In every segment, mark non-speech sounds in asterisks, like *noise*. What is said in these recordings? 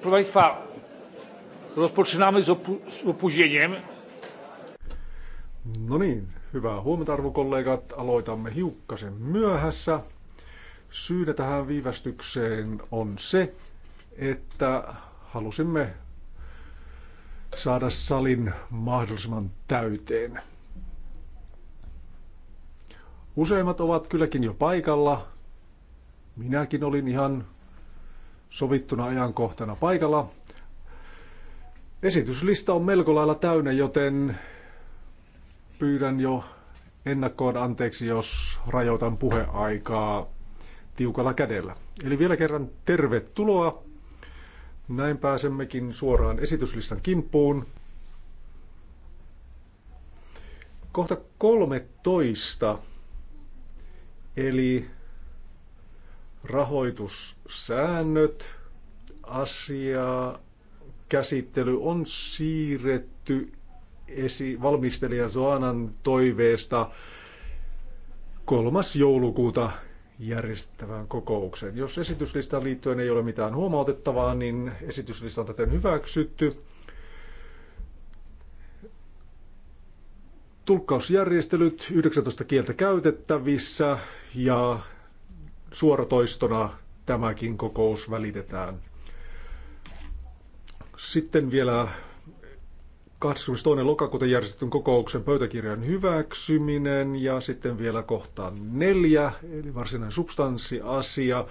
Proszę Państwa, rozpoczynamy z, opu- z opóźnieniem. No niin, hyvää huomenta arvokollegat. Aloitamme hiukkasen myöhässä. Syynä tähän viivästykseen on se, että halusimme saada salin mahdollisimman täyteen. Useimmat ovat kylläkin jo paikalla. Minäkin olin ihan sovittuna ajankohtana paikalla. Esityslista on melko lailla täynnä, joten pyydän jo ennakkoon anteeksi, jos rajoitan puheaikaa tiukalla kädellä. Eli vielä kerran tervetuloa. Näin pääsemmekin suoraan esityslistan kimppuun. Kohta 13, eli rahoitussäännöt, asiaa käsittely on siirretty esi- valmistelija Zoanan toiveesta 3. joulukuuta järjestettävään kokoukseen. Jos esityslistan liittyen ei ole mitään huomautettavaa, niin esityslista on täten hyväksytty. Tulkkausjärjestelyt, 19 kieltä käytettävissä ja suoratoistona tämäkin kokous välitetään. Sitten vielä 22. lokakuuta järjestetyn kokouksen pöytäkirjan hyväksyminen ja sitten vielä kohtaan neljä, eli varsinainen substanssiasia.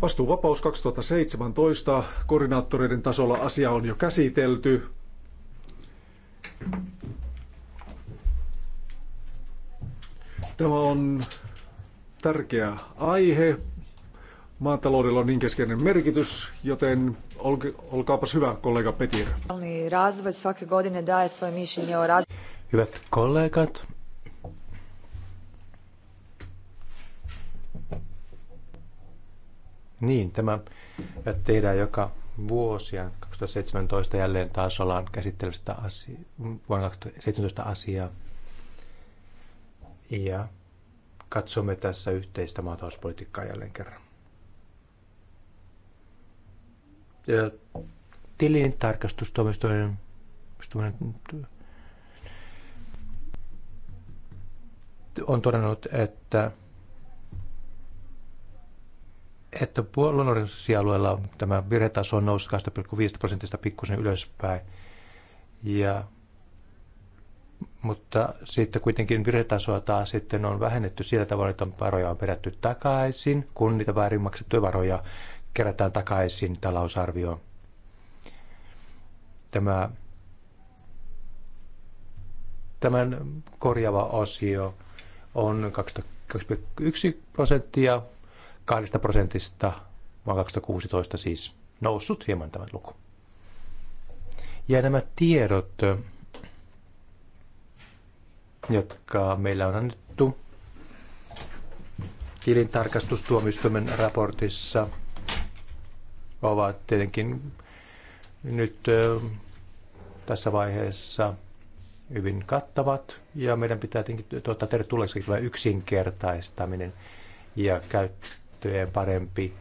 Vastuuvapaus 2017, koordinaattoreiden tasolla asia on jo käsitelty. Tämä on tärkeä aihe. Maataloudella on niin keskeinen merkitys, joten olkaapas hyvä, kollega Petir. Hyvät kollegat, Niin, tämä tehdään joka vuosi ja 2017 jälleen taas ollaan käsittelystä asia, vuonna 2017 asiaa. Ja katsomme tässä yhteistä maatalouspolitiikkaa jälleen kerran. Ja tilintarkastustoimistojen on todennut, että että luonnonresurssialueella tämä virhetaso on noussut 2,5 prosentista pikkusen ylöspäin. Ja mutta sitten kuitenkin virhetasoa taas sitten on vähennetty sillä tavalla, että on varoja on perätty takaisin, kun niitä väärin maksettuja varoja kerätään takaisin talousarvioon. Tämä, tämän korjaava osio on 2,1 prosenttia, kahdesta prosentista vaan 2016 siis noussut hieman tämä luku. Ja nämä tiedot, jotka meillä on annettu tilintarkastustuomioistuimen raportissa, ovat tietenkin nyt tässä vaiheessa hyvin kattavat ja meidän pitää tietenkin tuottaa tervetulleeksi tämä yksinkertaistaminen ja käyttöjen parempi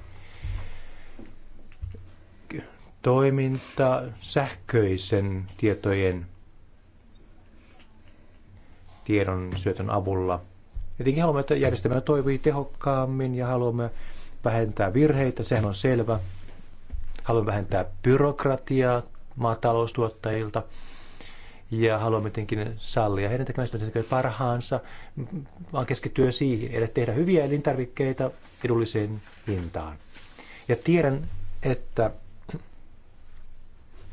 toiminta sähköisen tietojen tiedon syötön avulla. Tietenkin haluamme, että järjestelmä toimii tehokkaammin ja haluamme vähentää virheitä, sehän on selvä. Haluamme vähentää byrokratiaa maataloustuottajilta ja haluamme tietenkin sallia heidän tekemänsä parhaansa, vaan keskittyä siihen, että tehdä hyviä elintarvikkeita edulliseen hintaan. Ja tiedän, että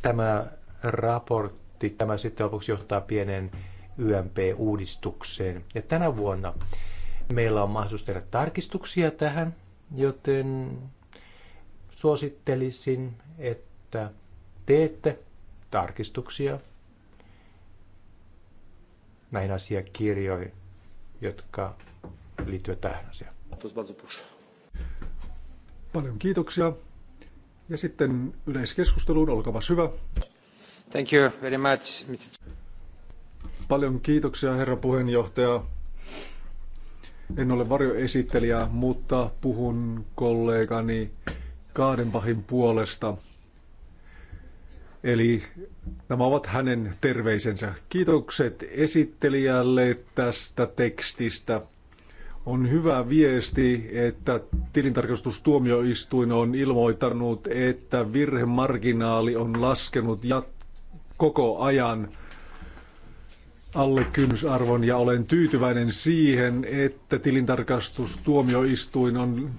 tämä raportti, tämä sitten lopuksi johtaa pienen YMP-uudistukseen. Ja tänä vuonna meillä on mahdollisuus tehdä tarkistuksia tähän, joten suosittelisin, että teette tarkistuksia näihin asiakirjoihin, jotka liittyvät tähän asiaan. Paljon kiitoksia. Ja sitten yleiskeskusteluun, olkaa hyvä. Thank you very much. Paljon kiitoksia, herra puheenjohtaja. En ole varjoesittelijä, mutta puhun kollegani Kaadenbachin puolesta. Eli nämä ovat hänen terveisensä. Kiitokset esittelijälle tästä tekstistä. On hyvä viesti, että tilintarkastustuomioistuin on ilmoittanut, että virhemarginaali on laskenut jat- koko ajan – alle kynnysarvon ja olen tyytyväinen siihen, että tilintarkastustuomioistuin on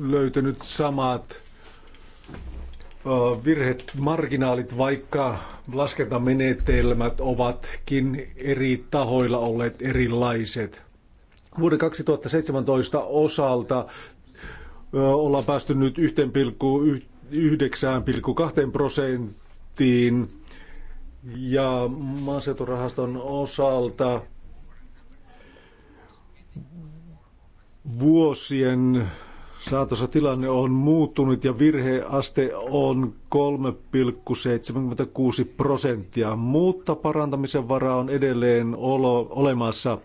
löytänyt samat virheet. marginaalit, vaikka laskentamenetelmät ovatkin eri tahoilla olleet erilaiset. Vuoden 2017 osalta ollaan päästy nyt 1,9,2 prosenttiin ja maaseuturahaston osalta vuosien saatossa tilanne on muuttunut ja virheaste on 3,76 prosenttia, mutta parantamisen vara on edelleen olo, olemassa.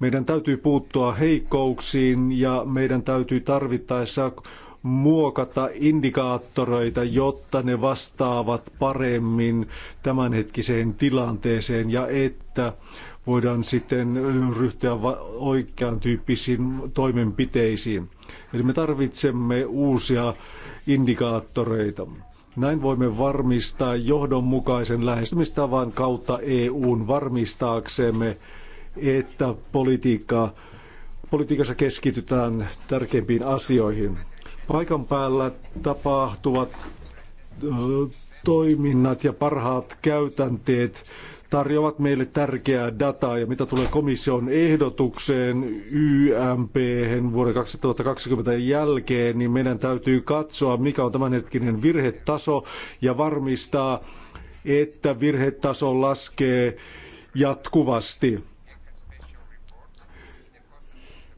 Meidän täytyy puuttua heikkouksiin ja meidän täytyy tarvittaessa muokata indikaattoreita, jotta ne vastaavat paremmin tämänhetkiseen tilanteeseen ja että voidaan sitten ryhtyä oikean tyyppisiin toimenpiteisiin. Eli me tarvitsemme uusia indikaattoreita. Näin voimme varmistaa johdonmukaisen lähestymistavan kautta EUn varmistaaksemme, että politiikka, politiikassa keskitytään tärkeimpiin asioihin. Paikan päällä tapahtuvat toiminnat ja parhaat käytänteet tarjoavat meille tärkeää dataa ja mitä tulee komission ehdotukseen YMP vuoden 2020 jälkeen, niin meidän täytyy katsoa, mikä on tämänhetkinen virhetaso ja varmistaa, että virhetaso laskee jatkuvasti.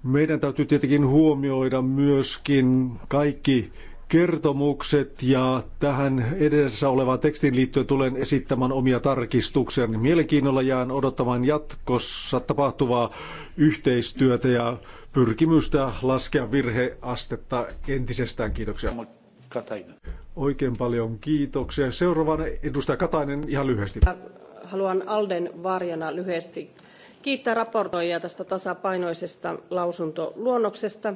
Meidän täytyy tietenkin huomioida myöskin kaikki kertomukset ja tähän edessä olevaan tekstin liittyen tulen esittämään omia tarkistuksia. Mielenkiinnolla jään odottamaan jatkossa tapahtuvaa yhteistyötä ja pyrkimystä laskea virheastetta entisestään. Kiitoksia. Katainen. Oikein paljon kiitoksia. Seuraavana edustaja Katainen ihan lyhyesti. Haluan Alden varjona lyhyesti kiittää raportoijaa tästä tasapainoisesta lausuntoluonnoksesta.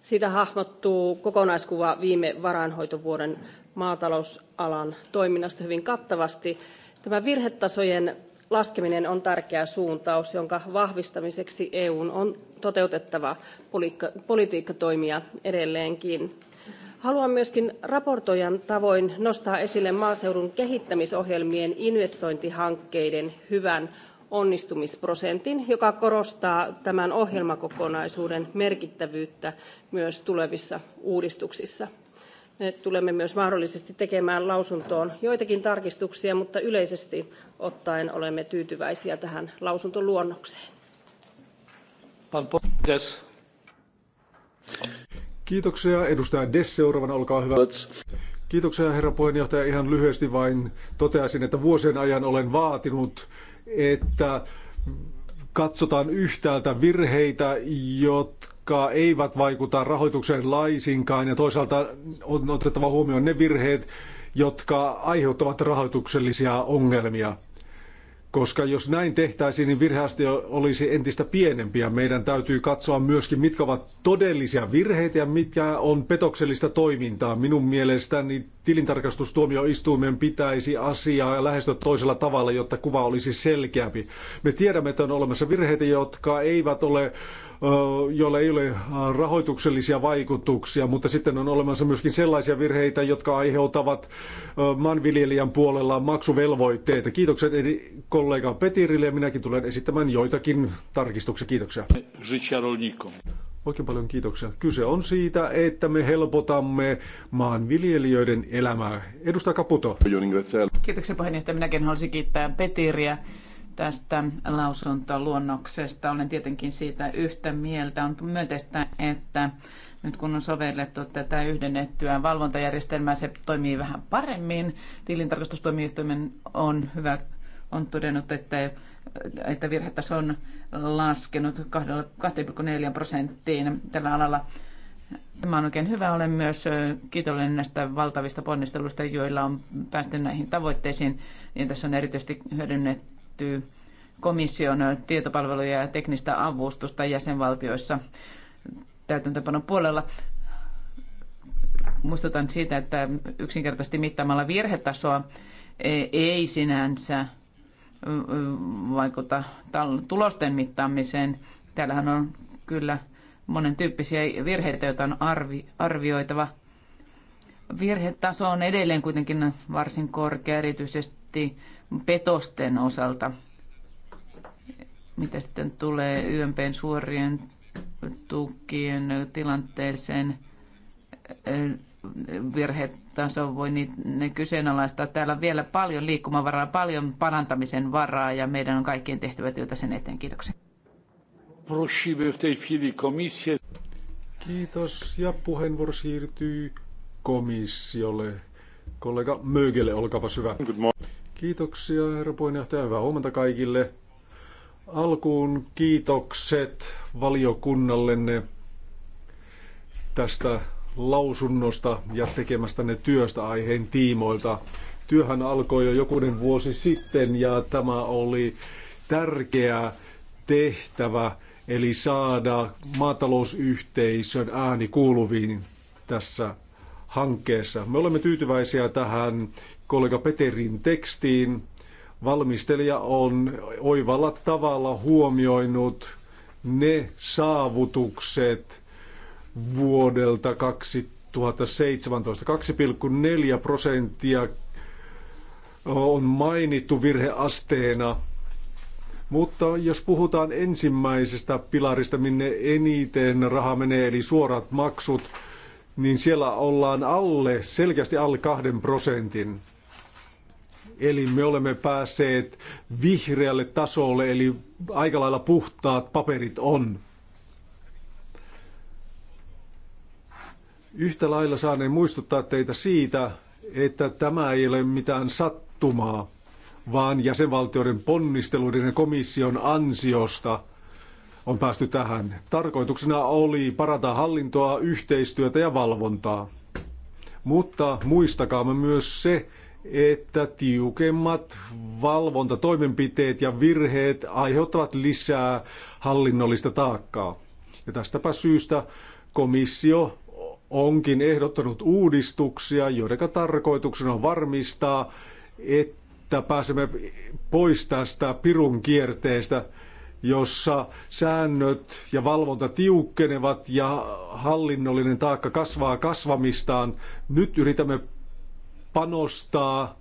Siitä hahmottuu kokonaiskuva viime varainhoitovuoden maatalousalan toiminnasta hyvin kattavasti. Tämä virhetasojen laskeminen on tärkeä suuntaus, jonka vahvistamiseksi EU on toteutettava politiikkatoimia edelleenkin. Haluan myöskin raportoijan tavoin nostaa esille maaseudun kehittämisohjelmien investointihankkeiden hyvän onnistumisprosentin, joka korostaa tämän ohjelmakokonaisuuden merkittävyyttä myös tulevissa uudistuksissa. Me tulemme myös mahdollisesti tekemään lausuntoon joitakin tarkistuksia, mutta yleisesti ottaen olemme tyytyväisiä tähän lausuntoluonnokseen. Kiitoksia. Edustaja Des seuraavana, olkaa hyvä. Kiitoksia herra puheenjohtaja. Ihan lyhyesti vain toteaisin, että vuosien ajan olen vaatinut että katsotaan yhtäältä virheitä, jotka eivät vaikuta rahoitukseen laisinkaan, ja toisaalta on otettava huomioon ne virheet, jotka aiheuttavat rahoituksellisia ongelmia. Koska jos näin tehtäisiin, niin virheasti olisi entistä pienempiä. Meidän täytyy katsoa myöskin, mitkä ovat todellisia virheitä ja mitkä on petoksellista toimintaa. Minun mielestäni tilintarkastustuomioistuimen pitäisi asiaa lähestyä toisella tavalla, jotta kuva olisi selkeämpi. Me tiedämme, että on olemassa virheitä, jotka eivät ole joilla ei ole äh, rahoituksellisia vaikutuksia, mutta sitten on olemassa myöskin sellaisia virheitä, jotka aiheuttavat maanviljelijän puolella maksuvelvoitteita. Kiitokset kollega Petirille ja minäkin tulen esittämään joitakin tarkistuksia. Kiitoksia. Oikein paljon kiitoksia. Kyse on siitä, että me helpotamme maanviljelijöiden elämää. Edustaja Caputo. Kiitoksia puheenjohtaja. Minäkin haluaisin kiittää Petiriä tästä lausuntoluonnoksesta. Olen tietenkin siitä yhtä mieltä. On myönteistä, että nyt kun on sovellettu tätä yhdennettyä valvontajärjestelmää, se toimii vähän paremmin. Tilintarkastustoimistoimen on hyvä on todennut, että, että virhetaso on laskenut 2,4 prosenttiin tällä alalla. Tämä on oikein hyvä. Olen myös kiitollinen näistä valtavista ponnisteluista, joilla on päästy näihin tavoitteisiin. Ja tässä on erityisesti hyödynnetty liittyy komission tietopalveluja ja teknistä avustusta jäsenvaltioissa täytäntöpanon puolella. Muistutan siitä, että yksinkertaisesti mittaamalla virhetasoa ei sinänsä vaikuta tulosten mittaamiseen. Täällähän on kyllä monen tyyppisiä virheitä, joita on arvi, arvioitava. Virhetaso on edelleen kuitenkin varsin korkea, erityisesti petosten osalta. Mitä sitten tulee YMPn suorien tukien tilanteeseen, virhetaso voi ne kyseenalaistaa. Täällä on vielä paljon liikkumavaraa, paljon parantamisen varaa ja meidän on kaikkien tehtävä työtä sen eteen. Kiitoksia. Kiitos ja puheenvuoro siirtyy komissiolle. Kollega Mögele, olkaapa hyvä. Kiitoksia, herra puheenjohtaja. Hyvää huomenta kaikille. Alkuun kiitokset valiokunnallenne tästä lausunnosta ja tekemästänne työstä aiheen tiimoilta. Työhän alkoi jo jokunen vuosi sitten ja tämä oli tärkeä tehtävä, eli saada maatalousyhteisön ääni kuuluviin tässä hankkeessa. Me olemme tyytyväisiä tähän kollega Peterin tekstiin. Valmistelija on oivalla tavalla huomioinut ne saavutukset vuodelta 2017. 2,4 prosenttia on mainittu virheasteena mutta jos puhutaan ensimmäisestä pilarista, minne eniten raha menee, eli suorat maksut, niin siellä ollaan alle, selkeästi alle kahden prosentin. Eli me olemme päässeet vihreälle tasolle, eli aika lailla puhtaat paperit on. Yhtä lailla saaneen muistuttaa teitä siitä, että tämä ei ole mitään sattumaa, vaan jäsenvaltioiden ponnisteluiden ja komission ansiosta – on päästy tähän. Tarkoituksena oli parata hallintoa, yhteistyötä ja valvontaa. Mutta muistakaamme myös se, että tiukemmat valvontatoimenpiteet ja virheet aiheuttavat lisää hallinnollista taakkaa. Ja tästäpä syystä komissio onkin ehdottanut uudistuksia, joiden tarkoituksena on varmistaa, että pääsemme pois tästä pirun kierteestä – jossa säännöt ja valvonta tiukkenevat ja hallinnollinen taakka kasvaa kasvamistaan. Nyt yritämme panostaa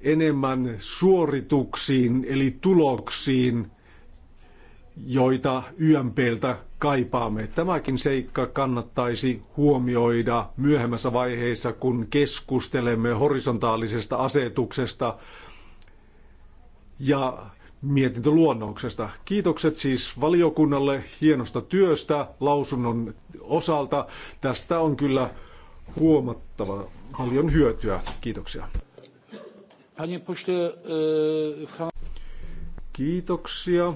enemmän suorituksiin eli tuloksiin, joita YMPltä kaipaamme. Tämäkin seikka kannattaisi huomioida myöhemmässä vaiheessa, kun keskustelemme horisontaalisesta asetuksesta ja mietintöluonnoksesta. Kiitokset siis valiokunnalle hienosta työstä lausunnon osalta. Tästä on kyllä huomattava paljon hyötyä. Kiitoksia. E, Kiitoksia.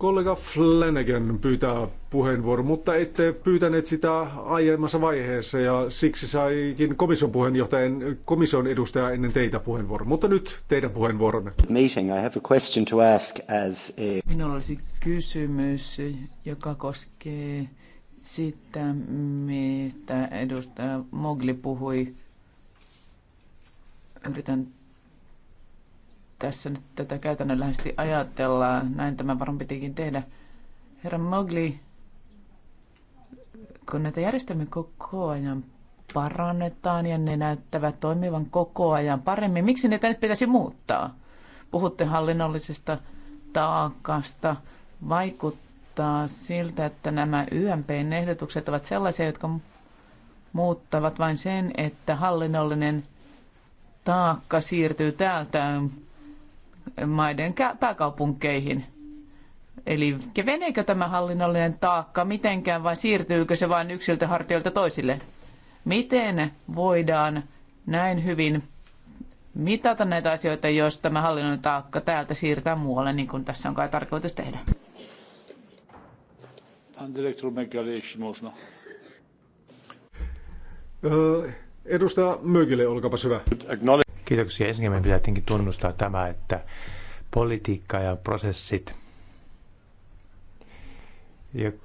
Kollega Flanagan pyytää puheenvuoron, mutta ette pyytäneet sitä aiemmassa vaiheessa ja siksi saikin komission, puheenjohtajan, komission edustaja ennen teitä puheenvuoron. Mutta nyt teidän puheenvuoronne. Meeting. I have a question to ask as a... Minulla olisi kysymys, joka koskee sitä, mitä edustaja Mogli puhui. Yritän tässä nyt tätä käytännönläheisesti ajatellaan. Näin tämä varmaan pitikin tehdä. Herra Mogli, kun näitä järjestelmiä koko ajan parannetaan ja ne näyttävät toimivan koko ajan paremmin, miksi niitä nyt pitäisi muuttaa? Puhutte hallinnollisesta taakasta. Vaikuttaa siltä, että nämä ymp ehdotukset ovat sellaisia, jotka muuttavat vain sen, että hallinnollinen taakka siirtyy täältä maiden pääkaupunkeihin. Eli keveneekö tämä hallinnollinen taakka mitenkään vai siirtyykö se vain yksiltä hartioilta toisille? Miten voidaan näin hyvin mitata näitä asioita, jos tämä hallinnollinen taakka täältä siirtää muualle, niin kuin tässä on kai tarkoitus tehdä? Edustaja Mögele, olkaapa hyvä. Kiitoksia. Ensinnäkin meidän pitää tietenkin tunnustaa tämä, että politiikka ja prosessit,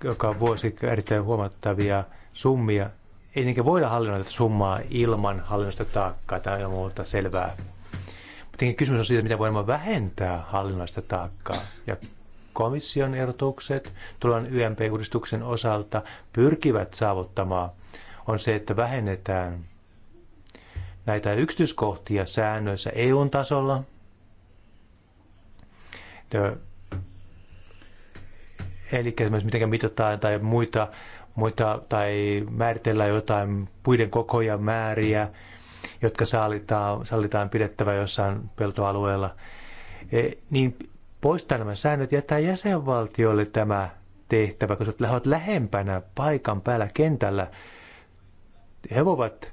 joka vuosi erittäin huomattavia summia, ei niinkään voida hallinnoida tätä summaa ilman hallinnosta taakkaa, tämä on muuta selvää. Mutta kysymys on siitä, mitä voimme vähentää hallinnoista taakkaa. Ja komission erotukset tulevan YMP-uudistuksen osalta pyrkivät saavuttamaan on se, että vähennetään näitä yksityiskohtia säännöissä EUn tasolla. Eli esimerkiksi miten mitataan tai muita, muita tai määritellään jotain puiden kokoja, määriä, jotka sallitaan, sallitaan pidettävä jossain peltoalueella, e, niin poistaa nämä säännöt ja jättää jäsenvaltiolle tämä tehtävä, koska olet lähempänä paikan päällä kentällä. He voivat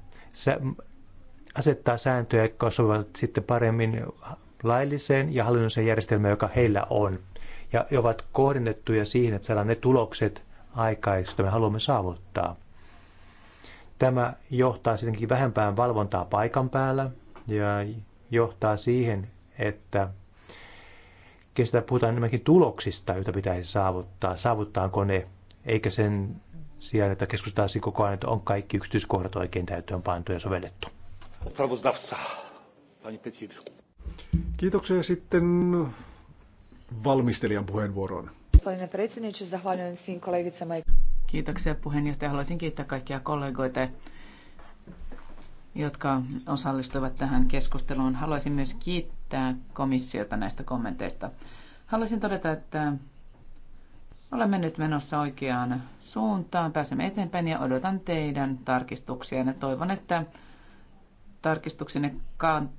asettaa sääntöjä, jotka osuvat sitten paremmin lailliseen ja hallinnolliseen järjestelmään, joka heillä on. Ja ovat kohdennettuja siihen, että saadaan ne tulokset aikaiseksi, joita me haluamme saavuttaa. Tämä johtaa sittenkin vähempään valvontaa paikan päällä ja johtaa siihen, että kestä puhutaan enemmänkin tuloksista, joita pitäisi saavuttaa, saavuttaako ne, eikä sen sijaan, että keskustellaan koko ajan, että on kaikki yksityiskohdat oikein täyttöön pantu ja sovellettu. Pravodavca, pani Petir. Kiitoksia sitten valmistelijan puheenvuoroon. Kiitoksia puheenjohtaja. Haluaisin kiittää kaikkia kollegoita, jotka osallistuivat tähän keskusteluun. Haluaisin myös kiittää komissiota näistä kommenteista. Haluaisin todeta, että olemme nyt menossa oikeaan suuntaan. Pääsemme eteenpäin ja odotan teidän tarkistuksia. Ja toivon, että tarkistuksenne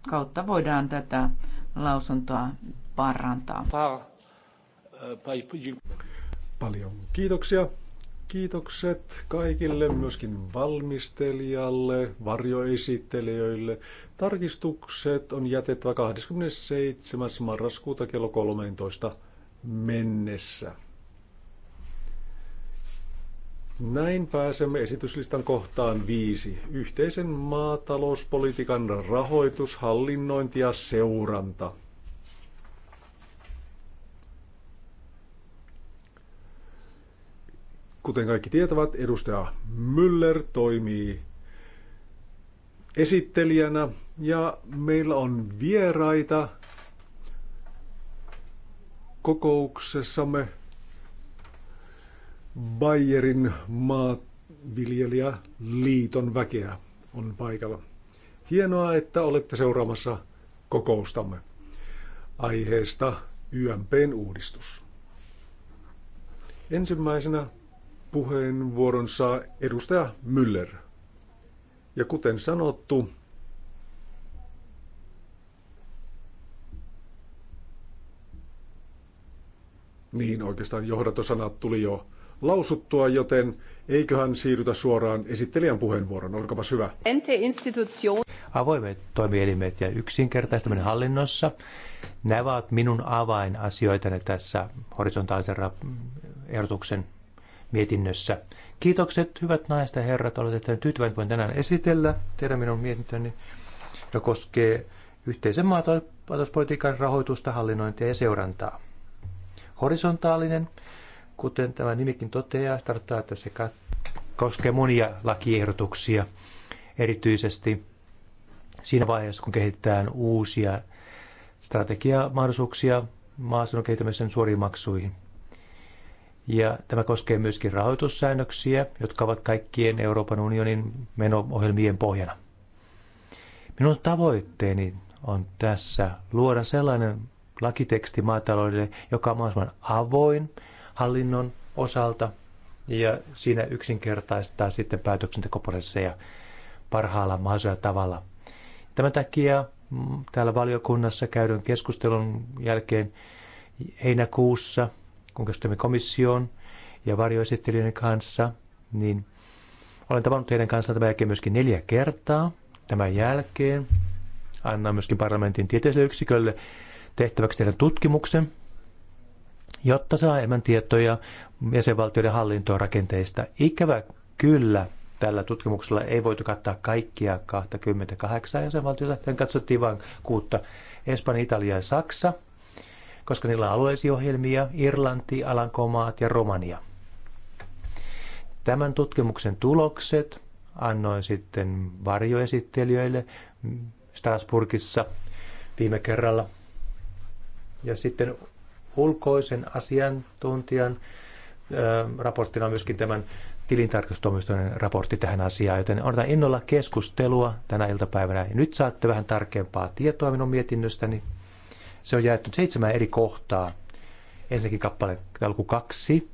kautta voidaan tätä lausuntoa parantaa. Paljon kiitoksia. Kiitokset kaikille, myöskin valmistelijalle, varjoesittelijöille. Tarkistukset on jätettävä 27. marraskuuta kello 13 mennessä. Näin pääsemme esityslistan kohtaan viisi. Yhteisen maatalouspolitiikan rahoitus, hallinnointi ja seuranta. Kuten kaikki tietävät, edustaja Müller toimii esittelijänä ja meillä on vieraita kokouksessamme Bayerin maanviljelijäliiton väkeä on paikalla. Hienoa, että olette seuraamassa kokoustamme aiheesta YMPn uudistus. Ensimmäisenä puheenvuoron saa edustaja Müller. Ja kuten sanottu, niin oikeastaan johdatosanat tuli jo lausuttua, joten eiköhän siirrytä suoraan esittelijän puheenvuoron. Olkapas hyvä. Avoimet toimielimet ja yksinkertaistaminen hallinnossa. Nämä ovat minun avainasioitani tässä horisontaalisen ehdotuksen mietinnössä. Kiitokset, hyvät naiset ja herrat. Olette tyytyväinen, voin tänään esitellä teidän minun mietintöni, joka koskee yhteisen maatalouspolitiikan rahoitusta, hallinnointia ja seurantaa. Horisontaalinen Kuten tämä nimikin toteaa, tarkoittaa, että se koskee monia lakiehdotuksia, erityisesti siinä vaiheessa, kun kehitetään uusia strategiamahdollisuuksia maaseudun kehittämisen suoriin maksuihin. Ja tämä koskee myöskin rahoitussäännöksiä, jotka ovat kaikkien Euroopan unionin menoohjelmien pohjana. Minun tavoitteeni on tässä luoda sellainen lakiteksti maataloudelle, joka on mahdollisimman avoin hallinnon osalta ja siinä yksinkertaistaa sitten päätöksentekoprosesseja parhaalla mahdollisella tavalla. Tämän takia mm, täällä valiokunnassa käydyn keskustelun jälkeen heinäkuussa, kun keskustelimme komission ja varjoesittelijöiden kanssa, niin olen tavannut heidän kanssaan tämän jälkeen myöskin neljä kertaa. Tämän jälkeen annan myöskin parlamentin tieteelliselle yksikölle tehtäväksi tehdä tutkimuksen jotta saa enemmän tietoja jäsenvaltioiden rakenteista. Ikävä kyllä tällä tutkimuksella ei voitu kattaa kaikkia 28 jäsenvaltiota, tämän katsottiin vain kuutta Espanja, Italia ja Saksa, koska niillä on ohjelmia, Irlanti, Alankomaat ja Romania. Tämän tutkimuksen tulokset annoin sitten varjoesittelijöille Strasburgissa viime kerralla. Ja sitten ulkoisen asiantuntijan raporttina myöskin tämän tilintarkastustuomioistuimen raportti tähän asiaan, joten odotan innolla keskustelua tänä iltapäivänä. Ja nyt saatte vähän tarkempaa tietoa minun mietinnöstäni. Se on jaettu seitsemän eri kohtaa. Ensinnäkin kappale alku kaksi,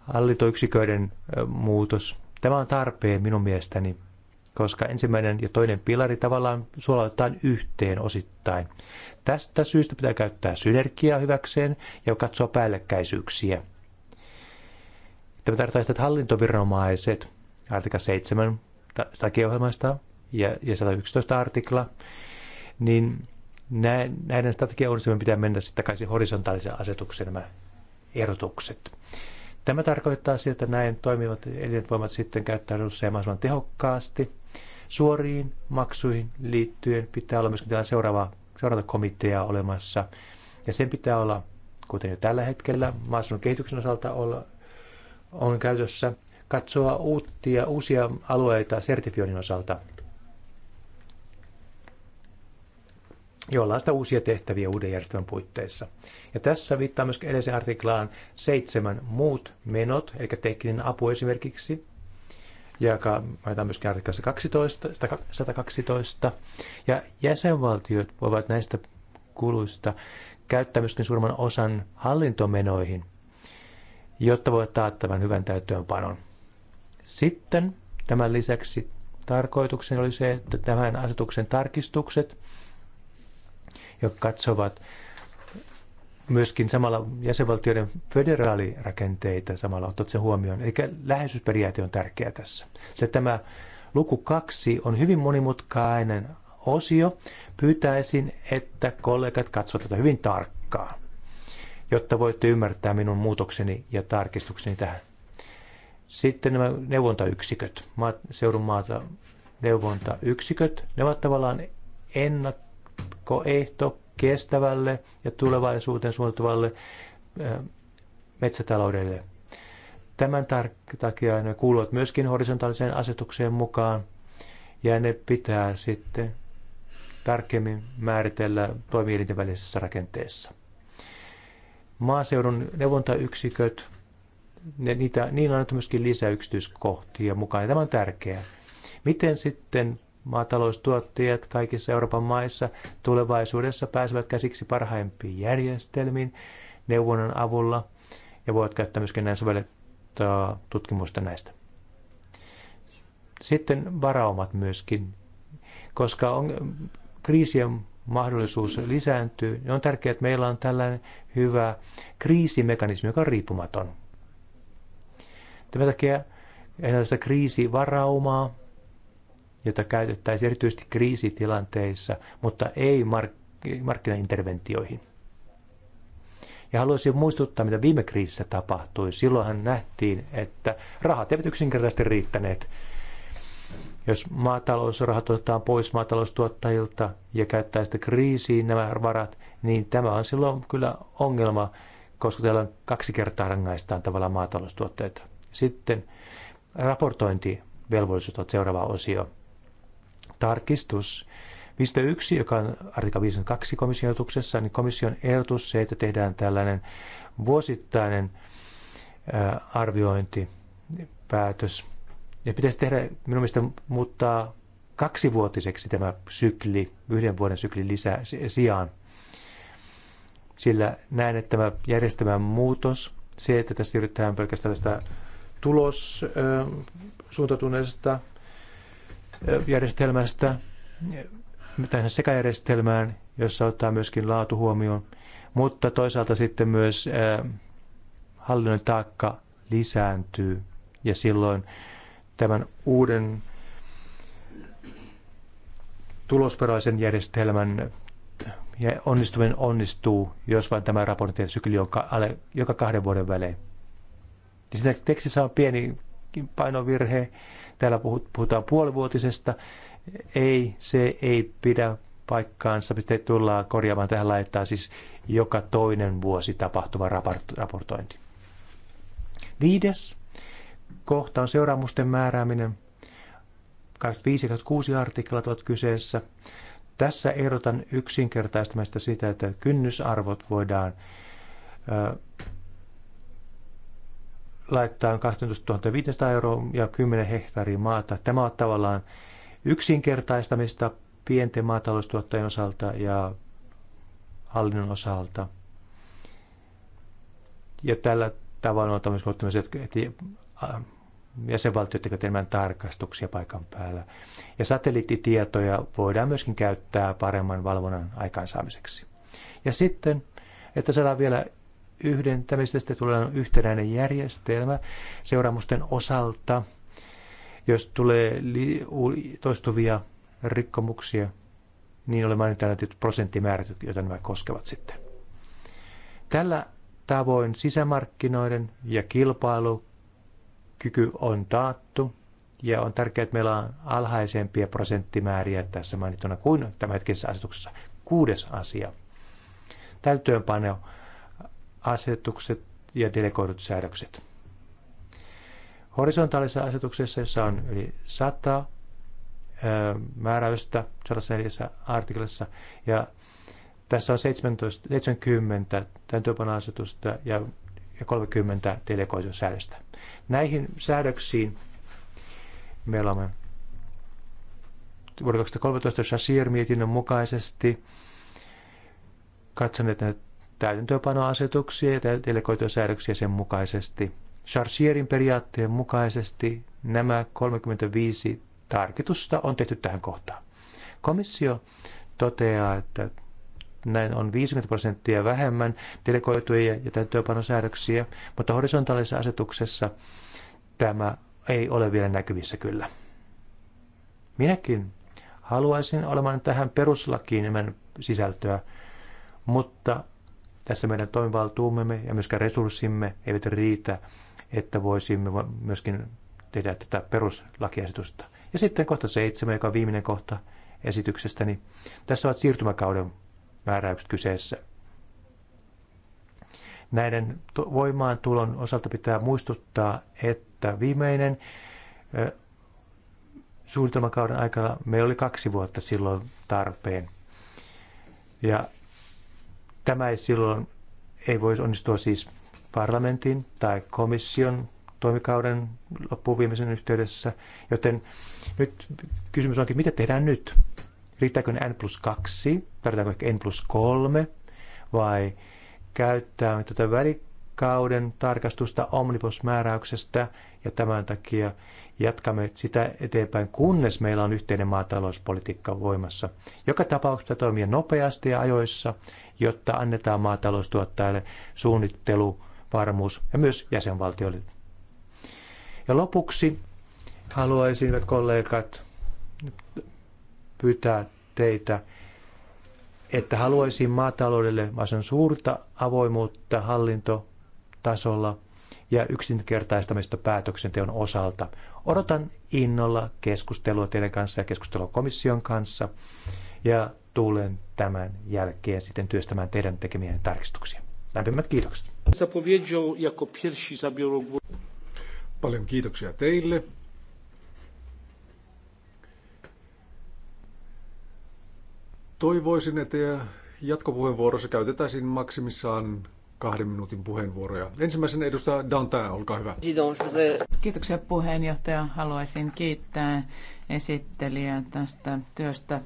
hallintoyksiköiden muutos. Tämä on tarpeen minun mielestäni koska ensimmäinen ja toinen pilari tavallaan suolautetaan yhteen osittain. Tästä syystä pitää käyttää synergiaa hyväkseen ja katsoa päällekkäisyyksiä. Tämä tarkoittaa, että hallintoviranomaiset, artikla 7 strategiaohjelmasta ja, ja 111 artikla, niin näiden strategiauudistamien pitää mennä sitten takaisin horisontaalisen asetuksen nämä erotukset. Tämä tarkoittaa sitä, että näin toimivat elinvoimat voivat sitten käyttää resursseja mahdollisimman tehokkaasti Suoriin maksuihin liittyen pitää olla myöskin tällainen seuraava seuraava komitea olemassa. Ja sen pitää olla, kuten jo tällä hetkellä maaseudun kehityksen osalta olla, on käytössä, katsoa uutia, uusia alueita sertifioinnin osalta, jolla on sitä uusia tehtäviä uuden järjestelmän puitteissa. Ja tässä viittaa myös edelliseen artiklaan seitsemän muut menot, eli tekninen apu esimerkiksi, ja mainitaan myöskin artikkelissa 112, ja jäsenvaltiot voivat näistä kuluista käyttää myöskin suurimman osan hallintomenoihin, jotta voivat taata tämän hyvän täyttöönpanon. Sitten tämän lisäksi tarkoituksena oli se, että tämän asetuksen tarkistukset, jotka katsovat myöskin samalla jäsenvaltioiden federaalirakenteita samalla ottaa sen huomioon. Eli läheisyysperiaate on tärkeä tässä. Sillä tämä luku kaksi on hyvin monimutkainen osio. Pyytäisin, että kollegat katsovat tätä hyvin tarkkaan, jotta voitte ymmärtää minun muutokseni ja tarkistukseni tähän. Sitten nämä neuvontayksiköt, seudun maata neuvontayksiköt, ne ovat tavallaan ennakkoehto kestävälle ja tulevaisuuteen suuntavalle metsätaloudelle. Tämän takia ne kuuluvat myöskin horisontaaliseen asetukseen mukaan ja ne pitää sitten tarkemmin määritellä toimielinten välisessä rakenteessa. Maaseudun neuvontayksiköt, ne, niitä, niillä on myöskin lisäyksityiskohtia mukaan ja tämä on tärkeää. Miten sitten maataloustuottajat kaikissa Euroopan maissa tulevaisuudessa pääsevät käsiksi parhaimpiin järjestelmiin neuvonnan avulla ja voivat käyttää myöskin näin sovellettua tutkimusta näistä. Sitten varaumat myöskin, koska on, kriisien mahdollisuus lisääntyy, niin on tärkeää, että meillä on tällainen hyvä kriisimekanismi, joka on riippumaton. Tämän takia ei kriisivaraumaa, jota käytettäisiin erityisesti kriisitilanteissa, mutta ei mark- markkinainterventioihin. Ja haluaisin muistuttaa, mitä viime kriisissä tapahtui. Silloinhan nähtiin, että rahat eivät yksinkertaisesti riittäneet. Jos maatalousrahat otetaan pois maataloustuottajilta ja käyttää sitä kriisiin nämä varat, niin tämä on silloin kyllä ongelma, koska täällä on kaksi kertaa rangaistaan tavallaan maataloustuotteita. Sitten raportointivelvollisuus on seuraava osio. Tarkistus yksi, joka on artikla 52 komission ehdotuksessa, niin komission ehdotus se, että tehdään tällainen vuosittainen arviointipäätös. Ja pitäisi tehdä, minun mielestä muuttaa kaksivuotiseksi tämä sykli, yhden vuoden sykli lisää, sijaan. Sillä näen, että tämä järjestelmän muutos, se, että tässä yritetään pelkästään tästä tulos suuntautuneesta järjestelmästä tähän sekajärjestelmään, jossa ottaa myöskin laatu huomioon, mutta toisaalta sitten myös hallinnon taakka lisääntyy ja silloin tämän uuden tulosperäisen järjestelmän ja onnistuminen onnistuu, jos vain tämä raportin sykli on alle, joka kahden vuoden välein. Ja siinä tekstissä on pieni painovirhe, Täällä puhutaan puolivuotisesta. Ei, se ei pidä paikkaansa. Se tullaan korjaamaan tähän laittaa siis joka toinen vuosi tapahtuva raportointi. Viides kohta on seuraamusten määrääminen. 25 26 artiklat ovat kyseessä. Tässä erotan yksinkertaistamista sitä, että kynnysarvot voidaan laittaa 12 500 euroa ja 10 hehtaaria maata. Tämä on tavallaan yksinkertaistamista pienten maataloustuottajien osalta ja hallinnon osalta. Ja tällä tavalla on myös että äh, jäsenvaltiot tekevät enemmän tarkastuksia paikan päällä. Ja satelliittitietoja voidaan myöskin käyttää paremman valvonnan aikaansaamiseksi. Ja sitten, että saadaan vielä yhdentämisestä tulee yhtenäinen järjestelmä seuraamusten osalta, jos tulee toistuvia rikkomuksia, niin olemme mainitaan näitä prosenttimäärät, joita nämä koskevat sitten. Tällä tavoin sisämarkkinoiden ja kilpailukyky on taattu ja on tärkeää, että meillä on alhaisempia prosenttimääriä tässä mainittuna kuin tämänhetkisessä asetuksessa. Kuudes asia. Täytöönpano asetukset ja delegoidut säädökset. Horisontaalisessa asetuksessa, jossa on yli 100 määräystä 104 artiklassa ja tässä on 17, 70 tämän asetusta ja, ja 30 delegoitun säädöstä. Näihin säädöksiin meillä on vuoden 2013 Shasir-mietinnön mukaisesti katsoneet näitä täytäntöönpanoasetuksia ja delegoituja sen mukaisesti. Charcierin periaatteen mukaisesti nämä 35 tarkitusta on tehty tähän kohtaan. Komissio toteaa, että näin on 50 prosenttia vähemmän delegoituja ja täytäntöönpanosäädöksiä, mutta horisontaalisessa asetuksessa tämä ei ole vielä näkyvissä kyllä. Minäkin haluaisin olemaan tähän peruslakiin nimen sisältöä, mutta tässä meidän toimivaltuumme ja myöskään resurssimme eivät riitä, että voisimme myöskin tehdä tätä peruslakiesitystä. Ja sitten kohta seitsemän, joka on viimeinen kohta esityksestä, niin tässä ovat siirtymäkauden määräykset kyseessä. Näiden voimaantulon osalta pitää muistuttaa, että viimeinen suunnitelmakauden aikana meillä oli kaksi vuotta silloin tarpeen. Ja Tämä ei silloin ei voisi onnistua siis parlamentin tai komission toimikauden loppuviimeisen yhteydessä, joten nyt kysymys onkin, mitä tehdään nyt? Riittääkö N plus 2, tarvitaanko ehkä N plus 3 vai käyttää tätä tuota välikauden tarkastusta omnibusmääräyksestä ja tämän takia jatkamme sitä eteenpäin, kunnes meillä on yhteinen maatalouspolitiikka voimassa. Joka tapauksessa toimia nopeasti ja ajoissa, jotta annetaan maataloustuottajille suunnittelu, varmuus ja myös jäsenvaltioille. Ja lopuksi haluaisin, hyvät kollegat, pyytää teitä, että haluaisin maataloudelle sen suurta avoimuutta hallintotasolla – ja yksinkertaistamista päätöksenteon osalta. Odotan innolla keskustelua teidän kanssa ja keskustelua komission kanssa ja tulen tämän jälkeen sitten työstämään teidän tekemien tarkistuksia. Lämpimät kiitokset. Paljon kiitoksia teille. Toivoisin, että jatkopuheenvuorossa käytetäisiin maksimissaan kahden minuutin puheenvuoroja. Ensimmäisen edustaja Dantin, olkaa hyvä. Kiitoksia puheenjohtaja. Haluaisin kiittää esittelijää tästä työstä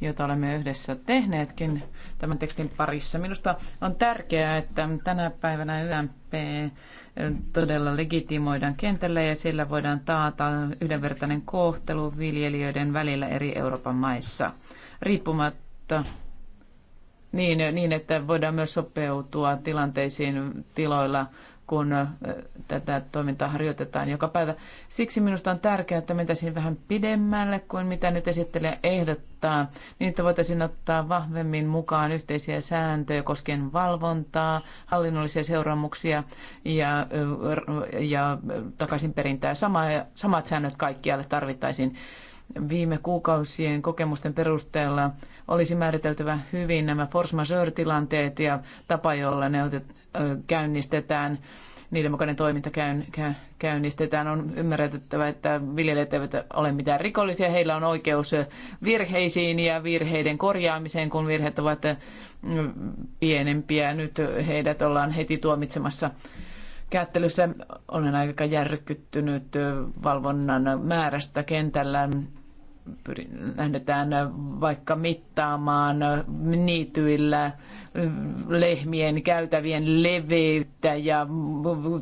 jota olemme yhdessä tehneetkin tämän tekstin parissa. Minusta on tärkeää, että tänä päivänä YMP todella legitimoidaan kentällä ja sillä voidaan taata yhdenvertainen kohtelu viljelijöiden välillä eri Euroopan maissa, riippumatta niin, niin, että voidaan myös sopeutua tilanteisiin tiloilla, kun tätä toimintaa harjoitetaan joka päivä. Siksi minusta on tärkeää, että mentäisiin vähän pidemmälle kuin mitä nyt esittelijä ehdottaa, niin että voitaisiin ottaa vahvemmin mukaan yhteisiä sääntöjä koskien valvontaa, hallinnollisia seuraamuksia ja, ja perintää. Sama, samat säännöt kaikkialle tarvittaisiin viime kuukausien kokemusten perusteella olisi määriteltävä hyvin nämä force majeure-tilanteet ja tapa, jolla ne otet, käynnistetään, niiden mukainen toiminta käyn, kä, käynnistetään. On ymmärrettävä, että viljelijät eivät ole mitään rikollisia. Heillä on oikeus virheisiin ja virheiden korjaamiseen, kun virheet ovat pienempiä. Nyt heidät ollaan heti tuomitsemassa kättelyssä. Olen aika järkyttynyt valvonnan määrästä kentällä lähdetään vaikka mittaamaan niityillä mm, lehmien käytävien leveyttä ja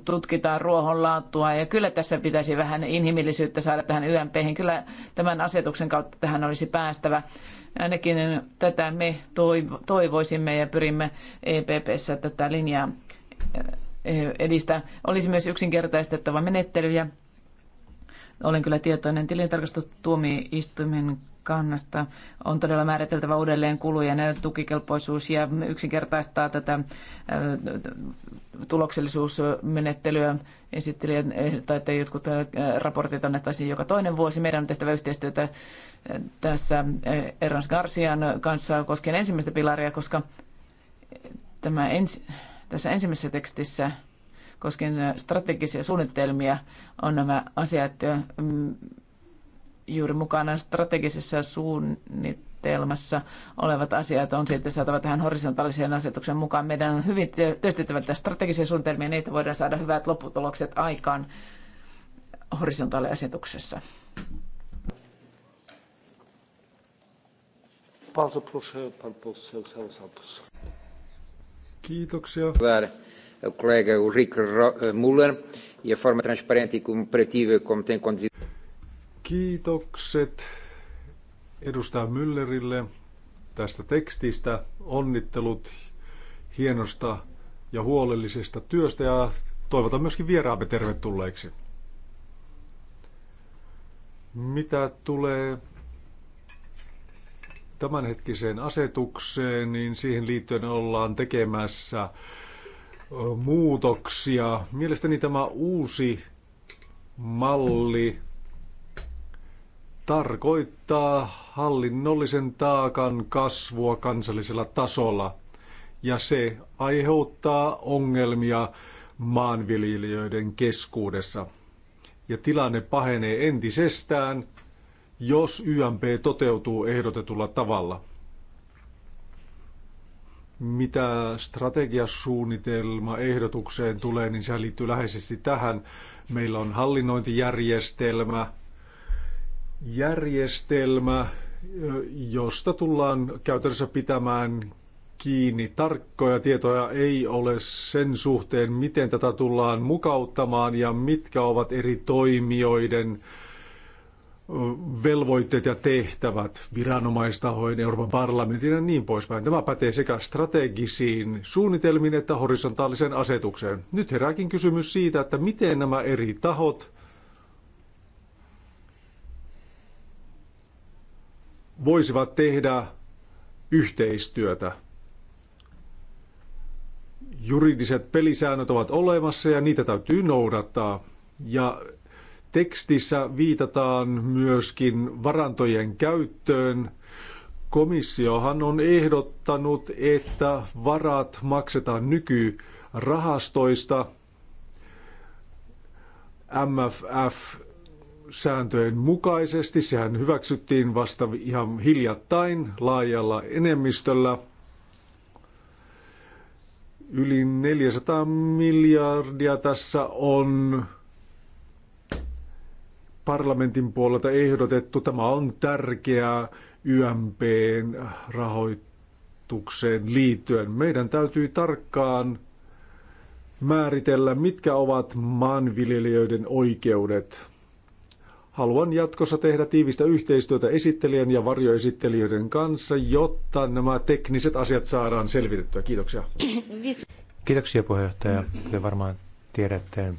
tutkitaan ruohonlaatua. Ja kyllä tässä pitäisi vähän inhimillisyyttä saada tähän YMP. Kyllä tämän asetuksen kautta tähän olisi päästävä. Ainakin tätä me toivoisimme ja pyrimme EPPssä tätä linjaa eh, edistää. Olisi myös yksinkertaistettava menettelyjä olen kyllä tietoinen tilintarkastustuomioistuimen kannasta. On todella määriteltävä uudelleen kulujen tukikelpoisuus ja yksinkertaistaa tätä äh, tuloksellisuusmenettelyä esittelijät, tai että jotkut äh, raportit annettaisiin joka toinen vuosi. Meidän on tehtävä yhteistyötä äh, tässä Erons Garcian kanssa koskien ensimmäistä pilaria, koska tämä ensi, tässä ensimmäisessä tekstissä koskien strategisia suunnitelmia on nämä asiat mm, juuri mukana strategisessa suunnitelmassa olevat asiat on sitten saatava tähän horisontaaliseen asetuksen mukaan. Meidän on hyvin työstettävä tätä strategisia suunnitelmia, niin että voidaan saada hyvät lopputulokset aikaan horisontaaliasetuksessa. Bardzo Kiitoksia ao colega Ulrike eh, Müller e a forma transparente e cooperativa, como tem conduzido. Kiitokset edustaja Müllerille tästä tekstistä. Onnittelut hienosta ja huolellisesta työstä ja toivotan myöskin vieraamme tervetulleeksi. Mitä tulee tämänhetkiseen asetukseen, niin siihen liittyen ollaan tekemässä muutoksia. Mielestäni tämä uusi malli tarkoittaa hallinnollisen taakan kasvua kansallisella tasolla ja se aiheuttaa ongelmia maanviljelijöiden keskuudessa. Ja tilanne pahenee entisestään, jos YMP toteutuu ehdotetulla tavalla. Mitä strategiasuunnitelma ehdotukseen tulee, niin se liittyy läheisesti tähän. Meillä on hallinnointijärjestelmä, järjestelmä, josta tullaan käytännössä pitämään kiinni. Tarkkoja tietoja ei ole sen suhteen, miten tätä tullaan mukauttamaan ja mitkä ovat eri toimijoiden velvoitteet ja tehtävät viranomaistahojen, Euroopan parlamentin ja niin poispäin. Tämä pätee sekä strategisiin suunnitelmiin että horisontaaliseen asetukseen. Nyt herääkin kysymys siitä, että miten nämä eri tahot voisivat tehdä yhteistyötä. Juridiset pelisäännöt ovat olemassa ja niitä täytyy noudattaa. Ja Tekstissä viitataan myöskin varantojen käyttöön. Komissiohan on ehdottanut, että varat maksetaan nykyrahastoista MFF-sääntöjen mukaisesti. Sehän hyväksyttiin vasta ihan hiljattain laajalla enemmistöllä – yli 400 miljardia tässä on parlamentin puolelta ehdotettu. Tämä on tärkeää YMPn rahoitukseen liittyen. Meidän täytyy tarkkaan määritellä, mitkä ovat maanviljelijöiden oikeudet. Haluan jatkossa tehdä tiivistä yhteistyötä esittelijän ja varjoesittelijöiden kanssa, jotta nämä tekniset asiat saadaan selvitettyä. Kiitoksia. Kiitoksia puheenjohtaja. Kuten varmaan tiedätte,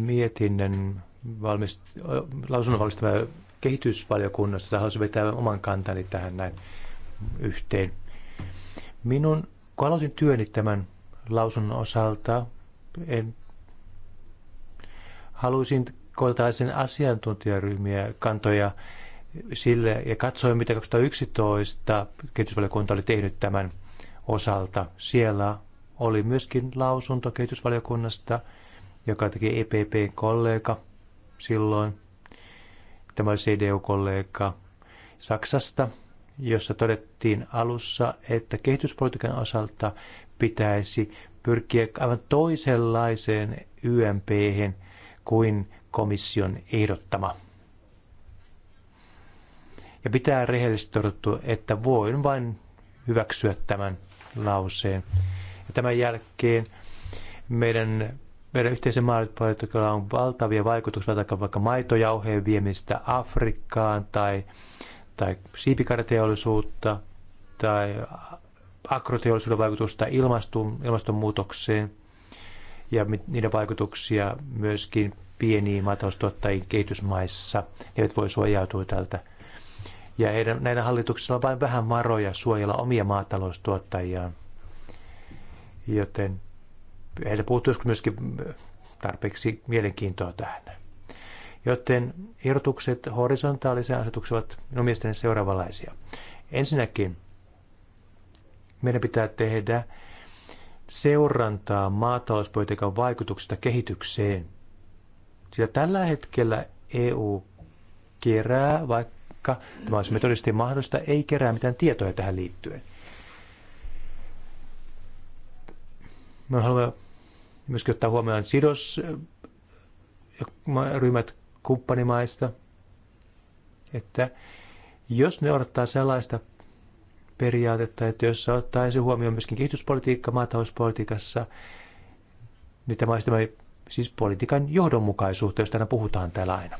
mietinnön valmist, lausunnon valmistava kehitysvaliokunnasta, jota haluaisin vetää oman kantani tähän näin yhteen. Minun, kun aloitin työni tämän lausunnon osalta, en, halusin sen asiantuntijaryhmiä kantoja sille ja katsoin, mitä 2011 kehitysvaliokunta oli tehnyt tämän osalta. Siellä oli myöskin lausunto kehitysvaliokunnasta – joka teki EPP-kollega silloin. Tämä oli CDU-kollega Saksasta, jossa todettiin alussa, että kehityspolitiikan osalta pitäisi pyrkiä aivan toisenlaiseen ymp kuin komission ehdottama. Ja pitää rehellisesti todettua, että voin vain hyväksyä tämän lauseen. Ja tämän jälkeen meidän meidän yhteisen maailmanpolitiikalla on valtavia vaikutuksia, vaikka maitojauheen viemistä Afrikkaan tai, tai siipikarjateollisuutta tai akroteollisuuden vaikutusta ilmaston, ilmastonmuutokseen ja niiden vaikutuksia myöskin pieniin maataloustuottajiin kehitysmaissa. Ne eivät voi suojautua tältä. Ja heidän, näillä hallituksilla on vain vähän varoja suojella omia maataloustuottajiaan. Joten heiltä puuttuisiko myöskin äh, tarpeeksi mielenkiintoa tähän. Joten ehdotukset horisontaalisen asetuksen ovat minun mielestäni seuraavanlaisia. Ensinnäkin meidän pitää tehdä seurantaa maatalouspolitiikan vaikutuksista kehitykseen. Sillä tällä hetkellä EU kerää, vaikka tämä olisi metodisesti mahdollista, ei kerää mitään tietoja tähän liittyen. Me haluamme myöskin ottaa huomioon sidosryhmät kumppanimaista, että jos ne odottaa sellaista periaatetta, että jos ottaisi huomioon myöskin kehityspolitiikka maatalouspolitiikassa, niin tämä olisi siis politiikan johdonmukaisuutta, josta aina puhutaan täällä aina.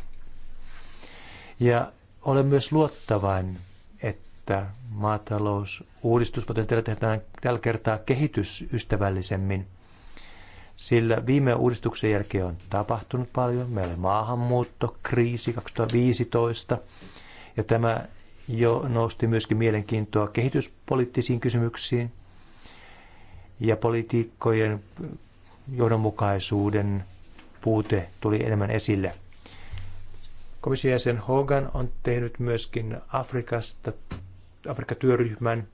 Ja olen myös luottavainen, että maatalousuudistus, kuten tehdään tällä kertaa kehitysystävällisemmin – sillä viime uudistuksen jälkeen on tapahtunut paljon. Meillä oli maahanmuutto, kriisi 2015 ja tämä jo nosti myöskin mielenkiintoa kehityspoliittisiin kysymyksiin ja politiikkojen johdonmukaisuuden puute tuli enemmän esille. Komission jäsen Hogan on tehnyt myöskin Afrikasta, Afrikka-työryhmän,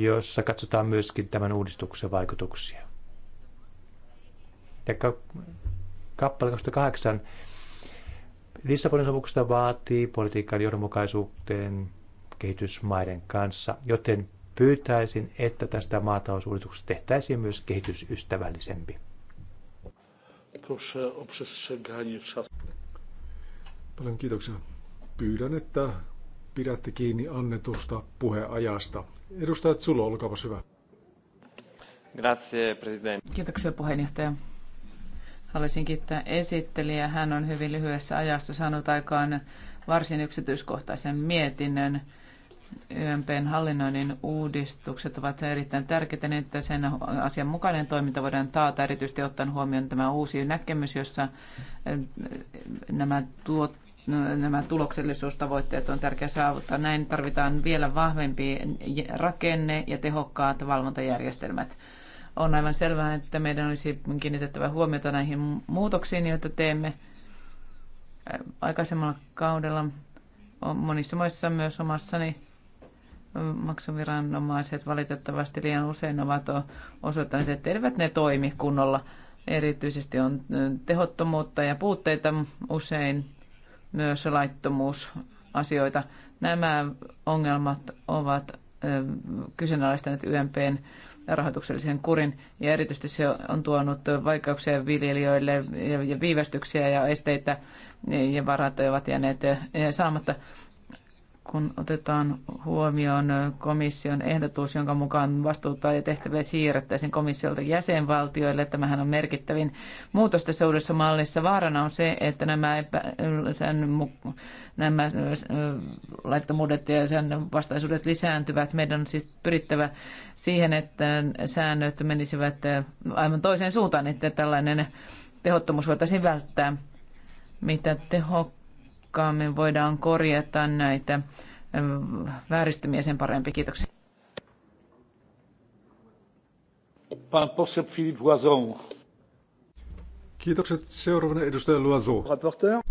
jossa katsotaan myöskin tämän uudistuksen vaikutuksia ja kappale 28 Lissabonin sopimuksesta vaatii politiikan johdonmukaisuuteen kehitysmaiden kanssa, joten pyytäisin, että tästä maatalousuudistuksesta tehtäisiin myös kehitysystävällisempi. Paljon kiitoksia. Pyydän, että pidätte kiinni annetusta puheajasta. Edustaja Zulo, olkaapas hyvä. Grazie, Kiitoksia puheenjohtaja. Haluaisin kiittää esittelijä. Hän on hyvin lyhyessä ajassa saanut aikaan varsin yksityiskohtaisen mietinnön. YMPn hallinnoinnin uudistukset ovat erittäin tärkeitä, niin että sen asianmukainen toiminta voidaan taata, erityisesti ottaen huomioon tämä uusi näkemys, jossa eh, nämä, tuot, nämä tuloksellisuustavoitteet on tärkeää saavuttaa. Näin tarvitaan vielä vahvempi rakenne ja tehokkaat valvontajärjestelmät. On aivan selvää, että meidän olisi kiinnitettävä huomiota näihin muutoksiin, joita teemme aikaisemmalla kaudella. Monissa maissa myös omassani maksuviranomaiset valitettavasti liian usein ovat osoittaneet, että eivät ne toimi kunnolla. Erityisesti on tehottomuutta ja puutteita usein myös laittomuusasioita. Nämä ongelmat ovat kyseenalaistaneet YMPn rahoituksellisen kurin. Ja erityisesti se on tuonut vaikeuksia viljelijöille ja viivästyksiä ja esteitä ja varat ovat jääneet eh, saamatta kun otetaan huomioon komission ehdotus, jonka mukaan vastuuta ja tehtäviä siirrettäisiin komissiolta jäsenvaltioille. Tämähän on merkittävin muutos tässä uudessa mallissa. Vaarana on se, että nämä, epä, sen, nämä laittomuudet ja sen vastaisuudet lisääntyvät. Meidän on siis pyrittävä siihen, että säännöt menisivät aivan toiseen suuntaan, että tällainen tehottomuus voitaisiin välttää. Mitä tehokkaasti tehokkaammin voidaan korjata näitä vääristymiä sen parempi. Kiitoksia. Kiitokset seuraavana edustaja Luazou.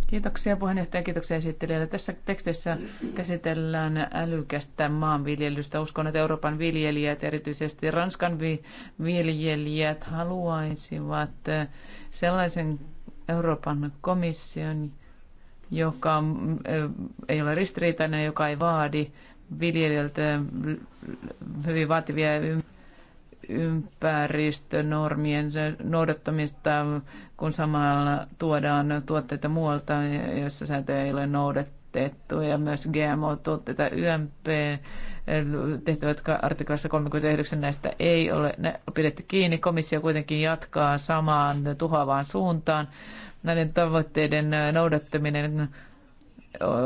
Kiitoksia puheenjohtaja, kiitoksia esittelijälle. Tässä tekstissä käsitellään älykästä maanviljelystä. Uskon, että Euroopan viljelijät, erityisesti Ranskan vi- viljelijät, haluaisivat sellaisen Euroopan komission, joka mm, ei ole ristiriitainen, joka ei vaadi viljelijöiltä hyvin vaativia ympäristönormien noudattamista, kun samalla tuodaan tuotteita muualta, joissa säätöjä ei ole noudatettu, ja myös GMO-tuotteita YMP tehtävät artiklassa 39 näistä ei ole pidetty kiinni. Komissio kuitenkin jatkaa samaan tuhoavaan suuntaan näiden tavoitteiden noudattaminen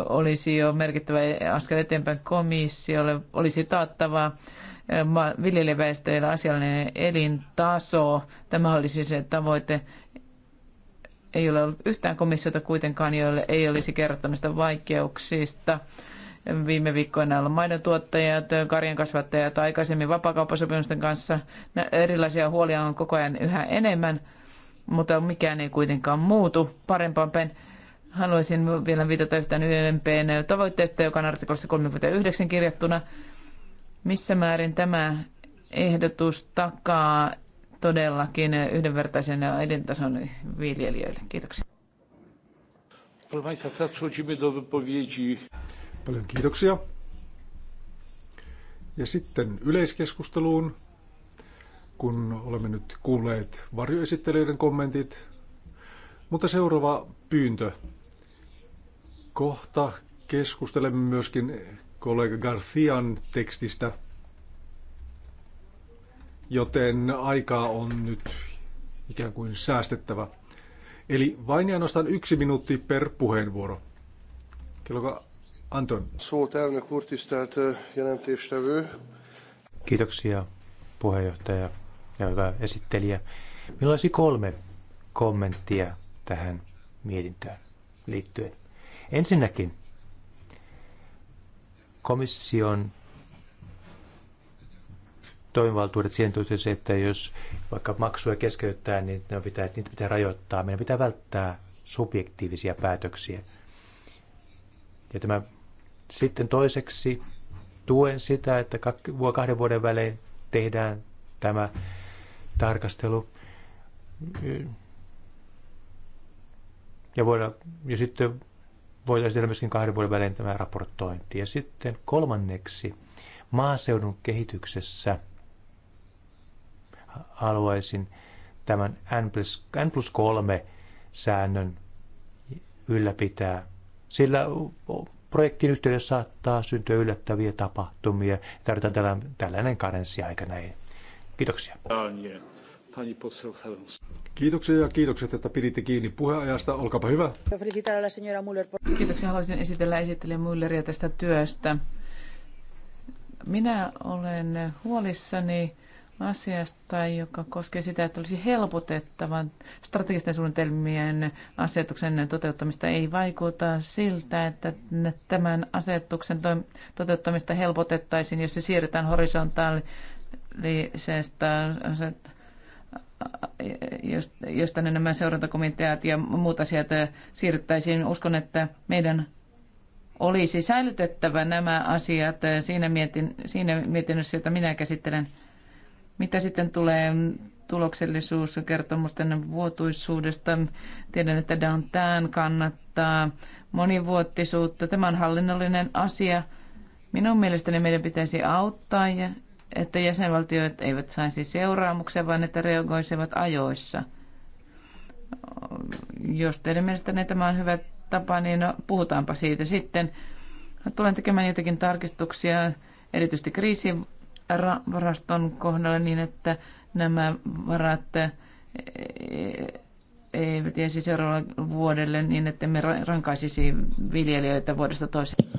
olisi jo merkittävä askel eteenpäin komissiolle, olisi taattava viljelijäväestöillä asiallinen elintaso. Tämä olisi se tavoite. Ei ole ollut yhtään komissiota kuitenkaan, joille ei olisi näistä vaikeuksista. Viime viikkoina ollut maidon tuottajat, karjan kasvattajat, aikaisemmin vapakauppasopimusten kanssa. Erilaisia huolia on koko ajan yhä enemmän – mutta mikään ei kuitenkaan muutu parempaan päin. Haluaisin vielä viitata yhtään YMPn tavoitteesta, joka on artiklassa 39 kirjattuna. Missä määrin tämä ehdotus takaa todellakin yhdenvertaisen elintason viljelijöille? Kiitoksia. Paljon kiitoksia. Ja sitten yleiskeskusteluun kun olemme nyt kuulleet varjoesittelijöiden kommentit. Mutta seuraava pyyntö. Kohta keskustelemme myöskin kollega Garcian tekstistä, joten aikaa on nyt ikään kuin säästettävä. Eli vain ja ainoastaan yksi minuutti per puheenvuoro. Kelloka, Anton. Kiitoksia puheenjohtaja ja hyvä esittelijä. Minulla olisi kolme kommenttia tähän mietintöön liittyen. Ensinnäkin komission toimivaltuudet siihen se, että jos vaikka maksuja keskeyttää, niin ne pitää, niitä pitää rajoittaa. Meidän pitää välttää subjektiivisia päätöksiä. Ja tämä sitten toiseksi tuen sitä, että kahden vuoden välein tehdään tämä tarkastelu. Ja, voida, ja sitten voitaisiin tehdä myöskin kahden vuoden välein tämä raportointi. Ja sitten kolmanneksi maaseudun kehityksessä haluaisin tämän N plus, N plus 3 säännön ylläpitää. Sillä projektin yhteydessä saattaa syntyä yllättäviä tapahtumia. Tarvitaan tällainen, tällainen karenssiaika näihin Kiitoksia. Kiitoksia ja kiitokset, että piditte kiinni puheajasta. Olkaapa hyvä. Kiitoksia. Haluaisin esitellä esittelijä Mülleria tästä työstä. Minä olen huolissani asiasta, joka koskee sitä, että olisi helpotettava strategisten suunnitelmien asetuksen toteuttamista. Ei vaikuta siltä, että tämän asetuksen toteuttamista helpotettaisiin, jos se siirretään horisontaali liisestä josta nämä seurantakomiteat ja muut asiat siirryttäisiin. Uskon, että meidän olisi säilytettävä nämä asiat siinä, mietin, siinä mietinnössä, jota minä käsittelen. Mitä sitten tulee tuloksellisuus- kertomusten vuotuisuudesta? Tiedän, että downtown kannattaa monivuottisuutta. Tämä on hallinnollinen asia. Minun mielestäni meidän pitäisi auttaa ja että jäsenvaltiot eivät saisi seuraamuksia, vaan että reagoisivat ajoissa. Jos teidän mielestänne tämä on hyvä tapa, niin no, puhutaanpa siitä sitten. Tulen tekemään jotakin tarkistuksia, erityisesti kriisivaraston kohdalla niin, että nämä varat e, e, eivät jäisi seuraavalle vuodelle niin, että me rankaisisi viljelijöitä vuodesta toiseen.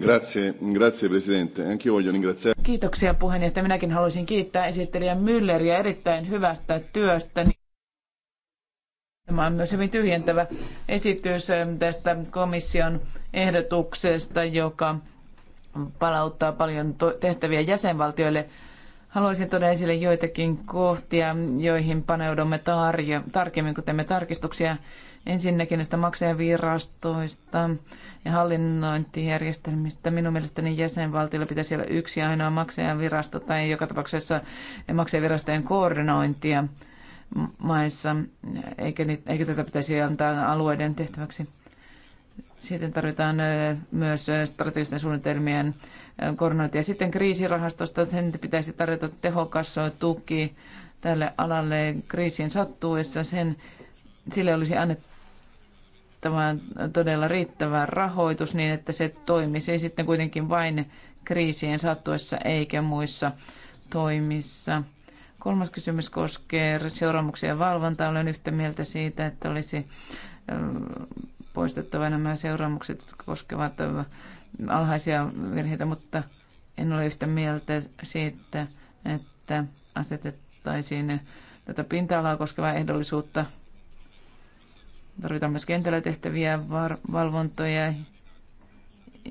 Grazie, grazie presidente. voglio ringraziare. Kiitoksia puheenjohtaja. Minäkin haluaisin kiittää esittelijä Mülleriä erittäin hyvästä työstä. Tämä on myös hyvin tyhjentävä esitys ähm, tästä komission ehdotuksesta, joka palauttaa paljon tehtäviä jäsenvaltioille. Haluaisin tuoda esille joitakin kohtia, joihin paneudumme tarkemmin, kun teemme tarkistuksia ensinnäkin näistä maksajavirastoista ja hallinnointijärjestelmistä. Minun mielestäni jäsenvaltiolla pitäisi olla yksi ainoa maksajavirasto tai joka tapauksessa maksajavirastojen koordinointia maissa, eikä, niitä, eikä tätä pitäisi antaa alueiden tehtäväksi. Sitten tarvitaan myös strategisten suunnitelmien koordinointia. Sitten kriisirahastosta sen pitäisi tarjota tehokas tuki tälle alalle kriisin sattuessa. Sen, sille olisi annettu annettava todella riittävä rahoitus niin, että se toimisi sitten kuitenkin vain kriisien sattuessa eikä muissa toimissa. Kolmas kysymys koskee seuraamuksia ja valvontaa. Olen yhtä mieltä siitä, että olisi poistettava nämä seuraamukset, jotka koskevat alhaisia virheitä, mutta en ole yhtä mieltä siitä, että asetettaisiin tätä pinta-alaa koskevaa ehdollisuutta Tarvitaan myös kentällä tehtäviä var- valvontoja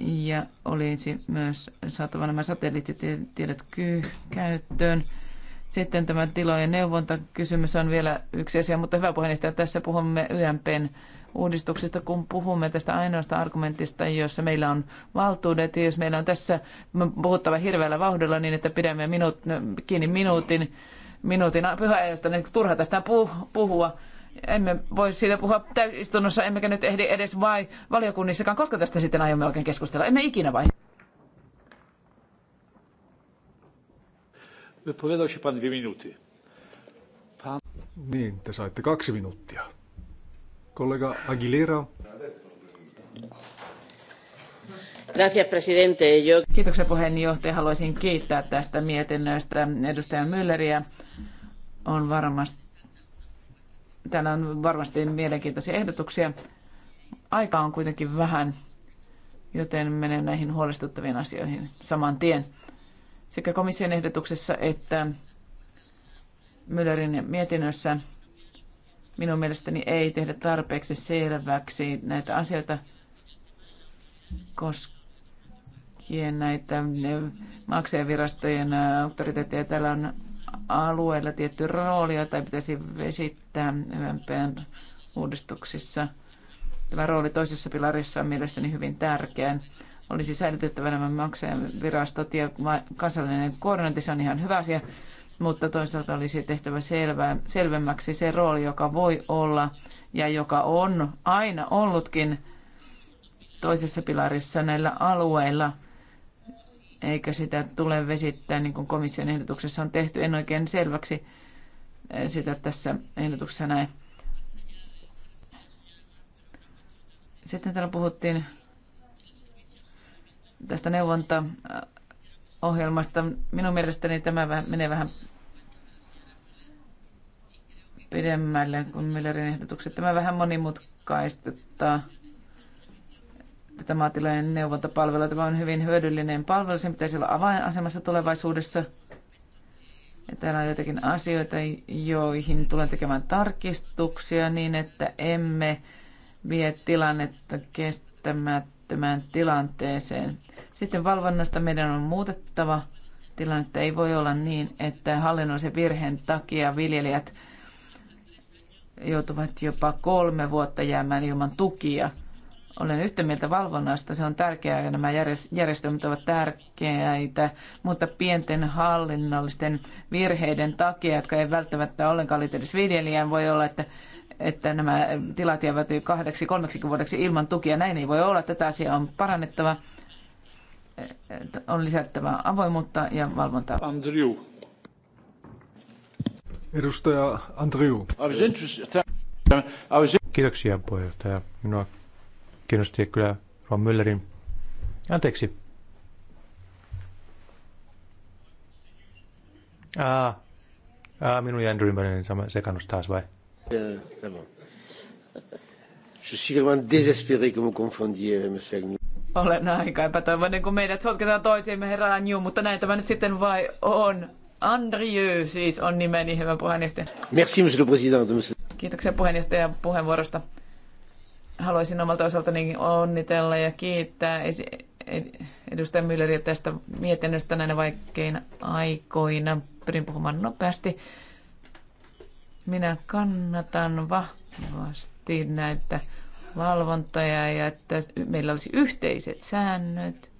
ja olisi myös saatava nämä satelliittitiedot käyttöön. Sitten tämä tilojen neuvontakysymys on vielä yksi asia, mutta hyvä puheenjohtaja, tässä puhumme YMPn uudistuksista, kun puhumme tästä ainoasta argumentista, jossa meillä on valtuudet, ja jos meillä on tässä puhuttava hirveällä vauhdilla niin, että pidämme minuut, kiinni minuutin, minuutin pyhäajasta, niin turha tästä puhua emme voi siitä puhua täysistunnossa, emmekä nyt ehdi edes vai valiokunnissakaan, koska tästä sitten aiomme oikein keskustella. Emme ikinä vai. Niin, te saitte kaksi minuuttia. Kollega Aguilera. Gracias, presidente. Yo... Kiitoksia puheenjohtaja. Haluaisin kiittää tästä mietinnöstä edustaja Mülleriä. On varmasti Täällä on varmasti mielenkiintoisia ehdotuksia. Aika on kuitenkin vähän, joten menen näihin huolestuttaviin asioihin saman tien. Sekä komission ehdotuksessa että Müllerin mietinnössä minun mielestäni ei tehdä tarpeeksi selväksi näitä asioita koskien näitä maksajavirastojen auktoriteetteja. Täällä on alueella tietty rooli, jota pitäisi vesittää YMPn uudistuksissa. Tämä rooli toisessa pilarissa on mielestäni hyvin tärkeä. Olisi säilytettävä nämä maksajan virastot ja kansallinen koordinointi, se on ihan hyvä asia, mutta toisaalta olisi tehtävä selvä, selvemmäksi se rooli, joka voi olla ja joka on aina ollutkin toisessa pilarissa näillä alueilla – eikä sitä tule vesittää, niin kuin komission ehdotuksessa on tehty. En oikein selväksi eh, sitä tässä ehdotuksessa näe. Sitten täällä puhuttiin tästä neuvontaohjelmasta. Minun mielestäni tämä menee vähän pidemmälle kuin Millerin ehdotukset. Tämä vähän monimutkaistuttaa tätä maatilojen neuvontapalvelua. Tämä on hyvin hyödyllinen palvelu, sen pitäisi olla avainasemassa tulevaisuudessa. Ja täällä on joitakin asioita, joihin tulen tekemään tarkistuksia niin, että emme vie tilannetta kestämättömään tilanteeseen. Sitten valvonnasta meidän on muutettava tilannetta. Ei voi olla niin, että hallinnollisen virheen takia viljelijät joutuvat jopa kolme vuotta jäämään ilman tukia – olen yhtä mieltä valvonnasta, se on tärkeää ja nämä järjestelmät ovat tärkeitä, mutta pienten hallinnollisten virheiden takia, jotka ei välttämättä ollenkaan liity edes viljelijään, voi olla, että että nämä tilat jäävät kahdeksi, kolmeksi vuodeksi ilman tukia. Näin ei voi olla. Tätä asiaa on parannettava. On lisättävä avoimuutta ja valvontaa. Andrew. Edustaja Andriu. Kiitoksia puheenjohtaja. Minua kiinnosti kyllä Ron Müllerin. Anteeksi. Ah, ah minun ja Andrew Müllerin sekannus taas vai? Je suis vraiment désespéré que vous confondiez euh, monsieur Agnew. Olen aika epätoivoinen, kun meidät sotketaan toisiimme herra Agnew, mutta näin tämä nyt sitten vai on. Andrieu siis on nimeni, hyvä puheenjohtaja. Merci, monsieur le président. Kiitoksia puheenjohtajan puheenvuorosta haluaisin omalta osaltani onnitella ja kiittää edustaja Mülleriä tästä mietinnöstä näinä vaikeina aikoina. Pyrin puhumaan nopeasti. Minä kannatan vahvasti näitä valvontoja ja että meillä olisi yhteiset säännöt.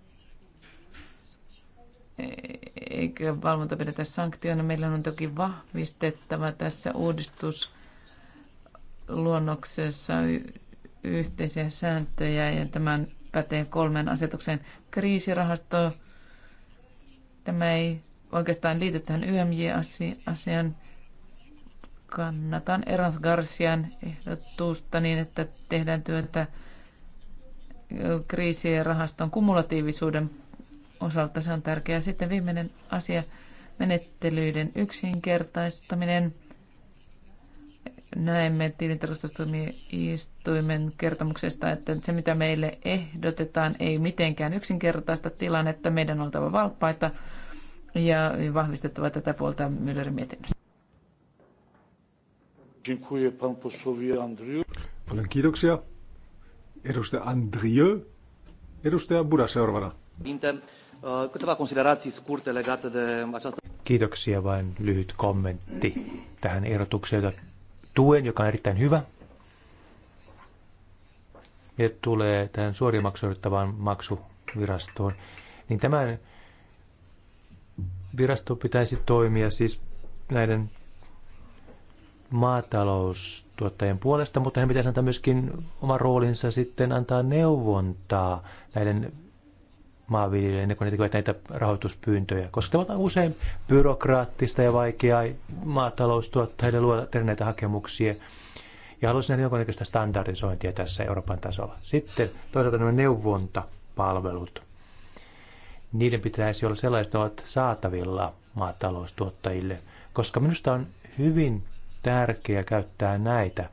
E- eikö valvonta pidetä sanktiona? Meillä on toki vahvistettava tässä uudistusluonnoksessa yhteisiä sääntöjä ja tämän pätee kolmen asetuksen kriisirahasto. Tämä ei oikeastaan liity tähän ymj asian Kannatan Erans Garcian ehdotusta niin, että tehdään työtä kriisirahaston kumulatiivisuuden osalta. Se on tärkeää. Sitten viimeinen asia, menettelyiden yksinkertaistaminen näemme tilintarkastustuomioistuimen kertomuksesta, että se mitä meille ehdotetaan ei mitenkään yksinkertaista tilannetta. Meidän on oltava valppaita ja vahvistettava tätä puolta Müllerin mietinnöstä. Paljon kiitoksia. Edustaja Andrieu. Edustaja Buda seuraavana. Uh, kiitoksia, vain lyhyt kommentti tähän ehdotukseen, jota tuen, joka on erittäin hyvä. Ja tulee tähän suorimaksuudettavaan maksuvirastoon. Niin tämän virasto pitäisi toimia siis näiden maataloustuottajien puolesta, mutta hän pitäisi antaa myöskin oma roolinsa sitten antaa neuvontaa näiden maanviljelijöille, kun ne tekevät näitä rahoituspyyntöjä, koska tämä on usein byrokraattista ja vaikeaa maataloustuottajille luoda tehdä näitä hakemuksia. Ja haluaisin nähdä jonkunnäköistä standardisointia tässä Euroopan tasolla. Sitten toisaalta nämä neuvontapalvelut. Niiden pitäisi olla sellaiset, ovat saatavilla maataloustuottajille, koska minusta on hyvin tärkeää käyttää näitä,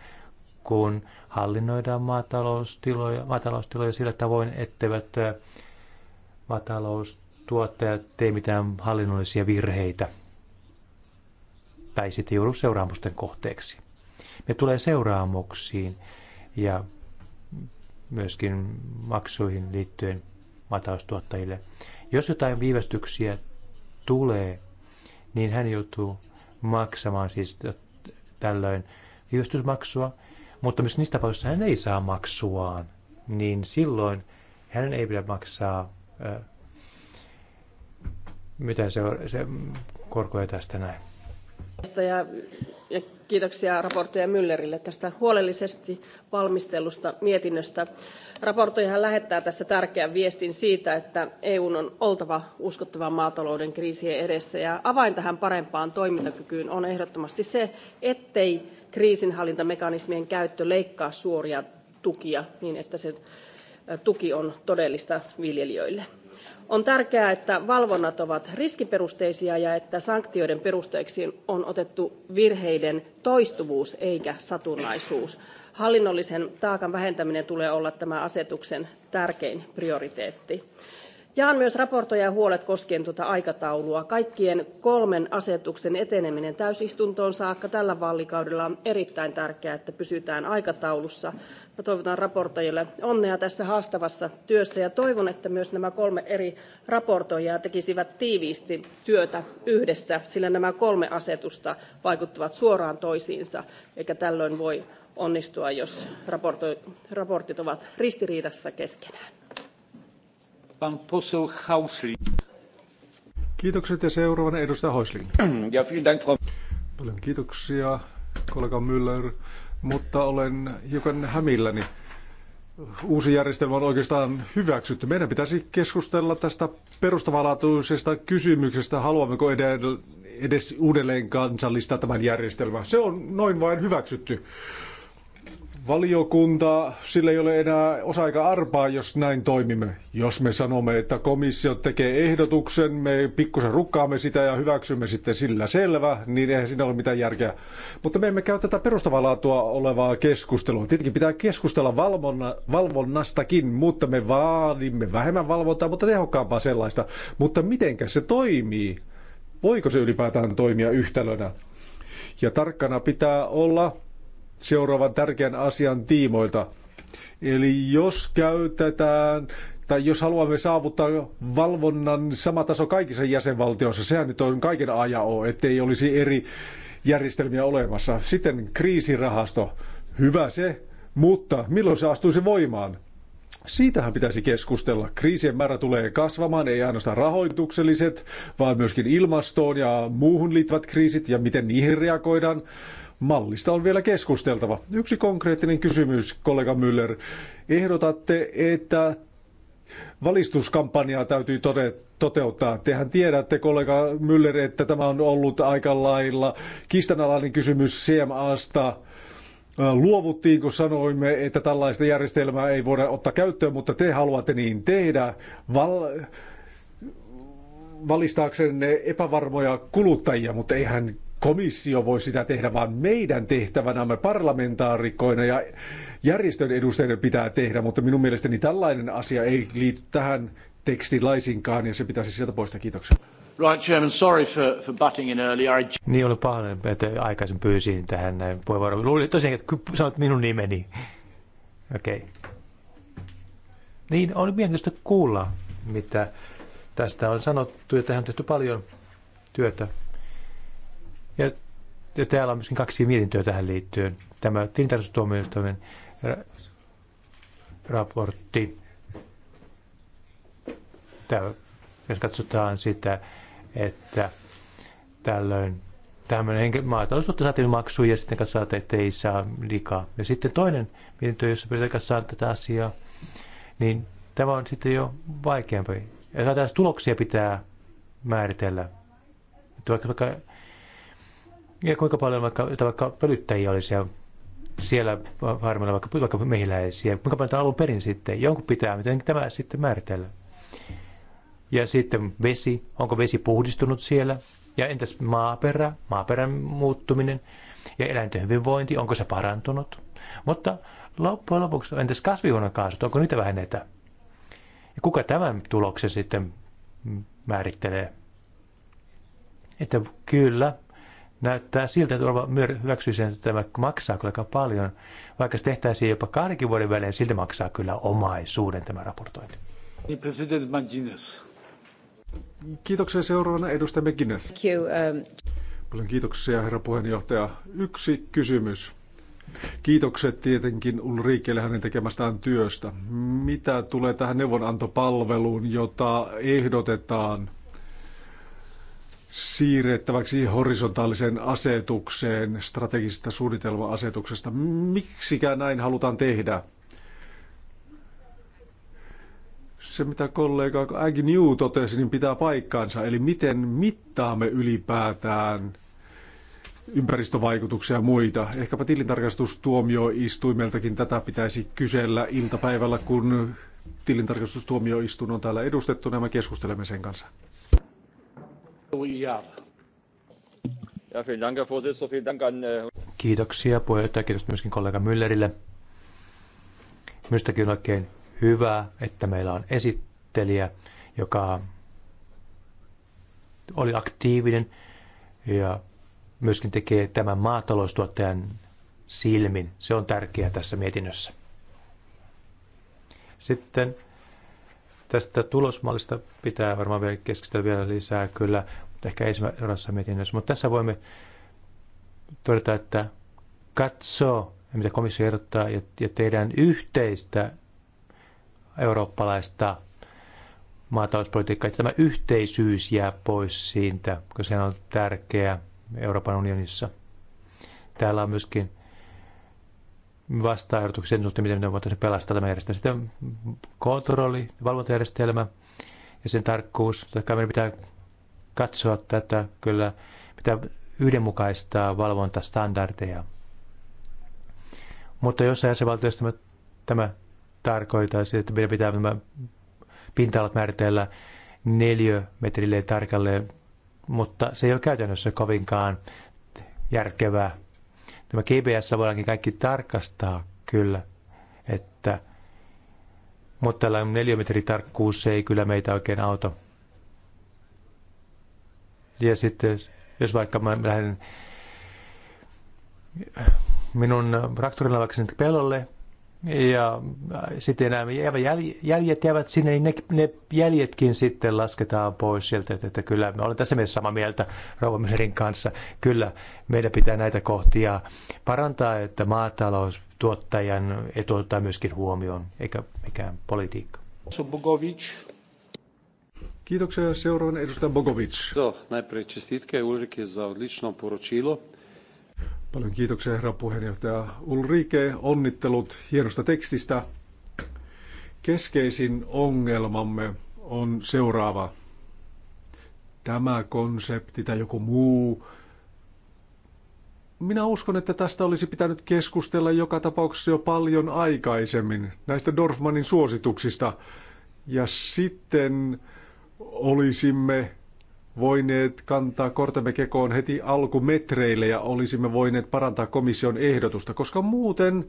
kun hallinnoidaan maataloustiloja, maataloustiloja sillä tavoin, etteivät maataloustuottajat tee mitään hallinnollisia virheitä tai sitten joudu seuraamusten kohteeksi. Me tulee seuraamuksiin ja myöskin maksuihin liittyen maataloustuottajille. Jos jotain viivästyksiä tulee, niin hän joutuu maksamaan siis tällöin viivästysmaksua, mutta myös niissä tapauksissa hän ei saa maksuaan, niin silloin hän ei pidä maksaa mitä se, se korkoja tästä näin. Ja, ja kiitoksia raportoija Müllerille tästä huolellisesti valmistellusta mietinnöstä. Raportoijahan lähettää tässä tärkeän viestin siitä, että EUn on oltava uskottava maatalouden kriisien edessä. Ja avain tähän parempaan toimintakykyyn on ehdottomasti se, ettei kriisinhallintamekanismien käyttö leikkaa suoria tukia niin, että se tuki on todellista viljelijöille. On tärkeää, että valvonnat ovat riskiperusteisia ja että sanktioiden perusteeksi on otettu virheiden toistuvuus eikä satunnaisuus. Hallinnollisen taakan vähentäminen tulee olla tämän asetuksen tärkein prioriteetti. Jaan myös raportoja huolet koskien tuota aikataulua. Kaikkien kolmen asetuksen eteneminen täysistuntoon saakka tällä vaalikaudella on erittäin tärkeää, että pysytään aikataulussa ja toivotan raportoijille onnea tässä haastavassa työssä ja toivon että myös nämä kolme eri raportoijaa tekisivät tiiviisti työtä yhdessä sillä nämä kolme asetusta vaikuttavat suoraan toisiinsa eikä tällöin voi onnistua jos raportit ovat ristiriidassa keskenään. Kiitokset ja seuraavana edustaja Häusling. Ja, vielen Dank, Frau... Paljon kiitoksia kollega Müller mutta olen hiukan hämilläni. Uusi järjestelmä on oikeastaan hyväksytty. Meidän pitäisi keskustella tästä perustavanlaatuisesta kysymyksestä, haluammeko edes uudelleen kansallistaa tämän järjestelmän. Se on noin vain hyväksytty valiokunta, sillä ei ole enää osa aika arpaa, jos näin toimimme. Jos me sanomme, että komissio tekee ehdotuksen, me pikkusen rukkaamme sitä ja hyväksymme sitten sillä selvä, niin eihän siinä ole mitään järkeä. Mutta me emme käy tätä perustavaa laatua olevaa keskustelua. Tietenkin pitää keskustella valvonna, valvonnastakin, mutta me vaadimme vähemmän valvontaa, mutta tehokkaampaa sellaista. Mutta mitenkä se toimii? Voiko se ylipäätään toimia yhtälönä? Ja tarkkana pitää olla seuraavan tärkeän asian tiimoilta. Eli jos käytetään tai jos haluamme saavuttaa valvonnan sama taso kaikissa jäsenvaltioissa, sehän nyt on kaiken aja O, ettei olisi eri järjestelmiä olemassa. Sitten kriisirahasto, hyvä se, mutta milloin se astuisi voimaan? Siitähän pitäisi keskustella. Kriisien määrä tulee kasvamaan, ei ainoastaan rahoitukselliset, vaan myöskin ilmastoon ja muuhun liittyvät kriisit ja miten niihin reagoidaan. Mallista on vielä keskusteltava. Yksi konkreettinen kysymys, kollega Müller. Ehdotatte, että valistuskampanjaa täytyy tode, toteuttaa. Tehän tiedätte, kollega Müller, että tämä on ollut aika lailla kistanalainen kysymys CMAsta. Äh, luovuttiin, kun sanoimme, että tällaista järjestelmää ei voida ottaa käyttöön, mutta te haluatte niin tehdä. Val valistaaksenne epävarmoja kuluttajia, mutta eihän komissio voi sitä tehdä, vaan meidän tehtävänämme parlamentaarikkoina ja järjestön edustajien pitää tehdä, mutta minun mielestäni tällainen asia ei liity tähän tekstiin laisinkaan ja se pitäisi sieltä poistaa. Kiitoksia. Right, Chairman, sorry for, for butting in early. Niin oli pahoin, että aikaisin pyysin tähän näin puheenvuoron. Luulin tosiaan, että sanoit minun nimeni. Okei. Okay. Niin, oli mielenkiintoista kuulla, mitä tästä on sanottu ja tähän on tehty paljon työtä ja, ja täällä on myöskin kaksi mietintöä tähän liittyen. Tämä tilintarkastustuomioistuimen raportti. Tämä, jos katsotaan sitä, että tällöin tämmöinen maataloustuotto saatiin maksu ja sitten katsotaan, että ei saa likaa. Ja sitten toinen mietintö, jossa pitää tätä asiaa, niin tämä on sitten jo vaikeampi. Ja tässä tuloksia pitää määritellä. Että vaikka, vaikka ja kuinka paljon vaikka, vaikka pölyttäjiä oli siellä, siellä farmilla, vaikka, vaikka mehiläisiä, kuinka paljon alun perin sitten, jonkun pitää, miten tämä sitten määritellä. Ja sitten vesi, onko vesi puhdistunut siellä? Ja entäs maaperä, maaperän muuttuminen ja eläinten hyvinvointi, onko se parantunut? Mutta loppujen lopuksi, entäs kasvihuonekaasut, onko niitä vähennetä? Ja kuka tämän tuloksen sitten määrittelee? Että kyllä, näyttää siltä, että Orva hyväksyy sen, että tämä maksaa kyllä aika paljon. Vaikka se tehtäisiin jopa kahdenkin vuoden välein, silti maksaa kyllä omaisuuden tämä raportointi. Niin, president Kiitoksia seuraavana edustaja McGuinness. Um, paljon kiitoksia herra puheenjohtaja. Yksi kysymys. Kiitokset tietenkin Ulriikelle hänen tekemästään työstä. Mitä tulee tähän neuvonantopalveluun, jota ehdotetaan – siirrettäväksi horisontaaliseen asetukseen, strategisesta suunnitelma-asetuksesta. Miksikään näin halutaan tehdä? Se, mitä kollega Agnew totesi, niin pitää paikkaansa. Eli miten mittaamme ylipäätään ympäristövaikutuksia ja muita. Ehkäpä tilintarkastustuomioistuimeltakin tätä pitäisi kysellä iltapäivällä, kun tilintarkastustuomioistuin on täällä edustettuna ja me keskustelemme sen kanssa. Äh, Kiitoksia puheenjohtaja, kiitos myöskin kollega Müllerille. Minustakin on oikein hyvä, että meillä on esittelijä, joka oli aktiivinen ja myöskin tekee tämän maataloustuottajan silmin. Se on tärkeää tässä mietinnössä. Sitten Tästä tulosmallista pitää varmaan vielä keskustella vielä lisää kyllä, mutta ehkä ei seuraavassa mietinnössä. Mutta tässä voimme todeta, että katsoo, mitä komissio ehdottaa, ja, ja tehdään yhteistä eurooppalaista maatalouspolitiikkaa, että tämä yhteisyys jää pois siitä, koska se on tärkeä Euroopan unionissa. Täällä on myöskin vastaehdotuksia sen suhteen, miten ne voitaisiin pelastaa tämä järjestelmä. Sitten kontrolli, valvontajärjestelmä ja sen tarkkuus. Totta meidän pitää katsoa tätä kyllä, pitää yhdenmukaistaa valvontastandardeja. Mutta jos jäsenvaltioissa tämä, tämä tarkoittaa, että meidän pitää nämä pinta-alat määritellä neliömetrilleen tarkalleen, mutta se ei ole käytännössä kovinkaan järkevää Tämä GPS voidaankin kaikki tarkastaa kyllä, että, mutta tällainen se ei kyllä meitä oikein auta. Ja sitten jos vaikka mä lähden minun traktorilla vaikka pellolle, ja äh, sitten nämä jäljet jäävät sinne, niin ne, ne jäljetkin sitten lasketaan pois sieltä, että, että kyllä me olen tässä mielessä samaa mieltä Rauvamerin kanssa. Kyllä meidän pitää näitä kohtia parantaa, että maataloustuottajan etu ottaa myöskin huomioon, eikä mikään politiikka. Bogovic. Kiitoksia. Seuraavan edustaja Bogovic. Do, najprej čestitke Ulrike za odlično poročilo. Paljon kiitoksia herra puheenjohtaja Ulrike. Onnittelut hienosta tekstistä. Keskeisin ongelmamme on seuraava. Tämä konsepti tai joku muu. Minä uskon, että tästä olisi pitänyt keskustella joka tapauksessa jo paljon aikaisemmin, näistä Dorfmanin suosituksista. Ja sitten olisimme voineet kantaa kortemme kekoon heti alkumetreille ja olisimme voineet parantaa komission ehdotusta, koska muuten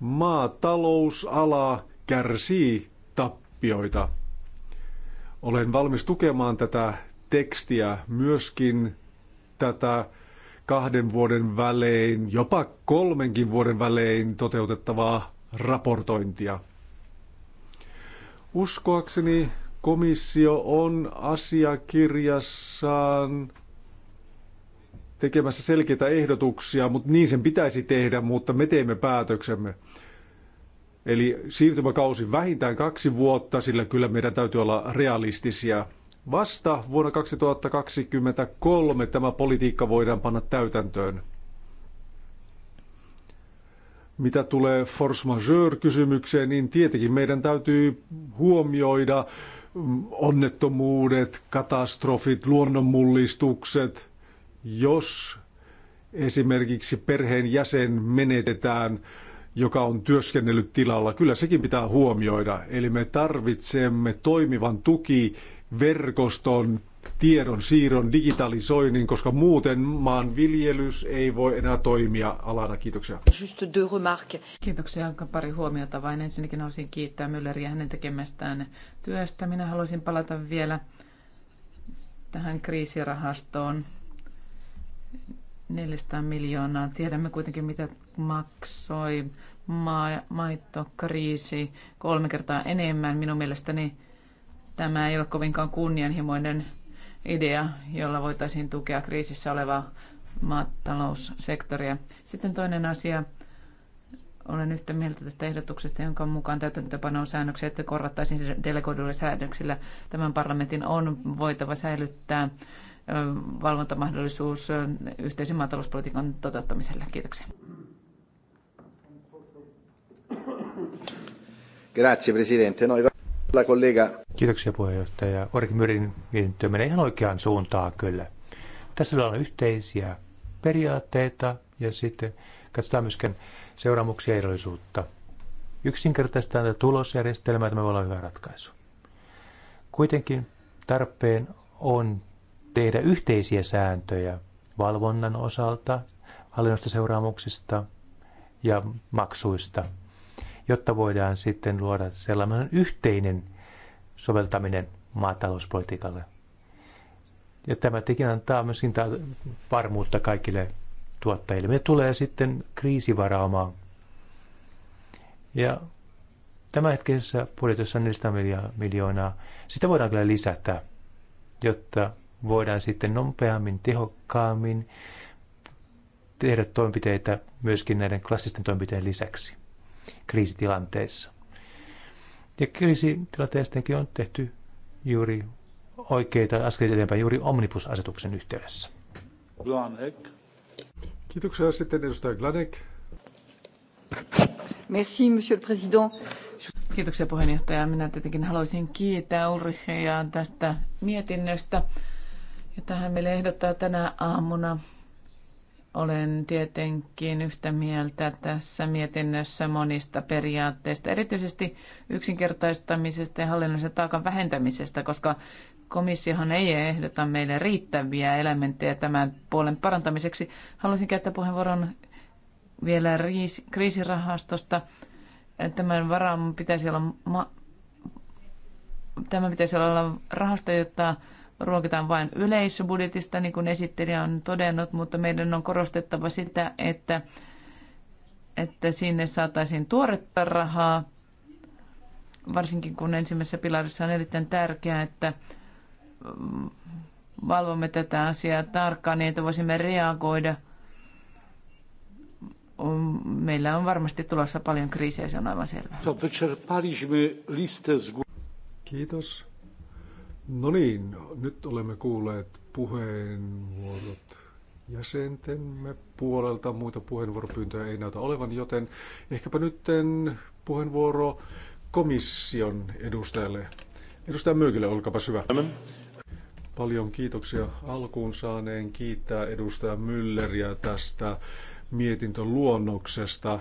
maatalousala kärsii tappioita. Olen valmis tukemaan tätä tekstiä myöskin tätä kahden vuoden välein, jopa kolmenkin vuoden välein toteutettavaa raportointia. Uskoakseni Komissio on asiakirjassaan tekemässä selkeitä ehdotuksia, mutta niin sen pitäisi tehdä, mutta me teemme päätöksemme. Eli siirtymäkausi vähintään kaksi vuotta, sillä kyllä meidän täytyy olla realistisia. Vasta vuonna 2023 tämä politiikka voidaan panna täytäntöön. Mitä tulee force majeure-kysymykseen, niin tietenkin meidän täytyy huomioida onnettomuudet, katastrofit, luonnonmullistukset, jos esimerkiksi perheen jäsen menetetään, joka on työskennellyt tilalla, kyllä sekin pitää huomioida. Eli me tarvitsemme toimivan tukiverkoston tiedon siirron digitalisoinnin, koska muuten maanviljelys ei voi enää toimia alana. Kiitoksia. Just deux Kiitoksia. Pari huomiota vain. Ensinnäkin haluaisin kiittää Mülleriä hänen tekemästään työstä. Minä haluaisin palata vielä tähän kriisirahastoon. 400 miljoonaa. Tiedämme kuitenkin, mitä maksoi ma- maittokriisi kolme kertaa enemmän. Minun mielestäni tämä ei ole kovinkaan kunnianhimoinen idea, jolla voitaisiin tukea kriisissä olevaa maataloussektoria. Sitten toinen asia. Olen yhtä mieltä tästä ehdotuksesta, jonka mukaan on säännöksiä, että korvattaisiin delegoiduilla säännöksillä. Tämän parlamentin on voitava säilyttää valvontamahdollisuus yhteisen maatalouspolitiikan toteuttamiselle. Kiitoksia. Grazie Presidente. Noi kollega. Kiitoksia puheenjohtaja. Orki Myrin mietintö menee ihan oikeaan suuntaan kyllä. Tässä on yhteisiä periaatteita ja sitten katsotaan myöskin seuraamuksia ja ehdollisuutta. Yksinkertaistaan tätä tulosjärjestelmää tämä voi olla hyvä ratkaisu. Kuitenkin tarpeen on tehdä yhteisiä sääntöjä valvonnan osalta, hallinnosta seuraamuksista ja maksuista – jotta voidaan sitten luoda sellainen yhteinen soveltaminen maatalouspolitiikalle. Ja tämä tekin antaa myöskin varmuutta kaikille tuottajille. Me tulee sitten kriisivaraamaan. Ja hetkessä budjetissa on 400 miljoonaa. Sitä voidaan kyllä lisätä, jotta voidaan sitten nopeammin, tehokkaammin tehdä toimenpiteitä myöskin näiden klassisten toimenpiteiden lisäksi kriisitilanteissa. Ja kriisitilanteistakin on tehty juuri oikeita askeleita eteenpäin juuri omnibusasetuksen yhteydessä. Glanek. Kiitoksia sitten edustaja Glanek. Merci, monsieur le président. Kiitoksia puheenjohtaja. Minä tietenkin haluaisin kiittää Ulrichia tästä mietinnöstä, jota hän meille ehdottaa tänä aamuna. Olen tietenkin yhtä mieltä tässä mietinnössä monista periaatteista, erityisesti yksinkertaistamisesta ja hallinnollisen taakan vähentämisestä, koska komissiohan ei ehdota meille riittäviä elementtejä tämän puolen parantamiseksi. Haluaisin käyttää puheenvuoron vielä kriisirahastosta. Tämän varaan pitäisi olla, ma- tämän pitäisi olla rahasto, jotta ruokitaan vain yleisbudjetista, niin kuin esittelijä on todennut, mutta meidän on korostettava sitä, että, että sinne saataisiin tuoretta rahaa, varsinkin kun ensimmäisessä pilarissa on erittäin tärkeää, että mm, valvomme tätä asiaa tarkkaan niin, että voisimme reagoida. Mm, meillä on varmasti tulossa paljon kriisejä, se on aivan selvää. Kiitos. No niin, nyt olemme kuulleet puheenvuorot jäsentemme puolelta. Muita puheenvuoropyyntöjä ei näytä olevan, joten ehkäpä nyt puheenvuoro komission edustajalle. Edustaja Myykille, olkaapa hyvä. Paljon kiitoksia alkuun saaneen kiittää edustaja Mülleriä tästä mietintöluonnoksesta.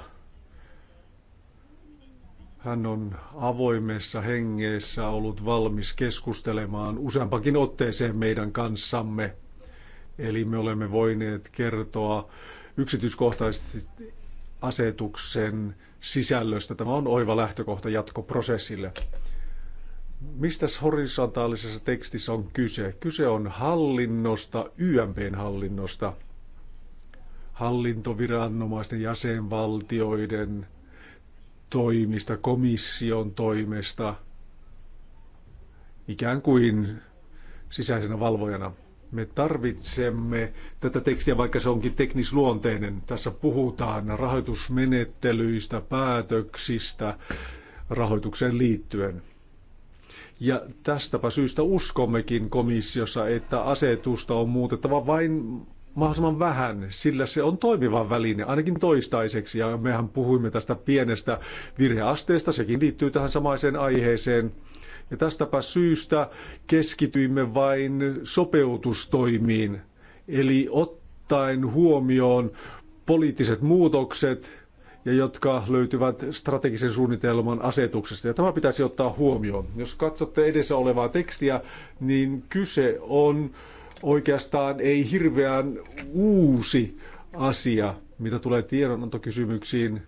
Hän on avoimessa hengessä ollut valmis keskustelemaan useampakin otteeseen meidän kanssamme. Eli me olemme voineet kertoa yksityiskohtaisesti asetuksen sisällöstä. Tämä on oiva lähtökohta jatkoprosessille. Mistä horisontaalisessa tekstissä on kyse? Kyse on hallinnosta, YMPn hallinnosta, hallintoviranomaisten jäsenvaltioiden toimista, komission toimesta, ikään kuin sisäisenä valvojana. Me tarvitsemme tätä tekstiä, vaikka se onkin teknisluonteinen. Tässä puhutaan rahoitusmenettelyistä, päätöksistä rahoitukseen liittyen. Ja tästäpä syystä uskommekin komissiossa, että asetusta on muutettava vain mahdollisimman vähän, sillä se on toimiva väline, ainakin toistaiseksi. Ja mehän puhuimme tästä pienestä virheasteesta, sekin liittyy tähän samaiseen aiheeseen. Ja tästäpä syystä keskityimme vain sopeutustoimiin, eli ottaen huomioon poliittiset muutokset, ja jotka löytyvät strategisen suunnitelman asetuksesta. Ja tämä pitäisi ottaa huomioon. Jos katsotte edessä olevaa tekstiä, niin kyse on oikeastaan ei hirveän uusi asia, mitä tulee tiedonantokysymyksiin.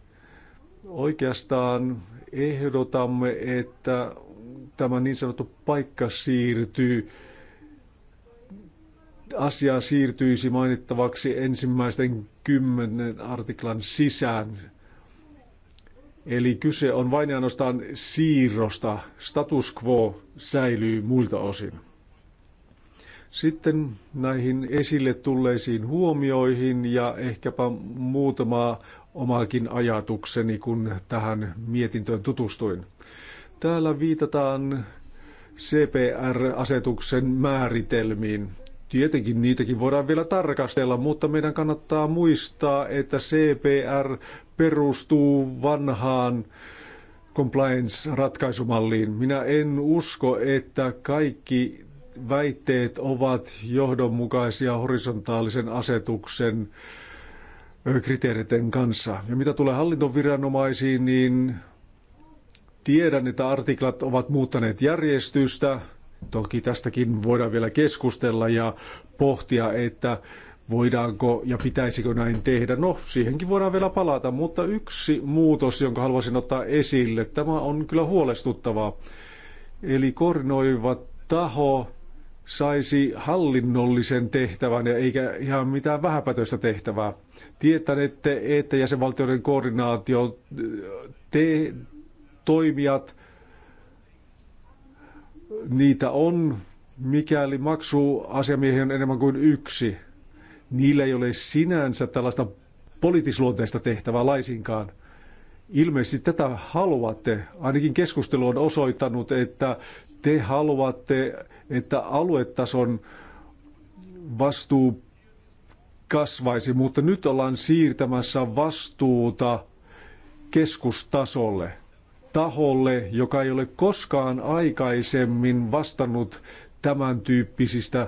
Oikeastaan ehdotamme, että tämä niin sanottu paikka siirtyy, asia siirtyisi mainittavaksi ensimmäisten kymmenen artiklan sisään. Eli kyse on vain ja ainoastaan siirrosta. Status quo säilyy muilta osin. Sitten näihin esille tulleisiin huomioihin ja ehkäpä muutama omakin ajatukseni, kun tähän mietintöön tutustuin. Täällä viitataan CPR-asetuksen määritelmiin. Tietenkin niitäkin voidaan vielä tarkastella, mutta meidän kannattaa muistaa, että CPR perustuu vanhaan compliance-ratkaisumalliin. Minä en usko, että kaikki väitteet ovat johdonmukaisia horisontaalisen asetuksen kriteereiden kanssa. Ja mitä tulee hallintoviranomaisiin, niin tiedän, että artiklat ovat muuttaneet järjestystä. Toki tästäkin voidaan vielä keskustella ja pohtia, että voidaanko ja pitäisikö näin tehdä. No, siihenkin voidaan vielä palata, mutta yksi muutos, jonka haluaisin ottaa esille, tämä on kyllä huolestuttavaa. Eli koordinoiva taho saisi hallinnollisen tehtävän ja eikä ihan mitään vähäpätöistä tehtävää. Tietänette, että jäsenvaltioiden koordinaatio te, toimijat, niitä on, mikäli maksuasiamiehiä on enemmän kuin yksi. Niillä ei ole sinänsä tällaista poliittisluonteista tehtävää laisinkaan. Ilmeisesti tätä haluatte. Ainakin keskustelu on osoittanut, että te haluatte että aluetason vastuu kasvaisi, mutta nyt ollaan siirtämässä vastuuta keskustasolle, taholle, joka ei ole koskaan aikaisemmin vastannut tämän tyyppisistä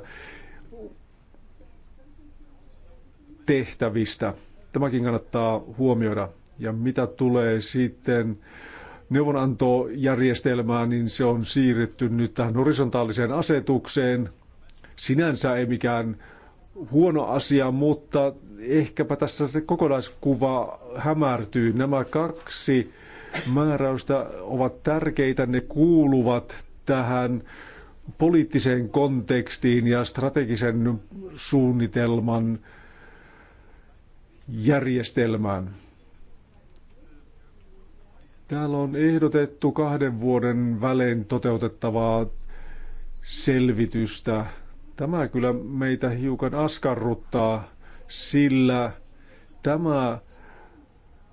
tehtävistä. Tämäkin kannattaa huomioida. Ja mitä tulee sitten neuvonantojärjestelmää, niin se on siirretty nyt tähän horisontaaliseen asetukseen. Sinänsä ei mikään huono asia, mutta ehkäpä tässä se kokonaiskuva hämärtyy. Nämä kaksi määräystä ovat tärkeitä, ne kuuluvat tähän poliittiseen kontekstiin ja strategisen suunnitelman järjestelmään. Täällä on ehdotettu kahden vuoden välein toteutettavaa selvitystä. Tämä kyllä meitä hiukan askarruttaa, sillä tämä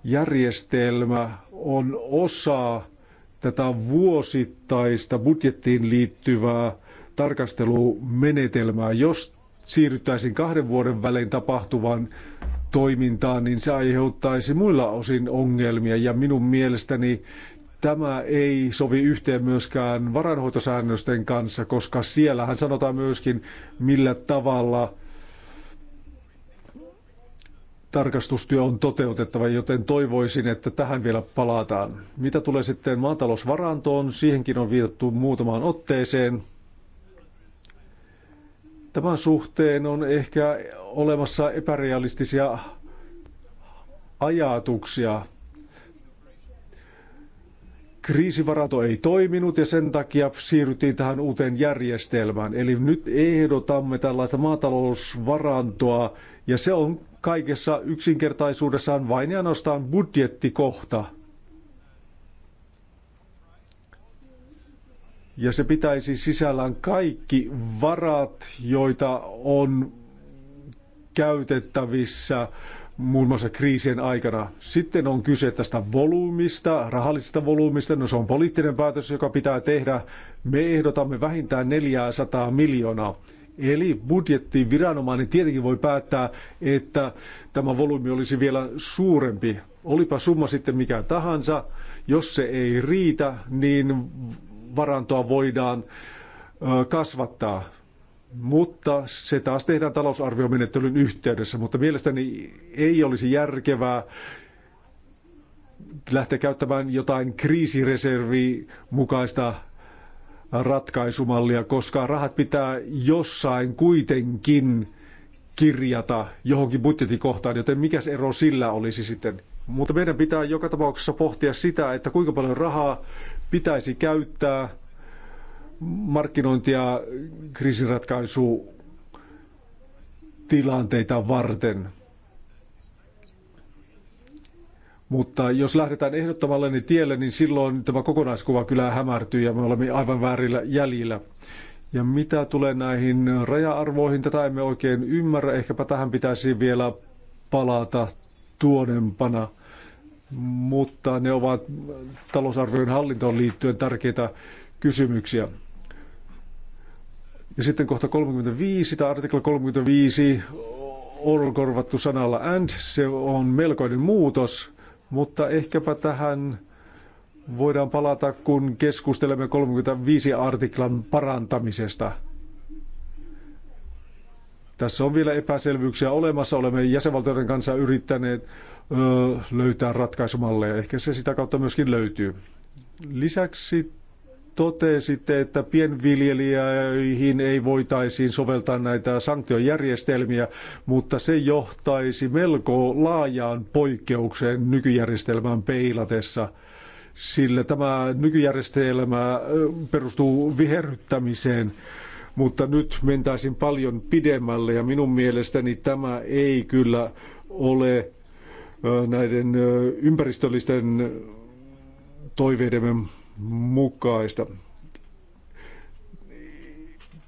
järjestelmä on osa tätä vuosittaista budjettiin liittyvää tarkastelumenetelmää. Jos siirryttäisiin kahden vuoden välein tapahtuvaan toimintaa, niin se aiheuttaisi muilla osin ongelmia. Ja minun mielestäni tämä ei sovi yhteen myöskään varainhoitosäännösten kanssa, koska siellähän sanotaan myöskin, millä tavalla tarkastustyö on toteutettava, joten toivoisin, että tähän vielä palataan. Mitä tulee sitten maatalousvarantoon, siihenkin on viitattu muutamaan otteeseen. Tämän suhteen on ehkä olemassa epärealistisia ajatuksia. Kriisivarato ei toiminut ja sen takia siirryttiin tähän uuteen järjestelmään. Eli nyt ehdotamme tällaista maatalousvarantoa ja se on kaikessa yksinkertaisuudessaan vain ja ainoastaan budjettikohta. Ja se pitäisi sisällään kaikki varat, joita on käytettävissä muun muassa kriisien aikana. Sitten on kyse tästä volyymista, rahallisesta volyymista. No se on poliittinen päätös, joka pitää tehdä. Me ehdotamme vähintään 400 miljoonaa. Eli budjettiviranomainen tietenkin voi päättää, että tämä volyymi olisi vielä suurempi. Olipa summa sitten mikä tahansa, jos se ei riitä, niin varantoa voidaan kasvattaa. Mutta se taas tehdään talousarviomenettelyn yhteydessä, mutta mielestäni ei olisi järkevää lähteä käyttämään jotain kriisireservi mukaista ratkaisumallia, koska rahat pitää jossain kuitenkin kirjata johonkin budjetikohtaan, joten mikä ero sillä olisi sitten? Mutta meidän pitää joka tapauksessa pohtia sitä, että kuinka paljon rahaa pitäisi käyttää markkinointia kriisinratkaisu tilanteita varten. Mutta jos lähdetään ehdottomalle niin tielle, niin silloin tämä kokonaiskuva kyllä hämärtyy ja me olemme aivan väärillä jäljillä. Ja mitä tulee näihin raja-arvoihin, tätä emme oikein ymmärrä. Ehkäpä tähän pitäisi vielä palata tuonempana mutta ne ovat talousarvion hallintoon liittyen tärkeitä kysymyksiä. Ja sitten kohta 35, tai artikla 35 on korvattu sanalla and. Se on melkoinen muutos, mutta ehkäpä tähän voidaan palata, kun keskustelemme 35 artiklan parantamisesta – tässä on vielä epäselvyyksiä olemassa. Olemme jäsenvaltioiden kanssa yrittäneet löytää ratkaisumalleja. Ehkä se sitä kautta myöskin löytyy. Lisäksi totesitte, että pienviljelijöihin ei voitaisiin soveltaa näitä sanktiojärjestelmiä, mutta se johtaisi melko laajaan poikkeukseen nykyjärjestelmään peilatessa. Sillä tämä nykyjärjestelmä perustuu viherryttämiseen mutta nyt mentäisin paljon pidemmälle ja minun mielestäni tämä ei kyllä ole näiden ympäristöllisten toiveidemme mukaista.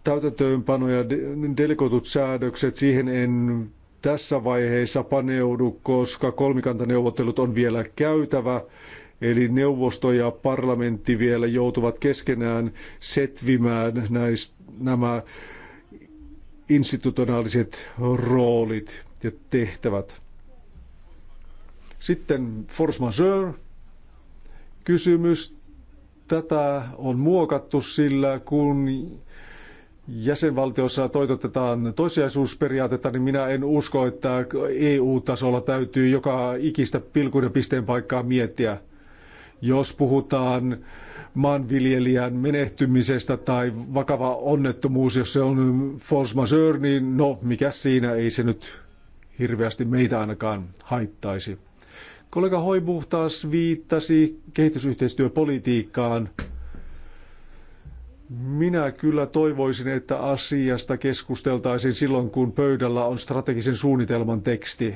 Täytäntöönpano ja delegoitut säädökset, siihen en tässä vaiheessa paneudu, koska kolmikantaneuvottelut on vielä käytävä Eli neuvosto ja parlamentti vielä joutuvat keskenään setvimään näistä, nämä institutionaaliset roolit ja tehtävät. Sitten force majeure kysymys. Tätä on muokattu sillä, kun jäsenvaltiossa toitotetaan toissijaisuusperiaatetta, niin minä en usko, että EU-tasolla täytyy joka ikistä pilkun pisteen paikkaa miettiä – jos puhutaan maanviljelijän menehtymisestä tai vakava onnettomuus, jos se on force majeure, niin no, mikä siinä ei se nyt hirveästi meitä ainakaan haittaisi. Kollega Hoibu taas viittasi kehitysyhteistyöpolitiikkaan. Minä kyllä toivoisin, että asiasta keskusteltaisiin silloin, kun pöydällä on strategisen suunnitelman teksti.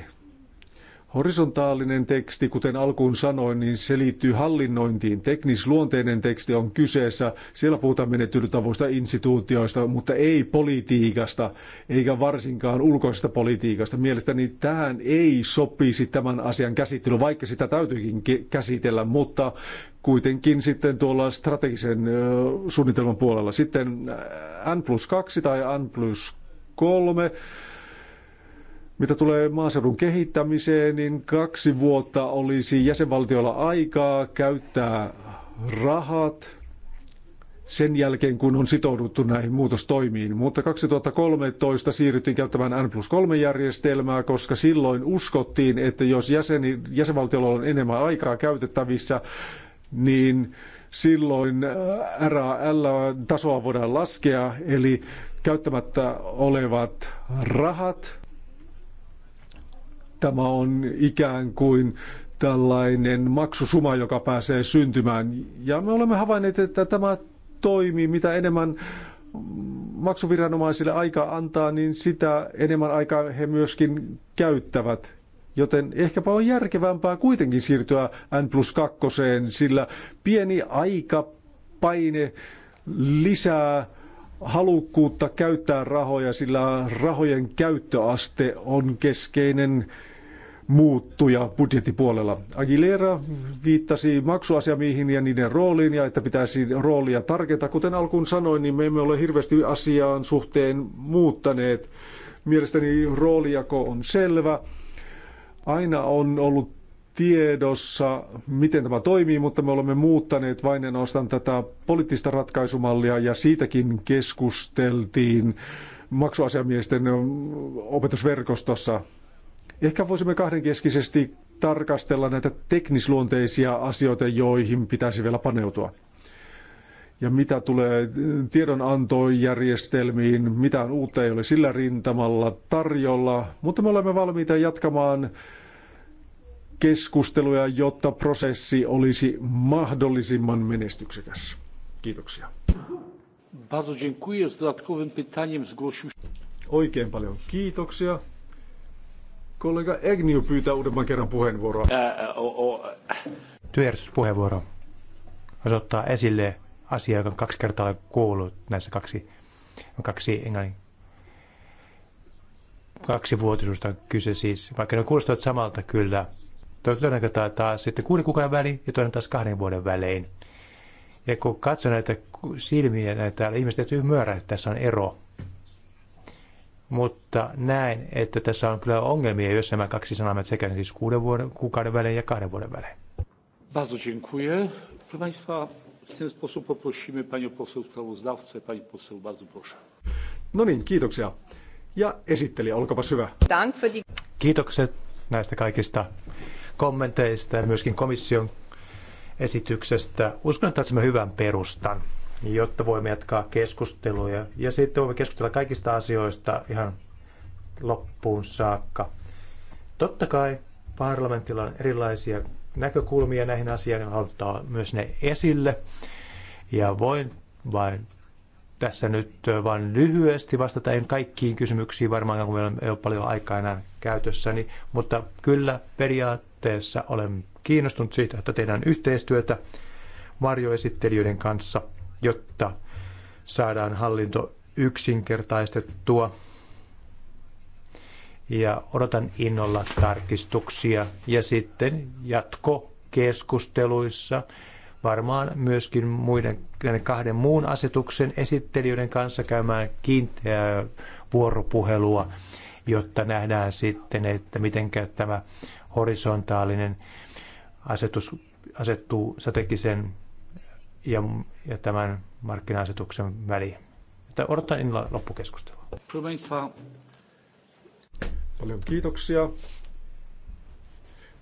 Horisontaalinen teksti, kuten alkuun sanoin, niin se liittyy hallinnointiin. Teknisluonteinen teksti on kyseessä. Siellä puhutaan menettelytavoista, instituutioista, mutta ei politiikasta, eikä varsinkaan ulkoisesta politiikasta. Mielestäni tähän ei sopisi tämän asian käsittely, vaikka sitä täytyykin käsitellä, mutta kuitenkin sitten tuolla strategisen suunnitelman puolella. Sitten äh, N plus 2 tai N plus 3 mitä tulee maaseudun kehittämiseen, niin kaksi vuotta olisi jäsenvaltioilla aikaa käyttää rahat sen jälkeen, kun on sitouduttu näihin muutostoimiin. Mutta 2013 siirryttiin käyttämään N plus 3 järjestelmää, koska silloin uskottiin, että jos jäseni, jäsenvaltiolla on enemmän aikaa käytettävissä, niin silloin äh, RAL-tasoa voidaan laskea, eli käyttämättä olevat rahat tämä on ikään kuin tällainen maksusuma, joka pääsee syntymään. Ja me olemme havainneet, että tämä toimii. Mitä enemmän maksuviranomaisille aikaa antaa, niin sitä enemmän aikaa he myöskin käyttävät. Joten ehkäpä on järkevämpää kuitenkin siirtyä N plus kakkoseen, sillä pieni aikapaine lisää halukkuutta käyttää rahoja, sillä rahojen käyttöaste on keskeinen muuttuja budjettipuolella. Aguilera viittasi maksuasiamiihin ja niiden rooliin ja että pitäisi roolia tarkentaa. Kuten alkuun sanoin, niin me emme ole hirveästi asiaan suhteen muuttaneet. Mielestäni roolijako on selvä. Aina on ollut tiedossa, miten tämä toimii, mutta me olemme muuttaneet vain ainoastaan tätä poliittista ratkaisumallia ja siitäkin keskusteltiin maksuasiamiesten opetusverkostossa Ehkä voisimme kahdenkeskisesti tarkastella näitä teknisluonteisia asioita, joihin pitäisi vielä paneutua. Ja mitä tulee tiedonantojärjestelmiin, mitään uutta ei ole sillä rintamalla tarjolla, mutta me olemme valmiita jatkamaan keskusteluja, jotta prosessi olisi mahdollisimman menestyksekäs. Kiitoksia. Bardzo dziękuję. Z dodatkowym pytaniem zgłosił Oikein paljon kiitoksia. Kollega Egnio pyytää uudemman kerran puheenvuoroa. Työjärjestyspuheenvuoro osoittaa esille asia, joka on kaksi kertaa kuullut näissä kaksi, kaksi englannin kaksi vuotisuusta on kyse siis, vaikka ne kuulostavat samalta kyllä. Toinen kertaa taas sitten kuuden kuukauden väliin ja toinen taas kahden vuoden välein. Ja kun katsoo näitä silmiä, näitä täällä ihmiset täytyy myöärä, että tässä on ero mutta näen, että tässä on kyllä ongelmia, jos nämä kaksi sanaa sekä siis kuuden vuoden, kuukauden välein ja kahden vuoden välein. Bardzo dziękuję. Proszę Państwa, w ten sposób poprosimy Panią poseł sprawozdawcę. Pani poseł, bardzo proszę. No niin, kiitoksia. Ja esitteli olkapa hyvä. Dank für die... Kiitokset näistä kaikista kommenteista ja myöskin komission esityksestä. Uskon, että saamme hyvän perustan jotta voimme jatkaa keskusteluja. Ja sitten voimme keskustella kaikista asioista ihan loppuun saakka. Totta kai parlamentilla on erilaisia näkökulmia näihin asioihin, halutaan myös ne esille. Ja voin vain tässä nyt vain lyhyesti vastata, en kaikkiin kysymyksiin varmaan, kun meillä ei ole paljon aikaa enää käytössäni, mutta kyllä periaatteessa olen kiinnostunut siitä, että tehdään yhteistyötä varjoesittelijöiden kanssa – jotta saadaan hallinto yksinkertaistettua. Ja odotan innolla tarkistuksia ja sitten jatko keskusteluissa varmaan myöskin muiden näiden kahden muun asetuksen esittelijöiden kanssa käymään kiinteää vuoropuhelua, jotta nähdään sitten, että miten tämä horisontaalinen asetus asettuu strategisen ja, ja tämän markkina-asetuksen väliin. Että odotan innolla loppukeskustelua. Paljon kiitoksia.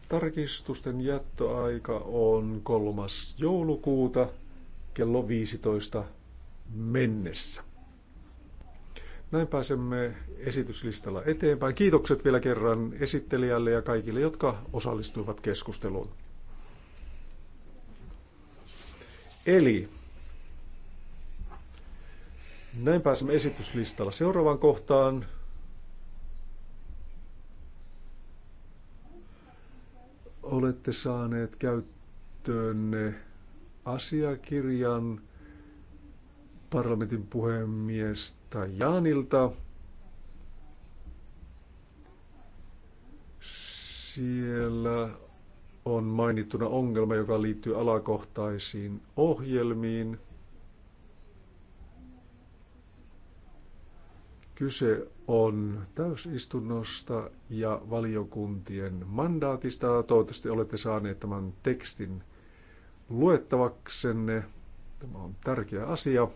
Tarkistusten jättöaika on 3. joulukuuta kello 15 mennessä. Näin pääsemme esityslistalla eteenpäin. Kiitokset vielä kerran esittelijälle ja kaikille, jotka osallistuivat keskusteluun. Eli näin pääsemme esityslistalla seuraavaan kohtaan. Olette saaneet käyttöönne asiakirjan parlamentin puhemiestä Jaanilta. Siellä on mainittuna ongelma, joka liittyy alakohtaisiin ohjelmiin. Kyse on täysistunnosta ja valiokuntien mandaatista. Toivottavasti olette saaneet tämän tekstin luettavaksenne. Tämä on tärkeä asia.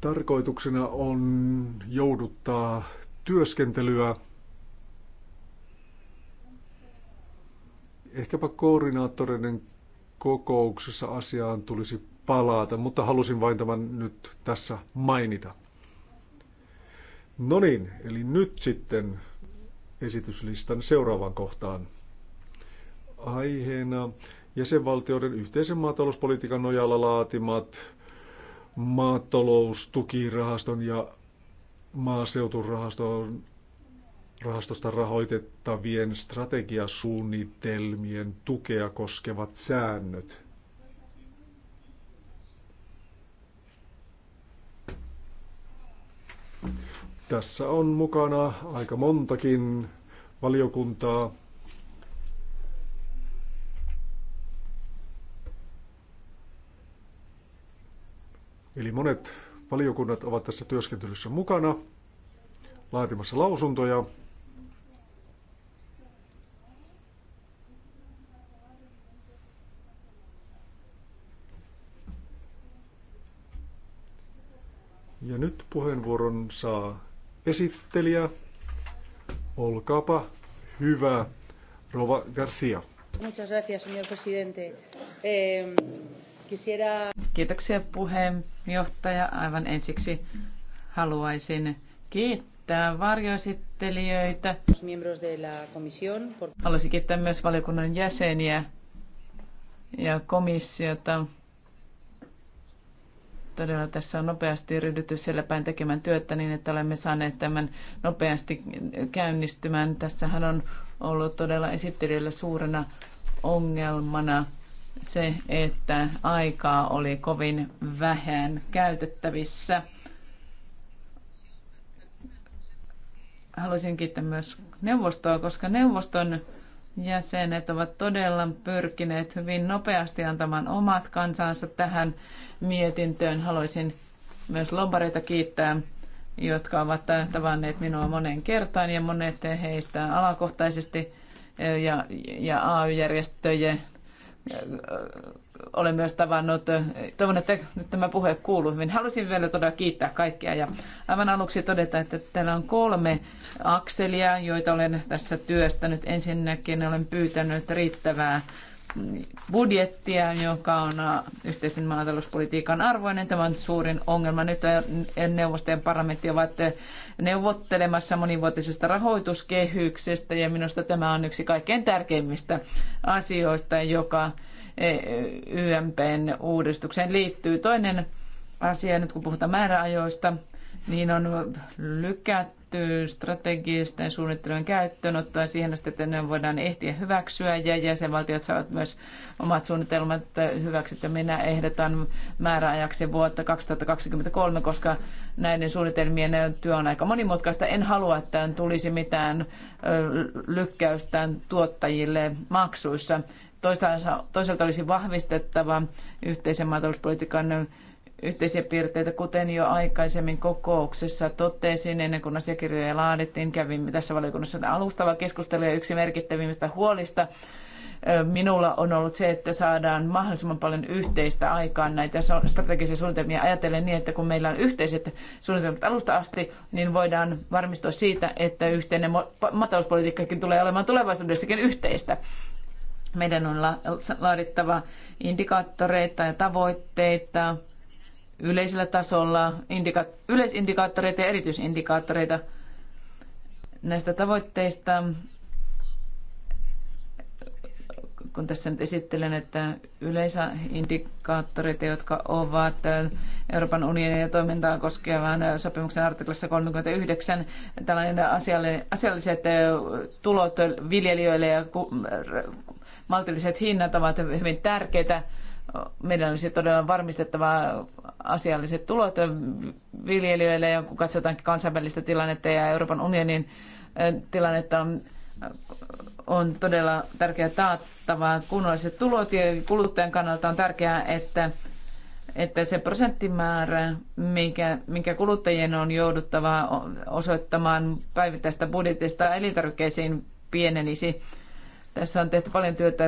Tarkoituksena on jouduttaa työskentelyä Ehkäpä koordinaattoreiden kokouksessa asiaan tulisi palata, mutta halusin vain tämän nyt tässä mainita. No niin, eli nyt sitten esityslistan seuraavaan kohtaan. Aiheena jäsenvaltioiden yhteisen maatalouspolitiikan nojalla laatimat maataloustukirahaston ja maaseuturahaston rahastosta rahoitettavien strategiasuunnitelmien tukea koskevat säännöt. Tässä on mukana aika montakin valiokuntaa. Eli monet valiokunnat ovat tässä työskentelyssä mukana laatimassa lausuntoja. Ja nyt puheenvuoron saa esittelijä. Olkaapa hyvä, Rova Garcia. Muchas gracias, señor presidente. Eh, quisiera... Kiitoksia puheenjohtaja. Aivan ensiksi haluaisin kiittää varjoesittelijöitä. Haluaisin kiittää myös valiokunnan jäseniä ja komissiota todella tässä on nopeasti ryhdytty siellä päin tekemään työtä niin, että olemme saaneet tämän nopeasti käynnistymään. Tässähän on ollut todella esittelijällä suurena ongelmana se, että aikaa oli kovin vähän käytettävissä. Haluaisin kiittää myös neuvostoa, koska neuvoston jäsenet ovat todella pyrkineet hyvin nopeasti antamaan omat kansansa tähän mietintöön. Haluaisin myös lobareita kiittää, jotka ovat tavanneet minua monen kertaan ja monet heistä alakohtaisesti ja, ja AY-järjestöjen olen myös tavannut. Toivon, että nyt tämä puhe kuuluu hyvin. Haluaisin vielä todella kiittää kaikkia ja aivan aluksi todeta, että täällä on kolme akselia, joita olen tässä työstänyt. Ensinnäkin olen pyytänyt riittävää budjettia, joka on yhteisen maatalouspolitiikan arvoinen. Tämä on suurin ongelma. Nyt neuvostojen parlamentti ovat neuvottelemassa monivuotisesta rahoituskehyksestä ja minusta tämä on yksi kaikkein tärkeimmistä asioista, joka E, YMPn uudistukseen liittyy. Toinen asia, nyt kun puhutaan määräajoista, niin on lykätty strategisten suunnittelujen käyttöönottoa siihen asti, että ne voidaan ehtiä hyväksyä ja jäsenvaltiot saavat myös omat suunnitelmat hyväksytty. Minä ehdotan määräajaksi vuotta 2023, koska näiden suunnitelmien työ on aika monimutkaista. En halua, että tulisi mitään lykkäystä tuottajille maksuissa. Toisaalta, toisaalta olisi vahvistettava yhteisen maatalouspolitiikan yhteisiä piirteitä, kuten jo aikaisemmin kokouksessa totesin, ennen kuin asiakirjoja laadittiin, kävimme tässä valiokunnassa alustava keskustelu ja yksi merkittävimmistä huolista minulla on ollut se, että saadaan mahdollisimman paljon yhteistä aikaan näitä strategisia suunnitelmia ajatellen niin, että kun meillä on yhteiset suunnitelmat alusta asti, niin voidaan varmistua siitä, että yhteinen maatalouspolitiikkakin tulee olemaan tulevaisuudessakin yhteistä. Meidän on laadittava indikaattoreita ja tavoitteita yleisellä tasolla, indika- yleisindikaattoreita ja erityisindikaattoreita näistä tavoitteista. Kun tässä nyt esittelen, että indikaattoreita, jotka ovat Euroopan unionin ja toimintaa koskevan sopimuksen artiklassa 39, tällainen asialliset tulot viljelijöille ja maltilliset hinnat ovat hyvin tärkeitä. Meidän olisi todella varmistettava asialliset tulot viljelijöille ja kun katsotaan kansainvälistä tilannetta ja Euroopan unionin tilannetta on, on todella tärkeää taattava kunnolliset tulot ja kuluttajan kannalta on tärkeää, että että se prosenttimäärä, minkä, minkä kuluttajien on jouduttava osoittamaan päivittäistä budjetista elintarvikkeisiin pienenisi. Tässä on tehty paljon työtä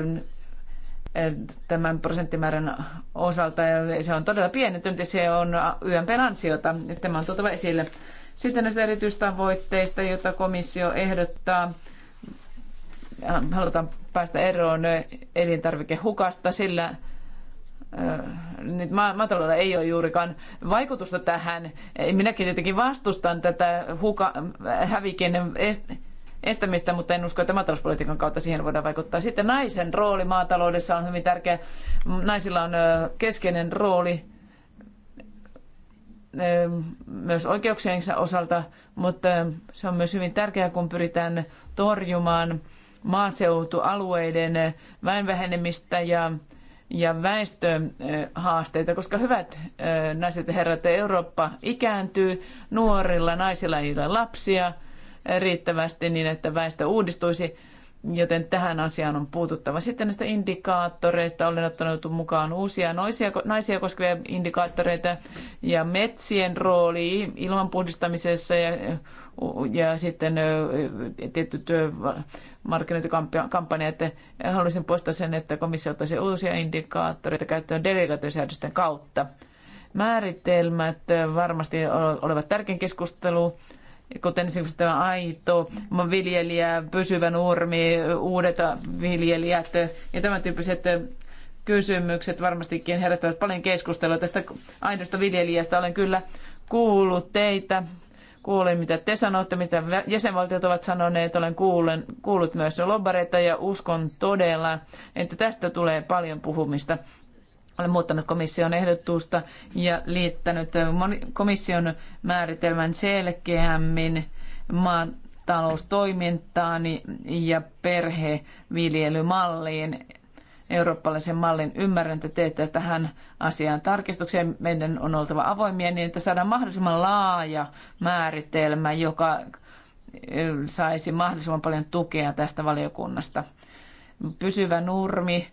eh, tämän prosenttimäärän osalta ja se on todella pieni, ja se on YMPn ansiota. Tämä on tuotava esille. Sitten näistä erityistavoitteista, joita komissio ehdottaa, halutaan päästä eroon elintarvikehukasta, sillä eh, nyt maataloudella ei ole juurikaan vaikutusta tähän. Minäkin tietenkin vastustan tätä huka, hävikin estämistä, mutta en usko, että maatalouspolitiikan kautta siihen voidaan vaikuttaa. Sitten naisen rooli maataloudessa on hyvin tärkeä. Naisilla on keskeinen rooli myös oikeuksiensa osalta, mutta se on myös hyvin tärkeää, kun pyritään torjumaan maaseutualueiden väenvähenemistä ja, ja väestöhaasteita, koska hyvät naiset ja herrat, Eurooppa ikääntyy, nuorilla naisilla ei ole lapsia – riittävästi niin, että väestö uudistuisi, joten tähän asiaan on puututtava. Sitten näistä indikaattoreista olen ottanut mukaan uusia naisia, naisia koskevia indikaattoreita ja metsien rooli puhdistamisessa ja, ja sitten tietty työ markkinointikampanja, että haluaisin poistaa sen, että komissio ottaisi uusia indikaattoreita käyttöön delegaatiosäädösten kautta. Määritelmät varmasti olevat tärkein keskustelu kuten esimerkiksi tämä aito viljelijä, pysyvä nurmi, uudet viljelijät ja tämän tyyppiset kysymykset varmastikin herättävät paljon keskustelua tästä aidosta viljelijästä. Olen kyllä kuullut teitä, kuulin mitä te sanotte, mitä jäsenvaltiot ovat sanoneet, olen kuullut, kuullut myös lobbareita ja uskon todella, että tästä tulee paljon puhumista olen muuttanut komission ehdotusta ja liittänyt komission määritelmän selkeämmin maataloustoimintaan ja perheviljelymalliin eurooppalaisen mallin. Ymmärrän, että teette tähän asiaan tarkistuksia. Meidän on oltava avoimia niin, että saadaan mahdollisimman laaja määritelmä, joka saisi mahdollisimman paljon tukea tästä valiokunnasta. Pysyvä nurmi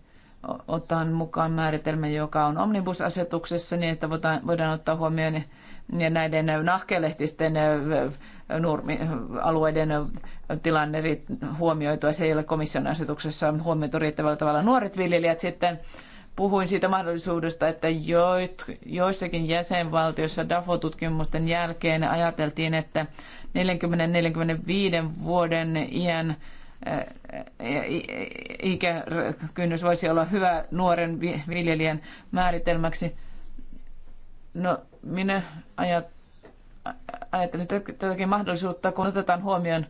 otan mukaan määritelmä, joka on omnibusasetuksessa, niin että voidaan ottaa huomioon näiden nahkelehtisten alueiden tilanne huomioitua. Se ei ole komission asetuksessa huomioitu riittävällä tavalla. Nuoret viljelijät sitten puhuin siitä mahdollisuudesta, että joissakin jäsenvaltioissa DAFO-tutkimusten jälkeen ajateltiin, että 40-45 vuoden iän ikäkynnys voisi olla hyvä nuoren viljelijän määritelmäksi. No, minä ajattelin tätäkin mahdollisuutta, kun otetaan huomioon,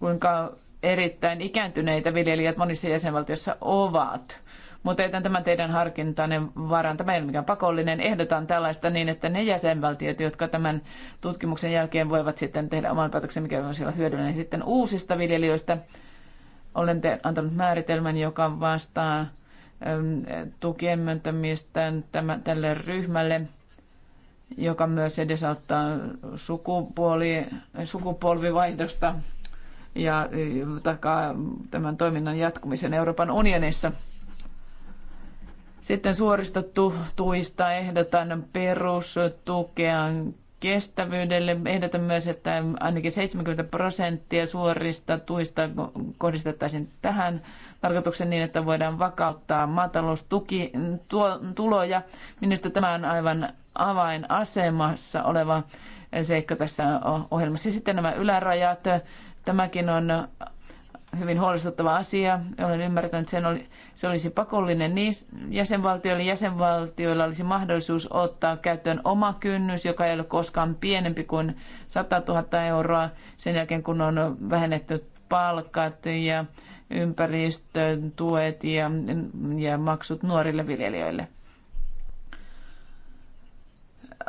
kuinka erittäin ikääntyneitä viljelijät monissa jäsenvaltioissa ovat. Mutta jätän tämän teidän harkintanne varaan. Tämä ei ole mikään pakollinen. Ehdotan tällaista niin, että ne jäsenvaltiot, jotka tämän tutkimuksen jälkeen voivat sitten tehdä oman päätöksen, mikä voisi olla hyödyllinen sitten uusista viljelijöistä, olen te, antanut määritelmän, joka vastaa tukien myöntämistä tälle ryhmälle, joka myös edesauttaa sukupuoli, sukupolvivaihdosta ja takaa tämän toiminnan jatkumisen Euroopan unionissa. Sitten suorista tuista ehdotan perustukea kestävyydelle. Ehdotan myös, että ainakin 70 prosenttia suorista tuista kohdistettaisiin tähän tarkoituksen niin, että voidaan vakauttaa maataloustuki, tuo, tuloja. Minusta tämä on aivan avainasemassa oleva seikka tässä ohjelmassa. Sitten nämä ylärajat. Tämäkin on hyvin huolestuttava asia. Olen ymmärtänyt, että sen oli, se olisi pakollinen niin jäsenvaltioille. Jäsenvaltioilla olisi mahdollisuus ottaa käyttöön oma kynnys, joka ei ole koskaan pienempi kuin 100 000 euroa sen jälkeen, kun on vähennetty palkat ja ympäristön tuet ja, ja maksut nuorille viljelijöille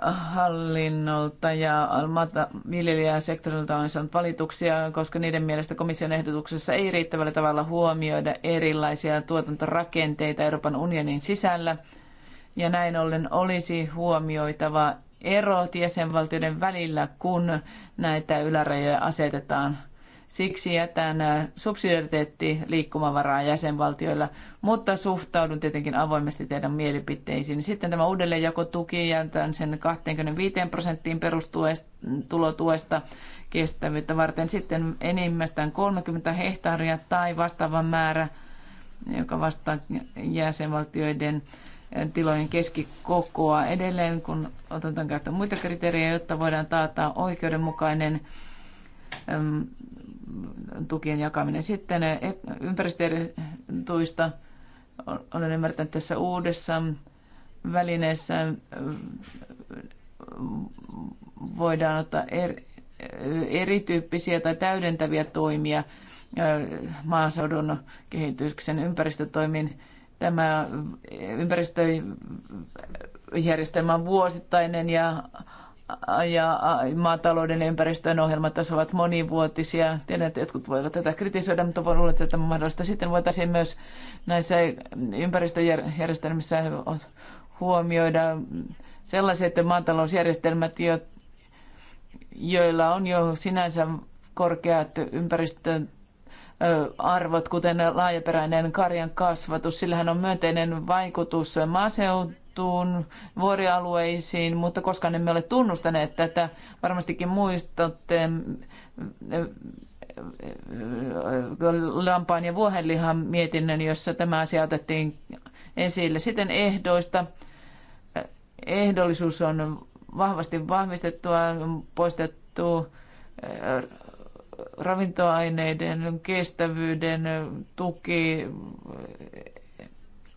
hallinnolta ja viljelijäsektorilta on saanut valituksia, koska niiden mielestä komission ehdotuksessa ei riittävällä tavalla huomioida erilaisia tuotantorakenteita Euroopan unionin sisällä. Ja näin ollen olisi huomioitava erot jäsenvaltioiden välillä, kun näitä ylärajoja asetetaan. Siksi jätän äh, subsidiariteetti liikkumavaraa jäsenvaltioilla, mutta suhtaudun tietenkin avoimesti teidän mielipiteisiin. Sitten tämä uudelleenjako tuki jätän sen 25 prosenttiin perustulotuesta kestävyyttä varten. Sitten enimmästään 30 hehtaaria tai vastaava määrä, joka vastaa jäsenvaltioiden äh, tilojen keskikokoa edelleen, kun otetaan käyttöön muita kriteerejä, jotta voidaan taata oikeudenmukainen tukien jakaminen. Sitten eh, ympäristöjärjestöistä olen ymmärtänyt tässä uudessa välineessä eh, voidaan ottaa eri, erityyppisiä tai täydentäviä toimia eh, maaseudun kehityksen ympäristötoimin. Tämä ympäristöjärjestelmä on vuosittainen ja ja maatalouden ympäristön ohjelmat tässä ovat monivuotisia. Tiedän, että jotkut voivat tätä kritisoida, mutta voin luulla, että mahdollista. Sitten voitaisiin myös näissä ympäristöjärjestelmissä huomioida sellaiset maatalousjärjestelmät, joilla on jo sinänsä korkeat ympäristön arvot, kuten laajaperäinen karjan kasvatus. Sillähän on myönteinen vaikutus maaseutuun suojeltuun vuorialueisiin, mutta koskaan emme ole tunnustaneet tätä. Varmastikin muistatte mm, mm, lampaan ja vuohenlihan mietinnön, jossa tämä asia otettiin esille. Sitten ehdoista. Ehdollisuus on vahvasti vahvistettua, poistettu eh, ravintoaineiden kestävyyden tuki.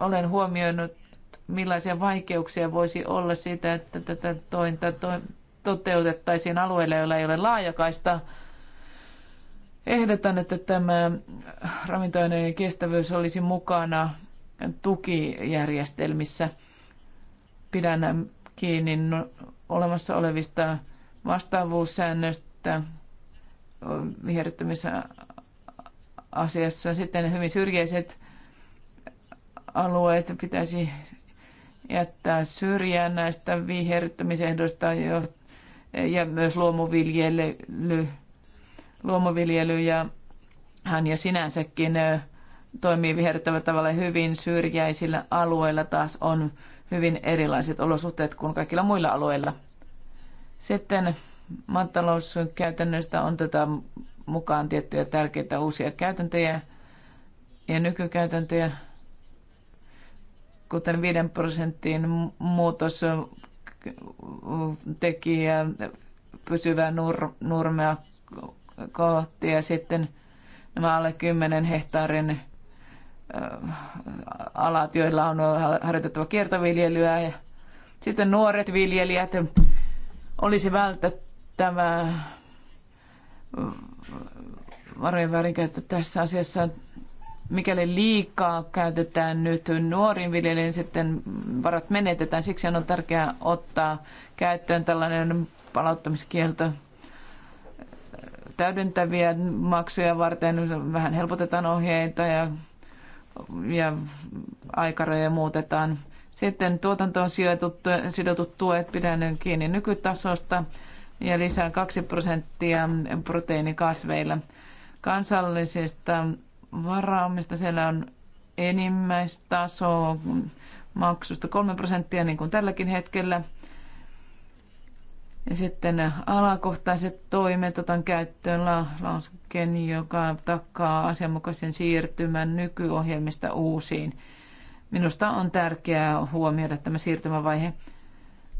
Olen huomioinut millaisia vaikeuksia voisi olla siitä, että tätä tointa to, toteutettaisiin alueille, joilla ei ole laajakaista. Ehdotan, että tämä ravintoaineiden kestävyys olisi mukana tukijärjestelmissä. Pidän kiinni no, olemassa olevista vastaavuussäännöistä asiassa. Sitten hyvin syrjäiset alueet pitäisi jättää syrjään näistä viherryttämisehdoista ja myös luomuviljely, luomuviljely ja hän jo sinänsäkin toimii viherryttävällä tavalla hyvin syrjäisillä alueilla taas on hyvin erilaiset olosuhteet kuin kaikilla muilla alueilla. Sitten maatalouskäytännöistä on tätä mukaan tiettyjä tärkeitä uusia käytäntöjä ja nykykäytäntöjä kuten 5 prosentin muutos teki pysyvää nur, nurmea kohti ja sitten nämä alle 10 hehtaarin äh, alat, joilla on harjoitettava kiertoviljelyä. Ja sitten nuoret viljelijät olisi vältettävä varojen väärinkäyttö tässä asiassa mikäli liikaa käytetään nyt nuoriin viljelijöihin, niin sitten varat menetetään. Siksi on tärkeää ottaa käyttöön tällainen palauttamiskielto täydentäviä maksuja varten. Vähän helpotetaan ohjeita ja, ja aikarajoja muutetaan. Sitten tuotantoon sijoitut, sidotut tuet pidän kiinni nykytasosta ja lisää 2 prosenttia proteiinikasveilla. Kansallisista varaamista. Siellä on enimmäistaso maksusta 3 prosenttia, niin kuin tälläkin hetkellä. Ja sitten alakohtaiset toimet otan käyttöön la- lausekkeen, joka takaa asianmukaisen siirtymän nykyohjelmista uusiin. Minusta on tärkeää huomioida tämä siirtymävaihe.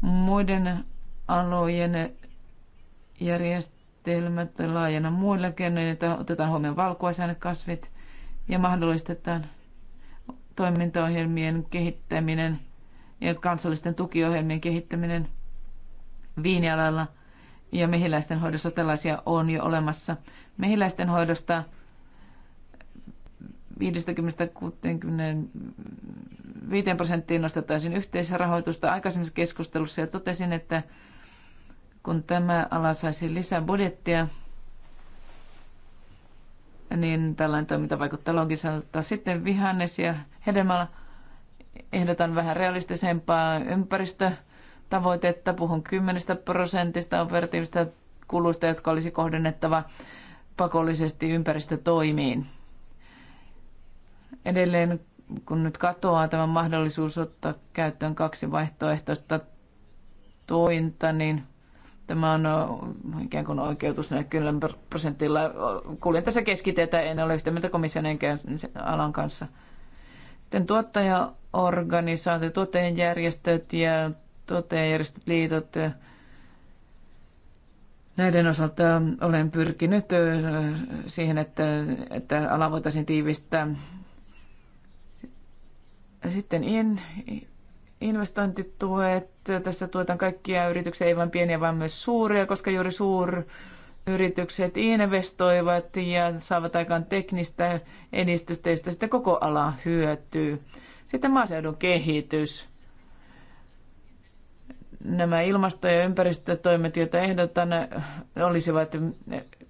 Muiden alojen järjestelmät laajena muillakin, niin että otetaan huomioon valkuaisainekasvit, ja mahdollistetaan toimintaohjelmien kehittäminen ja kansallisten tukiohjelmien kehittäminen viinialalla ja mehiläisten hoidossa tällaisia on jo olemassa. Mehiläisten hoidosta 50-65 prosenttiin nostettaisiin yhteisrahoitusta. Aikaisemmassa keskustelussa jo totesin, että kun tämä ala saisi lisää budjettia, niin tällainen toiminta vaikuttaa loogiselta. Sitten vihannes ja hedelmällä ehdotan vähän realistisempaa ympäristötavoitetta. Puhun 10 prosentista operatiivista kulusta, jotka olisi kohdennettava pakollisesti ympäristötoimiin. Edelleen kun nyt katoaa tämä mahdollisuus ottaa käyttöön kaksi vaihtoehtoista tointa, niin Tämä on ikään kuin oikeutus 40 prosentilla. Kuljen tässä keskitetä, en ole yhtä mieltä komission alan kanssa. Sitten tuottajaorganisaatio, tuottajien järjestöt ja tuottajajärjestöt, liitot, näiden osalta olen pyrkinyt siihen, että, että ala voitaisiin tiivistää. Sitten in, Investointituet, tässä tuetaan kaikkia yrityksiä, ei vain pieniä, vaan myös suuria, koska juuri suuryritykset investoivat ja saavat aikaan teknistä edistystä, josta sitten koko ala hyötyy. Sitten maaseudun kehitys nämä ilmasto- ja ympäristötoimet, joita ehdotan, olisivat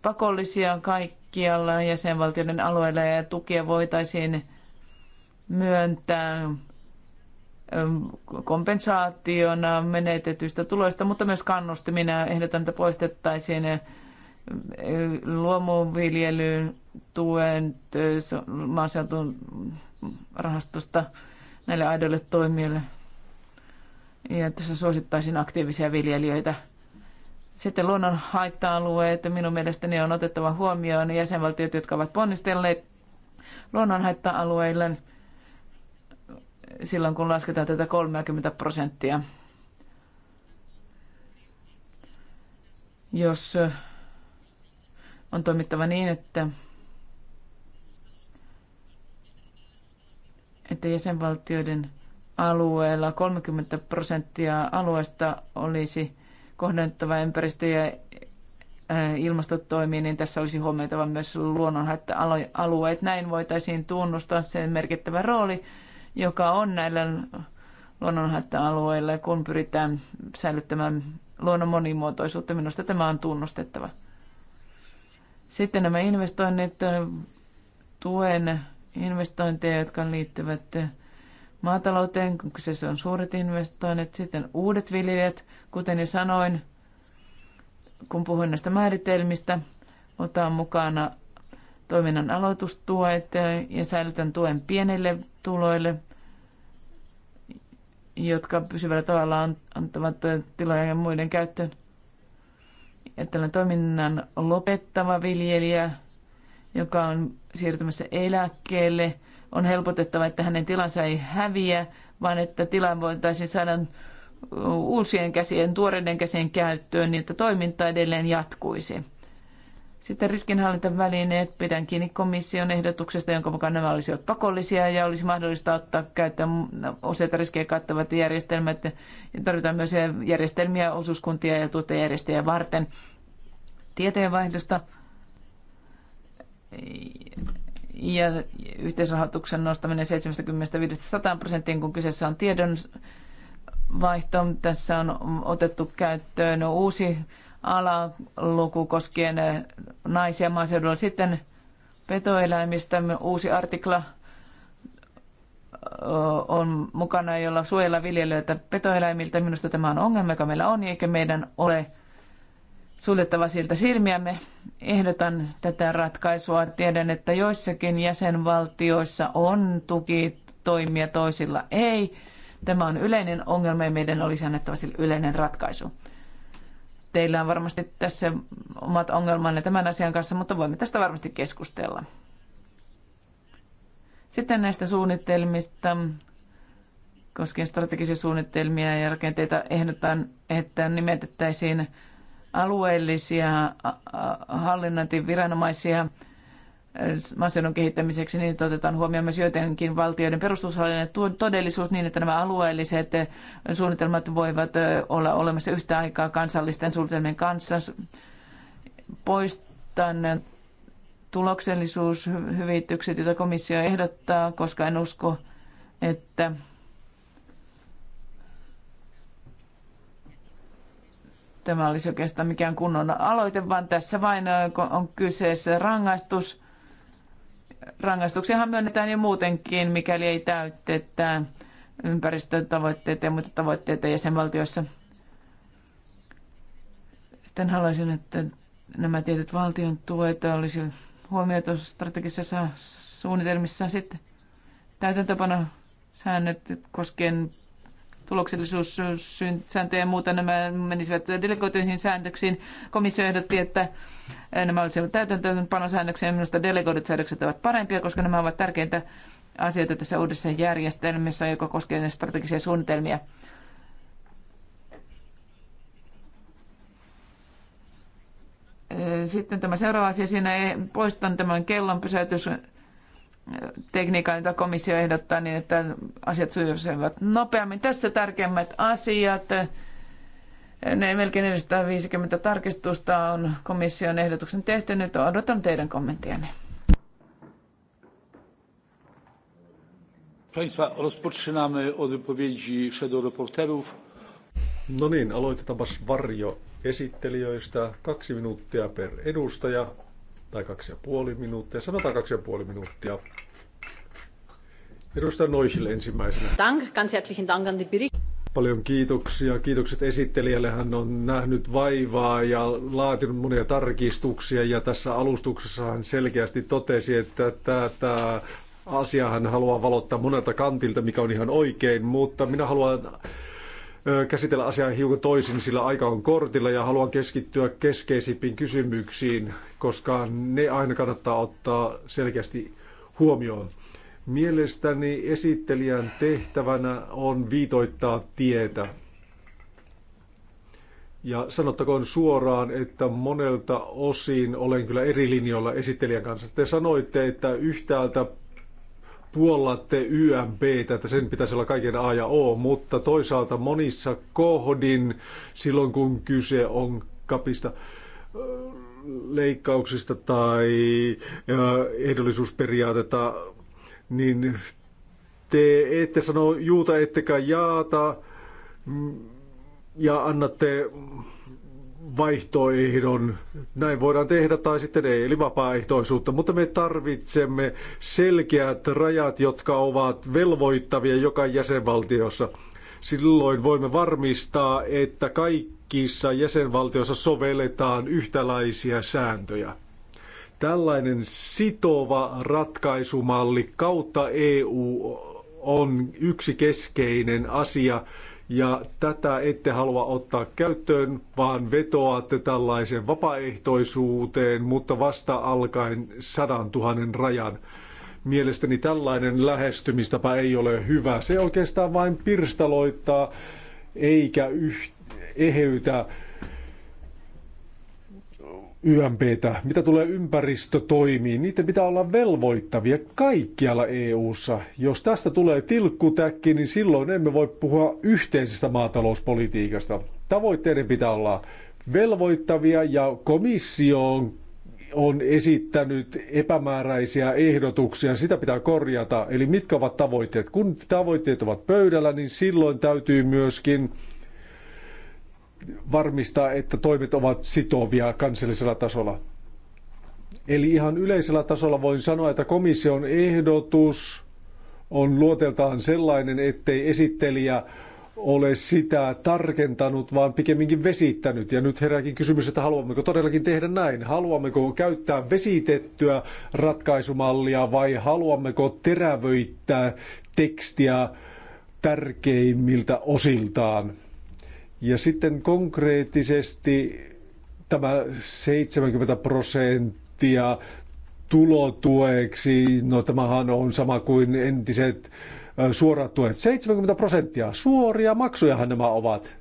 pakollisia kaikkialla jäsenvaltioiden alueilla ja tukia voitaisiin myöntää kompensaationa menetetyistä tuloista, mutta myös kannustimina ehdotan, että poistettaisiin luomuviljelyyn tuen maaseutun rahastosta näille aidoille toimijoille. Ja tässä suosittaisin aktiivisia viljelijöitä. Sitten luonnon haitta-alueet minun mielestäni on otettava huomioon jäsenvaltiot, jotka ovat ponnistelleet luonnon haitta-alueille – silloin, kun lasketaan tätä 30 prosenttia. Jos on toimittava niin, että, että jäsenvaltioiden alueella 30 prosenttia alueesta olisi kohdentava ympäristö- ja ilmastotoimiin, niin tässä olisi huomioitava myös luonnonhaitta-alueet. Näin voitaisiin tunnustaa sen merkittävä rooli, joka on näillä luonnonhaitta-alueilla, kun pyritään säilyttämään luonnon monimuotoisuutta. Minusta tämä on tunnustettava. Sitten nämä investoinnit, tuen investointeja, jotka liittyvät maatalouteen, kun kyseessä on suuret investoinnit. Sitten uudet viljelijät, kuten jo sanoin, kun puhuin näistä määritelmistä, otan mukana toiminnan aloitustuet ja säilytän tuen pienille tuloille, jotka pysyvällä tavalla antavat tiloja ja muiden käyttöön. Ja tällä toiminnan lopettava viljelijä, joka on siirtymässä eläkkeelle, on helpotettava, että hänen tilansa ei häviä, vaan että tilan voitaisiin saada uusien käsien, tuoreiden käsien käyttöön, niin että toiminta edelleen jatkuisi. Sitten riskinhallintavälineet pidän kiinni komission ehdotuksesta, jonka mukaan nämä olisivat pakollisia ja olisi mahdollista ottaa käyttöön useita riskejä kattavat järjestelmät. Tarvitaan myös järjestelmiä osuuskuntia ja tuottajärjestöjä varten. Tietojenvaihdosta ja yhteisrahoituksen nostaminen 70-100 prosenttiin, kun kyseessä on tiedon vaihto. Tässä on otettu käyttöön uusi alaluku koskien eh, naisia maaseudulla. Sitten petoeläimistä uusi artikla eh, on mukana, jolla suojella viljelijöitä petoeläimiltä. Minusta tämä on ongelma, joka meillä on, eikä meidän ole suljettava siltä silmiämme. Ehdotan tätä ratkaisua. Tiedän, että joissakin jäsenvaltioissa on toimia toisilla ei. Tämä on yleinen ongelma ja meidän olisi annettava sille yleinen ratkaisu teillä on varmasti tässä omat ongelmanne tämän asian kanssa, mutta voimme tästä varmasti keskustella. Sitten näistä suunnitelmista, koskien strategisia suunnitelmia ja rakenteita, ehdotan, että nimetettäisiin alueellisia hallinnointiviranomaisia viranomaisia maaseudun kehittämiseksi, niin otetaan huomioon myös joidenkin valtioiden perustuslaillinen todellisuus niin, että nämä alueelliset eh, suunnitelmat voivat eh, olla olemassa yhtä aikaa kansallisten suunnitelmien kanssa. Poistan eh, tuloksellisuushyvitykset, joita komissio ehdottaa, koska en usko, että tämä olisi oikeastaan mikään kunnon aloite, vaan tässä vain on kyseessä rangaistus – Rangaistuksiahan myönnetään jo muutenkin, mikäli ei täytetä ympäristötavoitteita ja muita tavoitteita jäsenvaltioissa. Sitten haluaisin, että nämä tietyt valtion tuet olisi huomioitu strategisessa suunnitelmissa sitten täytäntöpano säännöt koskien tuloksellisuussääntöjä ja muuta, nämä menisivät delegoituihin säännöksiin. Komissio ehdotti, että eh, nämä olisivat täytäntöönpanosäännöksiä. Minusta delegoidut säädökset ovat parempia, koska nämä ovat tärkeintä asioita tässä uudessa järjestelmässä, joka koskee strategisia suunnitelmia. Eh, sitten tämä seuraava asia, siinä poistan tämän kellon pysäytys tekniikan, jota komissio ehdottaa, niin että asiat sujuisivat nopeammin. Tässä tärkeimmät asiat. Ne melkein 450 tarkistusta on komission ehdotuksen tehty. Nyt odotan teidän kommenttianne. Państwa, rozpoczynamy od wypowiedzi shadow reporterów. No niin, aloitetaanpas varjo esittelijöistä. Kaksi minuuttia per edustaja tai kaksi ja puoli minuuttia, sanotaan kaksi ja puoli minuuttia. Edustaja Noisille ensimmäisenä. Dank, ganz herzlichen Dank an die Bericht. Paljon kiitoksia. Kiitokset esittelijälle. Hän on nähnyt vaivaa ja laatinut monia tarkistuksia. Ja tässä alustuksessa hän selkeästi totesi, että tämä asia hän haluaa valottaa monelta kantilta, mikä on ihan oikein. Mutta minä haluan käsitellä asiaa hiukan toisin, sillä aika on kortilla ja haluan keskittyä keskeisimpiin kysymyksiin, koska ne aina kannattaa ottaa selkeästi huomioon. Mielestäni esittelijän tehtävänä on viitoittaa tietä. Ja sanottakoon suoraan, että monelta osin olen kyllä eri linjoilla esittelijän kanssa. Te sanoitte, että yhtäältä puollatte YMP, että sen pitäisi olla kaiken A ja O, mutta toisaalta monissa kohdin, silloin kun kyse on kapista leikkauksista tai ehdollisuusperiaatetta, niin te ette sano juuta ettekä jaata mm, ja annatte vaihtoehdon. Näin voidaan tehdä tai sitten ei, eli vapaaehtoisuutta. Mutta me tarvitsemme selkeät rajat, jotka ovat velvoittavia joka jäsenvaltiossa. Silloin voimme varmistaa, että kaikissa jäsenvaltioissa sovelletaan yhtäläisiä sääntöjä. Tällainen sitova ratkaisumalli kautta EU on yksi keskeinen asia, ja tätä ette halua ottaa käyttöön, vaan vetoatte tällaiseen vapaaehtoisuuteen, mutta vasta alkaen sadan tuhannen rajan. Mielestäni tällainen lähestymistapa ei ole hyvä. Se oikeastaan vain pirstaloittaa eikä yh- eheytä YMPtä. Mitä tulee ympäristötoimiin, niiden pitää olla velvoittavia kaikkialla EU:ssa. Jos tästä tulee tilkkutäkki, niin silloin emme voi puhua yhteisestä maatalouspolitiikasta. Tavoitteiden pitää olla velvoittavia ja komissio on esittänyt epämääräisiä ehdotuksia, sitä pitää korjata. Eli mitkä ovat tavoitteet? Kun tavoitteet ovat pöydällä, niin silloin täytyy myöskin varmistaa, että toimet ovat sitovia kansallisella tasolla. Eli ihan yleisellä tasolla voin sanoa, että komission ehdotus on luoteltaan sellainen, ettei esittelijä ole sitä tarkentanut, vaan pikemminkin vesittänyt. Ja nyt herääkin kysymys, että haluammeko todellakin tehdä näin? Haluammeko käyttää vesitettyä ratkaisumallia vai haluammeko terävöittää tekstiä tärkeimmiltä osiltaan? Ja sitten konkreettisesti tämä 70 prosenttia tulotueksi, no tämähän on sama kuin entiset suorat tuet. 70 prosenttia suoria maksujahan nämä ovat.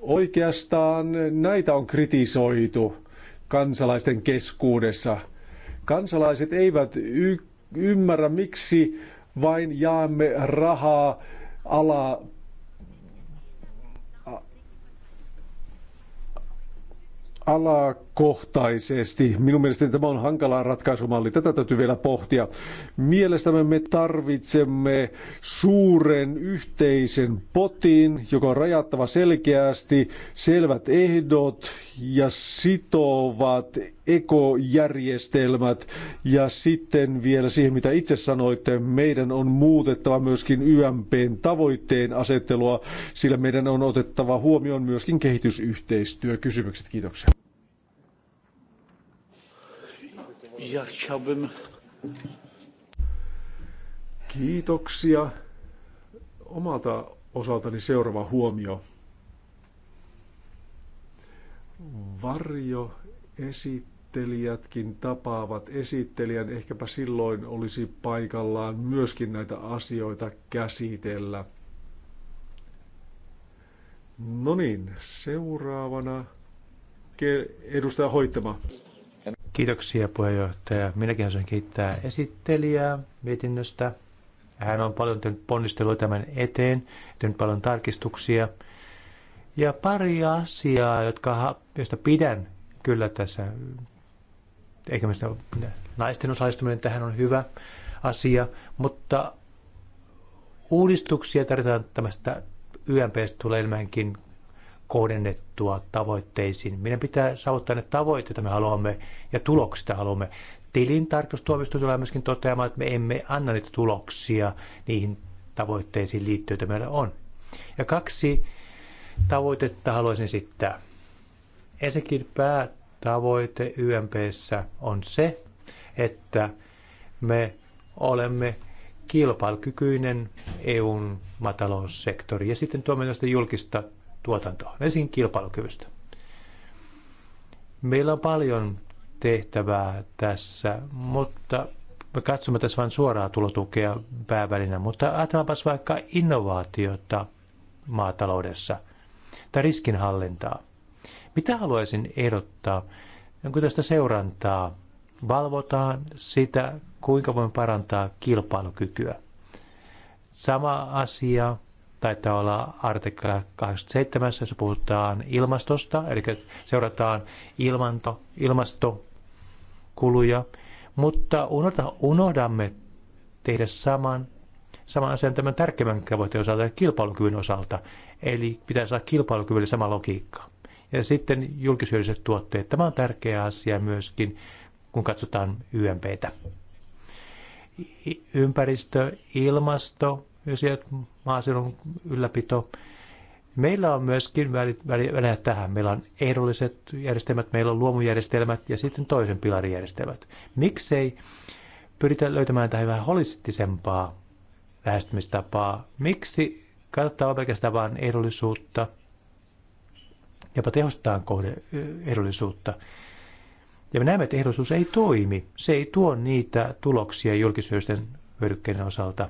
Oikeastaan näitä on kritisoitu kansalaisten keskuudessa. Kansalaiset eivät ymmärrä, miksi vain jaamme rahaa ala alakohtaisesti. Minun mielestäni tämä on hankala ratkaisumalli. Tätä täytyy vielä pohtia. Mielestämme me tarvitsemme suuren yhteisen potin, joka on rajattava selkeästi, selvät ehdot ja sitovat ekojärjestelmät ja sitten vielä siihen, mitä itse sanoitte, meidän on muutettava myöskin YMPn tavoitteen asettelua, sillä meidän on otettava huomioon myöskin kehitysyhteistyökysymykset. Kiitoksia. Kiitoksia. Omalta osaltani seuraava huomio. Varjo esittää esittelijätkin tapaavat esittelijän, ehkäpä silloin olisi paikallaan myöskin näitä asioita käsitellä. No niin, seuraavana edustaja Hoittama. Kiitoksia puheenjohtaja. Minäkin haluaisin kiittää esittelijää mietinnöstä. Hän on paljon tehnyt ponnistelua tämän eteen, tehnyt paljon tarkistuksia. Ja pari asiaa, jotka, joista pidän kyllä tässä eikä me sitä, naisten osallistuminen tähän on hyvä asia, mutta uudistuksia tarvitaan tämmöistä YMPstä tulee enemmänkin kohdennettua tavoitteisiin. Meidän pitää saavuttaa ne tavoitteet, me haluamme, ja tuloksia haluamme. Tilintarkastustuomioistuin tulee myöskin toteamaan, että me emme anna niitä tuloksia niihin tavoitteisiin liittyen, joita meillä on. Ja kaksi tavoitetta haluaisin esittää. Ensinnäkin tavoite YMPssä on se, että me olemme kilpailukykyinen EUn maataloussektori ja sitten tuomme tästä julkista tuotantoa, ensin kilpailukyvystä. Meillä on paljon tehtävää tässä, mutta me katsomme tässä vain suoraa tulotukea päävälinä, mutta ajatellaanpas vaikka innovaatiota maataloudessa tai riskinhallintaa – mitä haluaisin ehdottaa? Onko tästä seurantaa? Valvotaan sitä, kuinka voimme parantaa kilpailukykyä. Sama asia taitaa olla artikla 87, jossa puhutaan ilmastosta, eli seurataan ilmanto, ilmastokuluja, mutta unohda, unohdamme tehdä saman, saman asian tämän tärkeimmän tavoitteen osalta, kilpailukyvyn osalta. Eli pitäisi olla kilpailukyvyllä sama logiikka ja sitten julkisyölliset tuotteet. Tämä on tärkeä asia myöskin, kun katsotaan YMPtä. Ympäristö, ilmasto, myös maaseudun ylläpito. Meillä on myöskin väliä tähän. Meillä on ehdolliset järjestelmät, meillä on luomujärjestelmät ja sitten toisen pilarijärjestelmät. Miksei pyritä löytämään tähän vähän holistisempaa lähestymistapaa? Miksi kannattaa pelkästään vain ehdollisuutta – jopa tehostaa kohde ehdollisuutta. Ja me näemme, että ehdollisuus ei toimi. Se ei tuo niitä tuloksia julkisyysten hyödykkeiden osalta.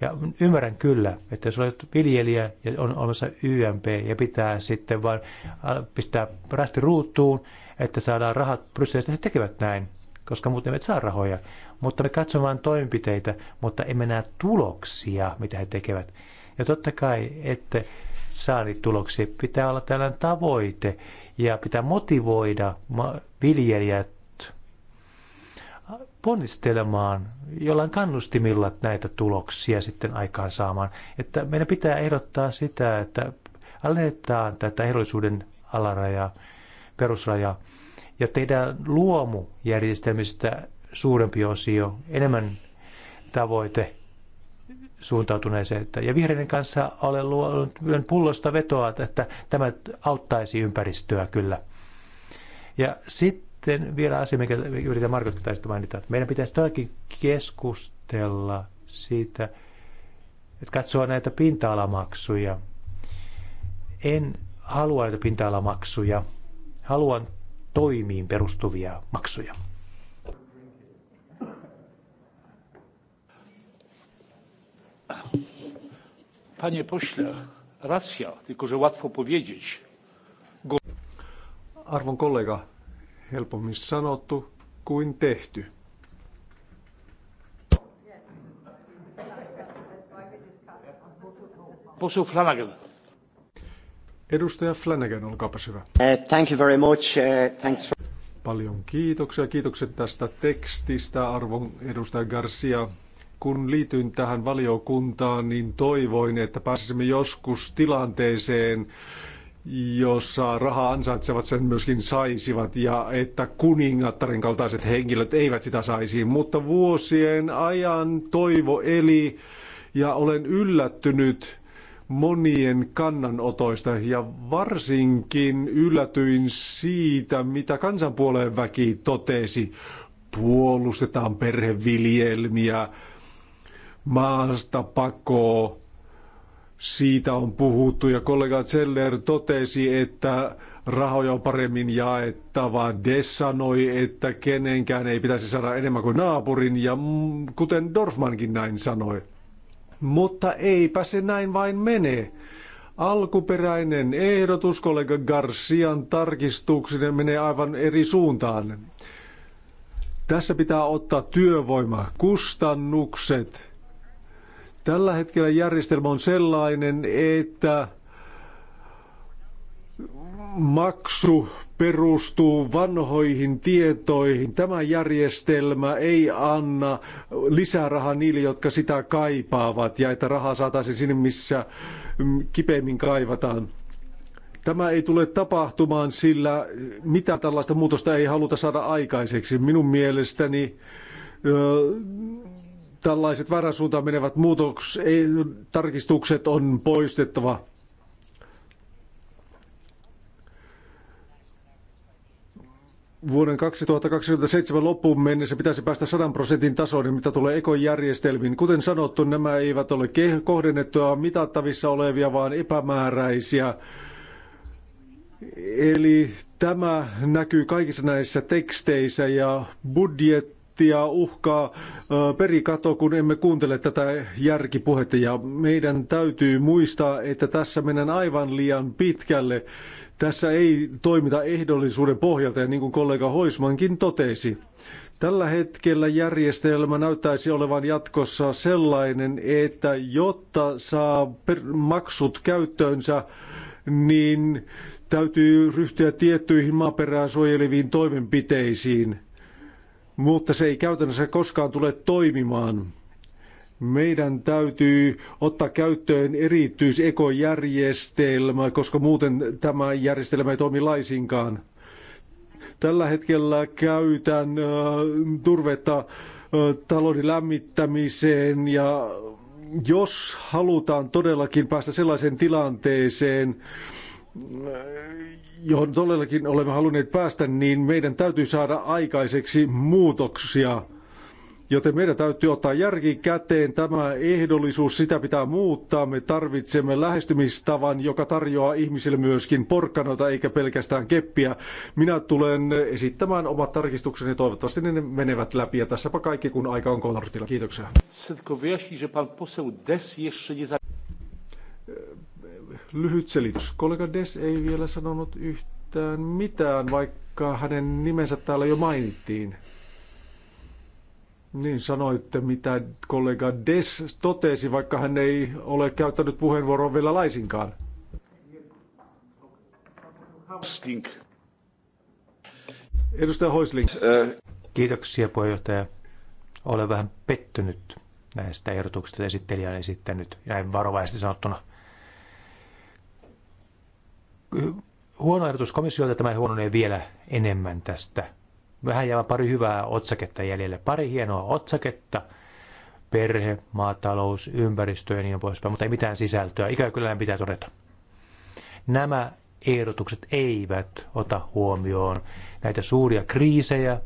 Ja ymmärrän kyllä, että jos olet viljelijä ja on olemassa YMP ja pitää sitten vain äh, pistää rasti ruutuun, että saadaan rahat Brysselistä, niin he tekevät näin, koska muuten eivät saa rahoja. Mutta me katsomme vain toimenpiteitä, mutta emme näe tuloksia, mitä he tekevät. Ja totta kai, että saa niitä tuloksia, pitää olla tällainen tavoite ja pitää motivoida viljelijät ponnistelemaan jollain kannustimilla näitä tuloksia sitten aikaan saamaan. Että meidän pitää ehdottaa sitä, että alennetaan tätä ehdollisuuden alarajaa, perusrajaa ja tehdään luomujärjestelmistä suurempi osio, enemmän tavoite suuntautuneeseen. Ja vihreiden kanssa olen luonut pullosta vetoa, että tämä auttaisi ympäristöä kyllä. Ja sitten vielä asia, mikä yritän Markot taisi mainita, että meidän pitäisi todellakin keskustella siitä, että katsoa näitä pinta-alamaksuja. En halua näitä pinta-alamaksuja, haluan toimiin perustuvia maksuja. Panie pośle, racja, tylko że łatwo powiedzieć. Go... Arvon kollega, helpommin sanottu kuin tehty. Poseł Flanagan. Edustaja Flanagan, olkaapa hyvä. Uh, thank you very much. Uh, thanks for... Paljon kiitoksia. Kiitokset tästä tekstistä, arvon edustaja Garcia kun liityin tähän valiokuntaan, niin toivoin, että pääsisimme joskus tilanteeseen, jossa rahaa ansaitsevat sen myöskin saisivat ja että kuningattaren kaltaiset henkilöt eivät sitä saisi. Mutta vuosien ajan toivo eli ja olen yllättynyt monien kannanotoista ja varsinkin yllätyin siitä, mitä kansanpuoleen väki totesi. Puolustetaan perheviljelmiä, maasta pakoo. Siitä on puhuttu ja kollega Zeller totesi, että rahoja on paremmin jaettava. Des sanoi, että kenenkään ei pitäisi saada enemmän kuin naapurin ja kuten Dorfmankin näin sanoi. Mutta eipä se näin vain mene. Alkuperäinen ehdotus kollega Garcian tarkistuksinen menee aivan eri suuntaan. Tässä pitää ottaa työvoimakustannukset Tällä hetkellä järjestelmä on sellainen, että maksu perustuu vanhoihin tietoihin. Tämä järjestelmä ei anna lisärahaa niille, jotka sitä kaipaavat ja että rahaa saataisiin sinne, missä mm, kipeimmin kaivataan. Tämä ei tule tapahtumaan, sillä mitä tällaista muutosta ei haluta saada aikaiseksi. Minun mielestäni öö, Tällaiset väärän suuntaan menevät muutoks, ei, tarkistukset on poistettava. vuoden 2027 loppuun mennessä pitäisi päästä 100 prosentin tasoon, niin mitä tulee ekojärjestelmiin. Kuten sanottu, nämä eivät ole kohdennettuja mitattavissa olevia, vaan epämääräisiä. Eli tämä näkyy kaikissa näissä teksteissä ja budjet konfliktia uhkaa perikato, kun emme kuuntele tätä järkipuhetta. Ja meidän täytyy muistaa, että tässä mennään aivan liian pitkälle. Tässä ei toimita ehdollisuuden pohjalta, ja niin kuin kollega Hoismankin totesi. Tällä hetkellä järjestelmä näyttäisi olevan jatkossa sellainen, että jotta saa maksut käyttöönsä, niin täytyy ryhtyä tiettyihin maaperää suojeleviin toimenpiteisiin mutta se ei käytännössä koskaan tule toimimaan. Meidän täytyy ottaa käyttöön erityisekojärjestelmä, koska muuten tämä järjestelmä ei toimi laisinkaan. Tällä hetkellä käytän turvetta talouden lämmittämiseen ja jos halutaan todellakin päästä sellaiseen tilanteeseen, johon todellakin olemme halunneet päästä, niin meidän täytyy saada aikaiseksi muutoksia. Joten meidän täytyy ottaa järki käteen. Tämä ehdollisuus, sitä pitää muuttaa. Me tarvitsemme lähestymistavan, joka tarjoaa ihmisille myöskin porkkanoita eikä pelkästään keppiä. Minä tulen esittämään omat tarkistukseni. Toivottavasti ne menevät läpi. Ja tässäpä kaikki, kun aika on kortilla. Kiitoksia lyhyt selitys. Kollega Des ei vielä sanonut yhtään mitään, vaikka hänen nimensä täällä jo mainittiin. Niin sanoitte, mitä kollega Des totesi, vaikka hän ei ole käyttänyt puheenvuoroa vielä laisinkaan. Hosling. Edustaja Hoisling. Äh. Kiitoksia puheenjohtaja. Olen vähän pettynyt näistä ehdotuksista esittelijä on esittänyt, näin varovaisesti sanottuna huono ehdotus komissiolta, tämä huononee vielä enemmän tästä. Vähän jää pari hyvää otsaketta jäljelle. Pari hienoa otsaketta. Perhe, maatalous, ympäristö ja niin poispäin, mutta ei mitään sisältöä. Ikävä kyllä pitää todeta. Nämä ehdotukset eivät ota huomioon näitä suuria kriisejä,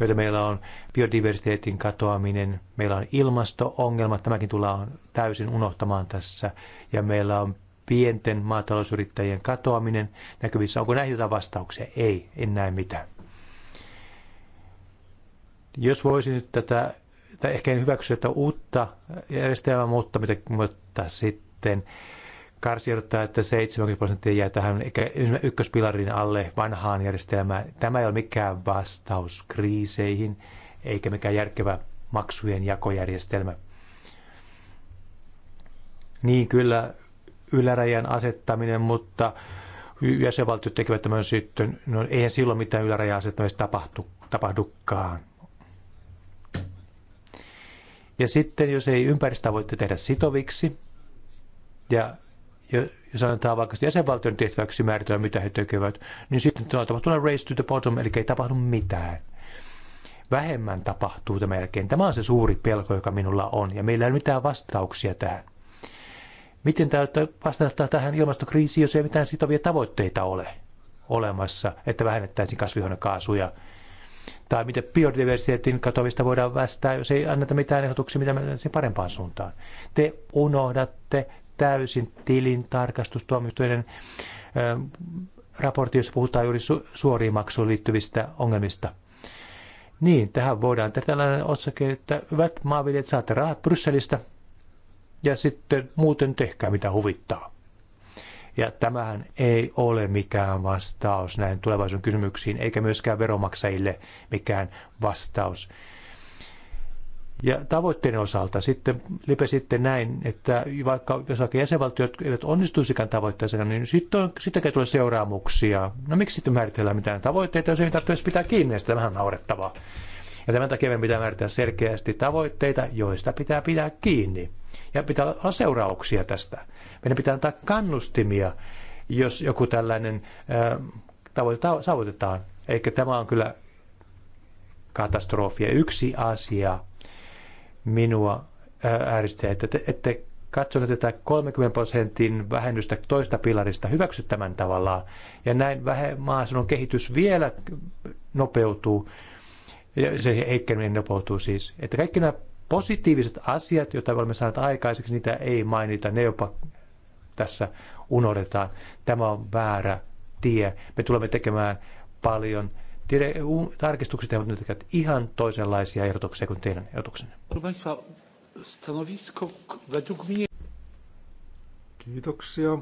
joita meillä on biodiversiteetin katoaminen, meillä on ilmasto-ongelmat, tämäkin tullaan täysin unohtamaan tässä, ja meillä on pienten maatalousyrittäjien katoaminen näkyvissä. Onko näihin jotain vastauksia? Ei, en näe mitään. Jos voisin nyt tätä, tai ehkä en hyväksy tätä uutta järjestelmää, mutta, mitä, mutta sitten Karsi odottaa, että 70 prosenttia jää tähän ykköspilarin alle vanhaan järjestelmään. Tämä ei ole mikään vastaus kriiseihin, eikä mikään järkevä maksujen jakojärjestelmä. Niin kyllä ylärajan asettaminen, mutta jäsenvaltiot tekevät tämän sitten, no eihän silloin mitään ylärajan asettamista tapahtu, tapahdukaan. Ja sitten, jos ei ympäristöä voi tehdä sitoviksi, ja jos annetaan vaikka jäsenvaltion tehtäväksi määritellä, mitä he tekevät, niin sitten tapahtuu race to the bottom, eli ei tapahdu mitään vähemmän tapahtuu tämän jälkeen. Tämä on se suuri pelko, joka minulla on, ja meillä ei ole mitään vastauksia tähän. Miten täältä vastata tähän ilmastokriisiin, jos ei mitään sitovia tavoitteita ole olemassa, että vähennettäisiin kasvihuonekaasuja? Tai miten biodiversiteetin katoamista voidaan västää, jos ei anneta mitään ehdotuksia, mitä mennään parempaan suuntaan? Te unohdatte täysin tilintarkastustuomioistuinen raportti, jossa puhutaan juuri su- suoriin maksuun liittyvistä ongelmista. Niin, tähän voidaan tehdä tällainen otsake, että hyvät maanviljelijät saatte rahat Brysselistä – ja sitten muuten tehkää mitä huvittaa. Ja tämähän ei ole mikään vastaus näihin tulevaisuuden kysymyksiin, eikä myöskään veromaksajille mikään vastaus. Ja tavoitteiden osalta sitten lipe sitten näin, että vaikka jos vaikka jäsenvaltiot eivät onnistuisikaan tavoitteeseen, niin sitten on, sittenkin tulee seuraamuksia. No miksi sitten määritellään mitään tavoitteita, jos ei tarvitse pitää kiinni, niin sitä vähän naurettavaa. Ja tämän takia meidän pitää määritellä selkeästi tavoitteita, joista pitää pitää kiinni. Ja pitää olla seurauksia tästä. Meidän pitää antaa kannustimia, jos joku tällainen tavoite saavutetaan. Eli tämä on kyllä katastrofi. Ja yksi asia minua ääristää, että te ette katsoneet tätä 30 prosentin vähennystä toista pilarista, hyväksy tämän tavallaan. Ja näin maaseudun kehitys vielä nopeutuu, ja se heikkeneminen nopeutuu siis. Että kaikki nämä positiiviset asiat, joita me olemme saaneet aikaiseksi, niitä ei mainita, ne jopa tässä unohdetaan. Tämä on väärä tie. Me tulemme tekemään paljon tarkistukset ja ne tekevät ihan toisenlaisia ehdotuksia kuin teidän ehdotuksenne. Kiitoksia.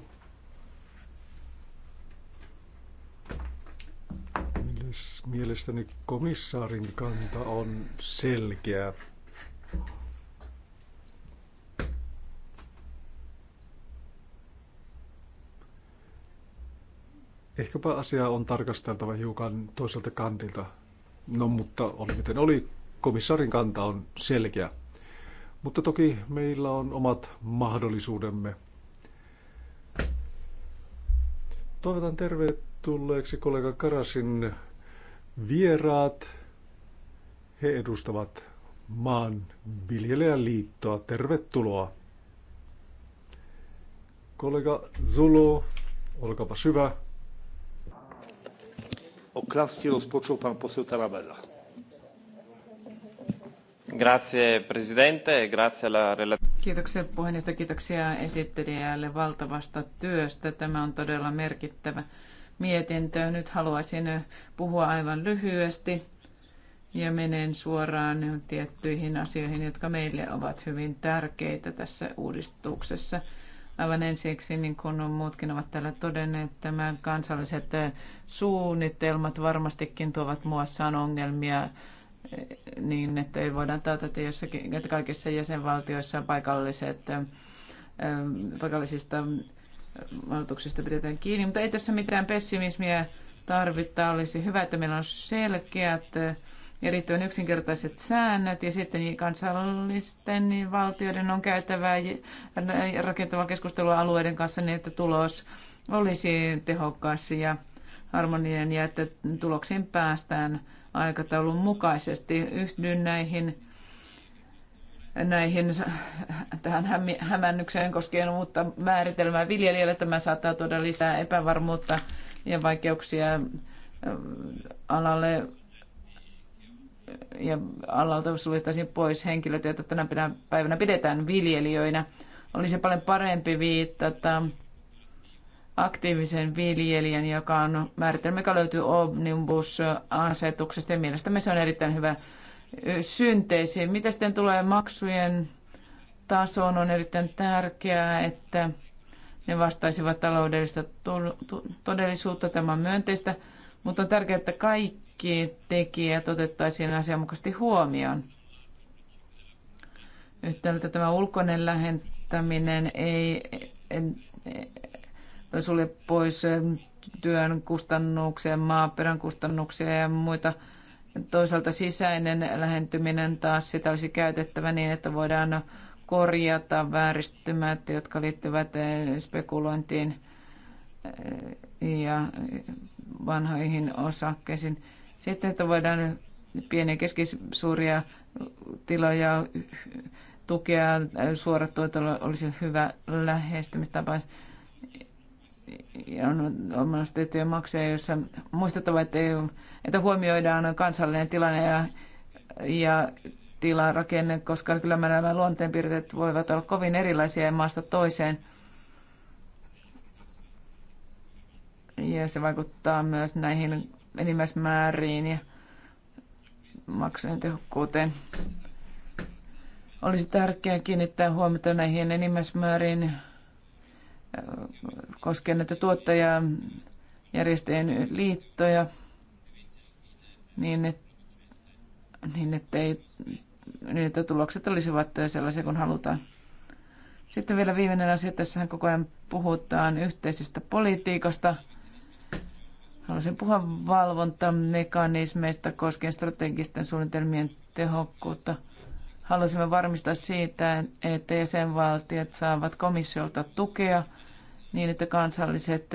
Mielestäni komissaarin kanta on selkeä. ehkäpä asiaa on tarkasteltava hiukan toiselta kantilta. No mutta oli miten oli, komissaarin kanta on selkeä. Mutta toki meillä on omat mahdollisuudemme. Toivotan tervetulleeksi kollega Karasin vieraat. He edustavat maan viljelijäliittoa. Tervetuloa. Kollega Zulu, olkaapa syvä oklaski rozpoczął pan poseł tarabella. Grazie presidente, grazie alla Kiitoksia puheenjohtaja, kiitoksia esittelijälle valtavasta työstä. Tämä on todella merkittävä mietintö. Nyt haluaisin puhua aivan lyhyesti ja menen suoraan tiettyihin asioihin, jotka meille ovat hyvin tärkeitä tässä uudistuksessa. Aivan ensiksi, niin kuin muutkin ovat täällä todenneet, tämä kansalliset eh, suunnitelmat varmastikin tuovat muassaan ongelmia eh, niin, että ei voida taata, että, jossakin, että kaikissa jäsenvaltioissa paikalliset, eh, paikallisista valtuuksista pidetään kiinni, mutta ei tässä mitään pessimismiä tarvita. Olisi hyvä, että meillä on selkeät ja yksinkertaiset säännöt ja sitten kansallisten niin valtioiden on käytävää rakentavaa keskustelua alueiden kanssa niin, että tulos olisi tehokas ja harmoninen ja että tuloksiin päästään aikataulun mukaisesti. Yhdyn näihin näihin, tähän hämännykseen koskien uutta määritelmää viljelijälle. Tämä saattaa tuoda lisää epävarmuutta ja vaikeuksia alalle ja alalta suljettaisiin pois henkilöt, joita tänä päivänä pidetään viljelijöinä. se paljon parempi viittata aktiivisen viljelijän, joka on määritelmä, joka löytyy Omnibus-asetuksesta. Ja mielestämme se on erittäin hyvä synteesi. Mitä sitten tulee maksujen tasoon, on erittäin tärkeää, että ne vastaisivat taloudellista todellisuutta. Tämä on myönteistä, mutta on tärkeää, että kaikki kaikki tekijät otettaisiin asianmukaisesti huomioon. Yhtäältä tämä ulkoinen lähentäminen ei e, sulje pois työn kustannuksia, maaperän kustannuksia ja muita. Toisaalta sisäinen lähentyminen taas sitä olisi käytettävä niin, että voidaan korjata vääristymät, jotka liittyvät e, spekulointiin e, ja vanhoihin osakkeisiin. Sitten, että voidaan pieniä keskisuuria tiloja tukea, suorat tuet olisi hyvä lähestymistapa. Ja on olemassa tiettyjä maksuja, joissa muistettava, että, että huomioidaan kansallinen tilanne ja, ja tilarakenne, koska kyllä nämä luonteenpiirteet voivat olla kovin erilaisia maasta toiseen. Ja se vaikuttaa myös näihin enimmäismääriin ja maksujen tehokkuuteen. Olisi tärkeää kiinnittää huomiota näihin enimmäismääriin äh, koskien näitä tuottajajärjestöjen liittoja niin, et, niin, ettei, niin että tulokset olisivat sellaisia kuin halutaan. Sitten vielä viimeinen asia. Tässähän koko ajan puhutaan yhteisestä politiikasta – Haluaisin puhua valvontamekanismeista koskien strategisten suunnitelmien tehokkuutta. Haluaisimme varmistaa siitä, että jäsenvaltiot saavat komissiolta tukea niin, että kansalliset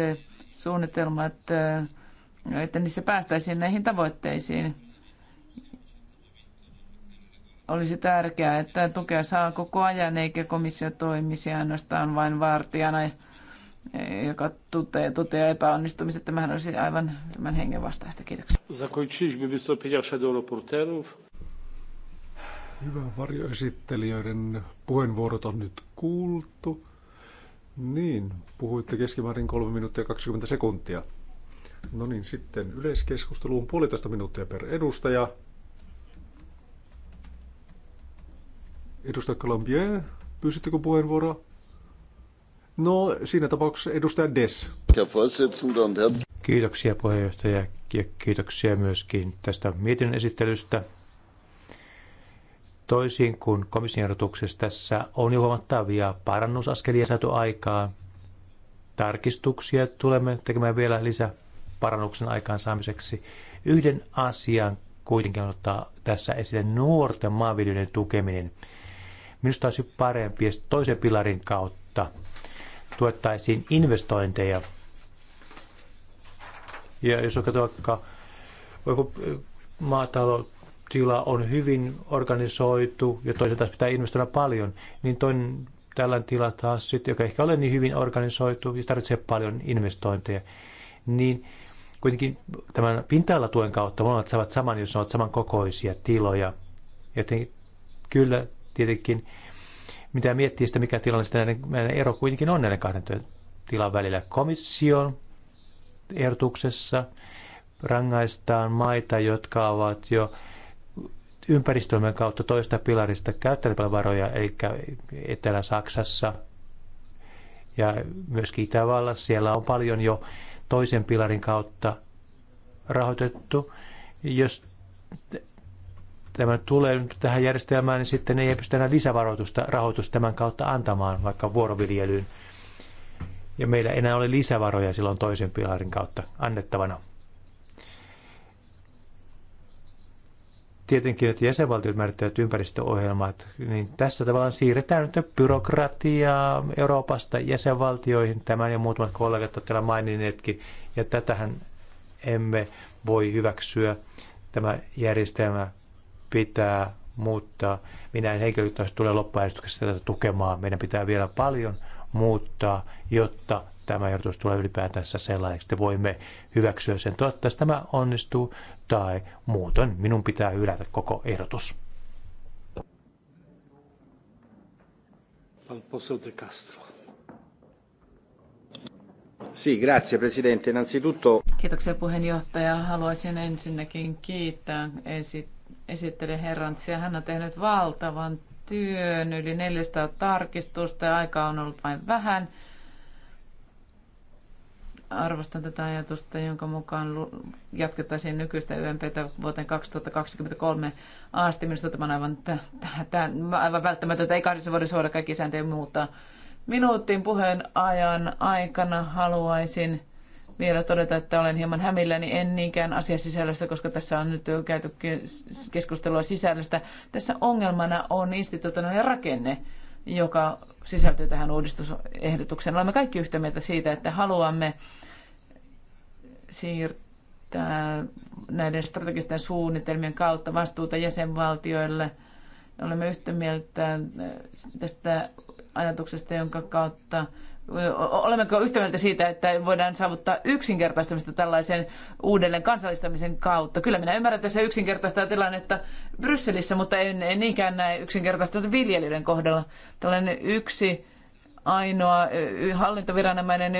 suunnitelmat, että niissä päästäisiin näihin tavoitteisiin. Olisi tärkeää, että tukea saa koko ajan, eikä komissio toimisi ainoastaan vain vartijana joka toteaa, toteaa epäonnistumiset. Tämähän olisi aivan tämän hengen vastaista. Kiitoksia. Zakończyliśmy wystąpienia shadow reporterów. Hyvä. Varjoesittelijöiden puheenvuorot on nyt kuultu. Niin, puhuitte keskimäärin 3 minuuttia 20 sekuntia. No niin, sitten yleiskeskusteluun puolitoista minuuttia per edustaja. Edustaja Colombier, pyysittekö puheenvuoroa? No, siinä tapauksessa edustaja Des. Kiitoksia puheenjohtaja ja kiitoksia myöskin tästä mietinnön esittelystä. Toisin kuin komission ehdotuksessa tässä on jo huomattavia parannusaskelia saatu aikaa. Tarkistuksia tulemme tekemään vielä lisää parannuksen aikaansaamiseksi. Yhden asian kuitenkin ottaa tässä esille nuorten maanviljelijöiden tukeminen. Minusta olisi parempi toisen pilarin kautta tuettaisiin investointeja. Ja jos on vaikka joku eh, maatalotila on hyvin organisoitu ja toisaalta pitää investoida paljon, niin toinen tällainen tila taas sitten, joka ehkä ole niin hyvin organisoitu ja tarvitsee paljon investointeja, niin kuitenkin tämän pinta tuen kautta molemmat saavat saman, jos ne ovat samankokoisia tiloja. Joten kyllä tietenkin mitä miettii sitä, mikä tilanne sitten näiden, näiden ero kuitenkin on näiden kahden tilan välillä. Komission ehdotuksessa rangaistaan maita, jotka ovat jo ympäristöohjelman kautta toista pilarista käyttäneet varoja, eli Etelä-Saksassa ja myöskin Itävallassa. Siellä on paljon jo toisen pilarin kautta rahoitettu. Jos tämä tulee nyt tähän järjestelmään, niin sitten ei pysty enää lisävaroitusta rahoitusta tämän kautta antamaan vaikka vuoroviljelyyn. Ja meillä ei enää ole lisävaroja silloin toisen pilarin kautta annettavana. Tietenkin, että jäsenvaltiot määrittävät ympäristöohjelmat, niin tässä tavallaan siirretään nyt byrokratiaa Euroopasta jäsenvaltioihin. Tämän ja muutamat kollegat ovat täällä maininneetkin, ja tätähän emme voi hyväksyä tämä järjestelmä pitää muuttaa. Minä en henkilökohtaisesti tule loppuäänestyksessä tätä tukemaan. Meidän pitää vielä paljon muuttaa, jotta tämä ehdotus tulee ylipäätänsä sellaiseksi, että voimme hyväksyä sen. Toivottavasti tämä onnistuu tai muuten minun pitää hylätä koko ehdotus. Al posto de Castro. Sì, grazie Presidente. Innanzitutto... Kiitoksia puheenjohtaja. Haluaisin ensinnäkin kiittää esittää esitteli Herrantsia. Hän on tehnyt valtavan työn, yli 400 tarkistusta ja aikaa on ollut vain vähän. Arvostan tätä ajatusta, jonka mukaan jatkettaisiin nykyistä YMPtä vuoteen 2023 asti. Minusta tämä on aivan, aivan välttämätöntä. Ei kahdessa vuodessa voida kaikki sääntöjä muuttaa. Minuutin puheen ajan aikana haluaisin vielä todeta, että olen hieman hämilläni, en niinkään asiasisällöstä, koska tässä on nyt käyty keskustelua sisällöstä. Tässä ongelmana on instituutioiden rakenne, joka sisältyy tähän uudistusehdotukseen. Olemme kaikki yhtä mieltä siitä, että haluamme siirtää näiden strategisten suunnitelmien kautta vastuuta jäsenvaltioille. Olemme yhtä mieltä tästä ajatuksesta, jonka kautta Olemmeko yhtä mieltä siitä, että voidaan saavuttaa yksinkertaistamista tällaisen uudelleen kansallistamisen kautta? Kyllä minä ymmärrän tässä yksinkertaista tilannetta Brysselissä, mutta en, en niinkään näe yksinkertaista viljelijöiden kohdalla. Tällainen yksi ainoa hallintoviranomainen,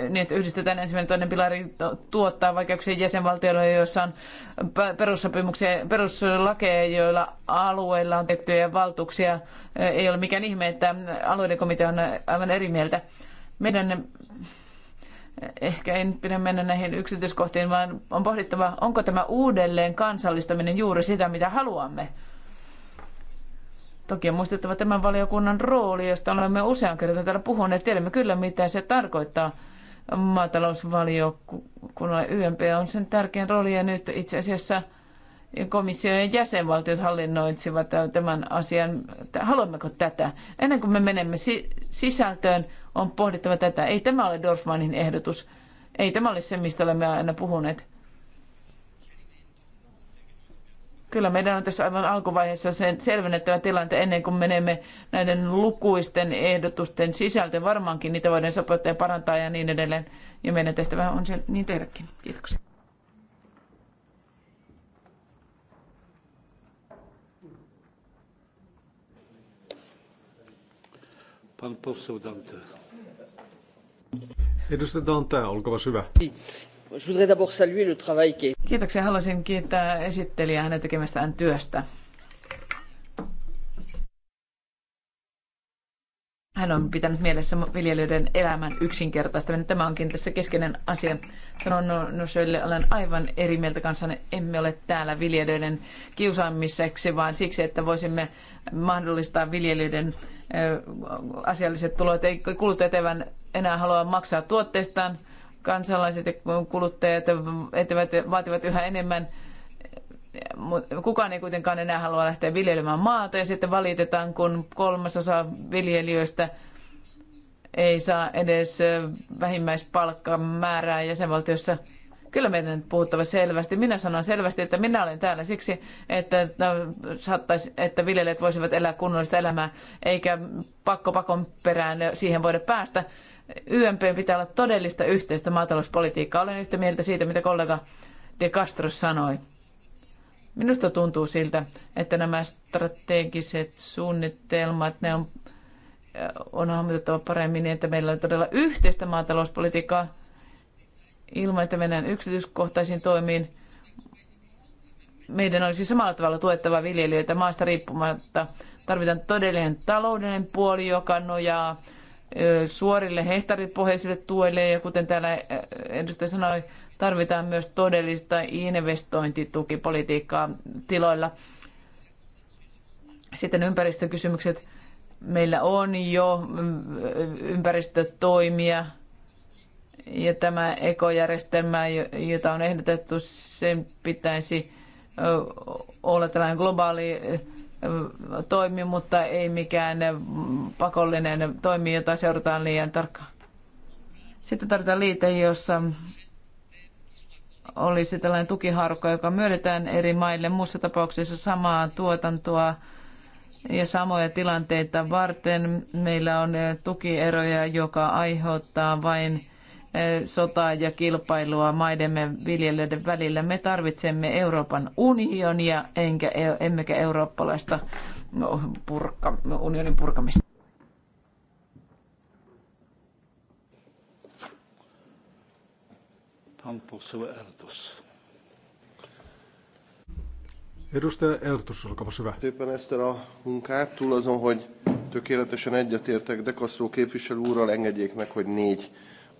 niin että yhdistetään ensimmäinen toinen pilari, tuottaa vaikeuksia jäsenvaltioille, joissa on perussopimuksia, peruslakeja, joilla alueilla on tiettyjä valtuuksia. Ei ole mikään ihme, että alueiden komitea on aivan eri mieltä. Meidän ehkä en pidä mennä näihin yksityiskohtiin, vaan on pohdittava, onko tämä uudelleen kansallistaminen juuri sitä, mitä haluamme Toki on muistettava tämän valiokunnan rooli, josta olemme usean kerran täällä puhuneet. Tiedämme kyllä, mitä se tarkoittaa maatalousvaliokunnalle. YMP on sen tärkein rooli ja nyt itse asiassa komissio ja jäsenvaltiot hallinnoitsivat tämän asian. Haluammeko tätä? Ennen kuin me menemme sisältöön, on pohdittava tätä. Ei tämä ole Dorfmanin ehdotus. Ei tämä ole se, mistä olemme aina puhuneet. Kyllä meidän on tässä aivan alkuvaiheessa sen selvennettävä tilanne, ennen kuin menemme näiden lukuisten ehdotusten sisältö. Varmaankin niitä voidaan sopeuttaa ja parantaa ja niin edelleen. Ja meidän tehtävä on se niin tehdäkin. Kiitoksia. Pan Dante. Edustaja Dante, olkaa hyvä. Je voudrais d'abord saluer le travail qui est... Kiitoksia. Haluaisin kiittää esittelijää hänen tekemästään työstä. Hän on pitänyt mielessä viljelijöiden elämän yksinkertaistaminen. Tämä onkin tässä keskeinen asia. Sanon Nusölle, no olen aivan eri mieltä kanssanne. Emme ole täällä viljelijöiden kiusaamiseksi, vaan siksi, että voisimme mahdollistaa viljelijöiden asialliset tulot. Ei kuluttajat enää halua maksaa tuotteistaan, kansalaiset ja kuluttajat vaativat yhä enemmän. Kukaan ei kuitenkaan enää halua lähteä viljelemään maata ja sitten valitetaan, kun kolmasosa viljelijöistä ei saa edes määrää jäsenvaltiossa kyllä meidän puhuttava selvästi. Minä sanon selvästi, että minä olen täällä siksi, että, no, saattais, että viljelijät voisivat elää kunnollista elämää, eikä pakko pakon perään siihen voida päästä. YMP pitää olla todellista yhteistä maatalouspolitiikkaa. Olen yhtä mieltä siitä, mitä kollega De Castro sanoi. Minusta tuntuu siltä, että nämä strategiset suunnitelmat, ne on, äh, on hahmotettava paremmin niin, että meillä on todella yhteistä maatalouspolitiikkaa ilman, että mennään yksityiskohtaisiin toimiin. Meidän olisi samalla tavalla tuettava viljelijöitä maasta riippumatta. Tarvitaan todellinen taloudellinen puoli, joka nojaa suorille hehtaaripohjaisille tuille ja kuten täällä edustaja sanoi, tarvitaan myös todellista investointitukipolitiikkaa tiloilla. Sitten ympäristökysymykset. Meillä on jo mm, ympäristötoimia ja tämä ekojärjestelmä, jota on ehdotettu, sen pitäisi olla tällainen globaali toimi, mutta ei mikään pakollinen toimi, jota seurataan liian tarkkaan. Sitten tarvitaan liite, jossa olisi tällainen tukiharukka, joka myönnetään eri maille. Muussa tapauksessa samaa tuotantoa ja samoja tilanteita varten meillä on tukieroja, joka aiheuttaa vain Eh, sotaa ja kilpailua maidemme viljelijöiden välillä. Me tarvitsemme Euroopan unionia, enkä, e, emmekä eurooppalaista no, purka, unionin purkamista. Erdos. Edustaja Ertus, olkaa hyvä. Szépen ezt a munkát túl azon, hogy tökéletesen egyetértek de Castro képviselő úrral, engedjék meg, hogy négy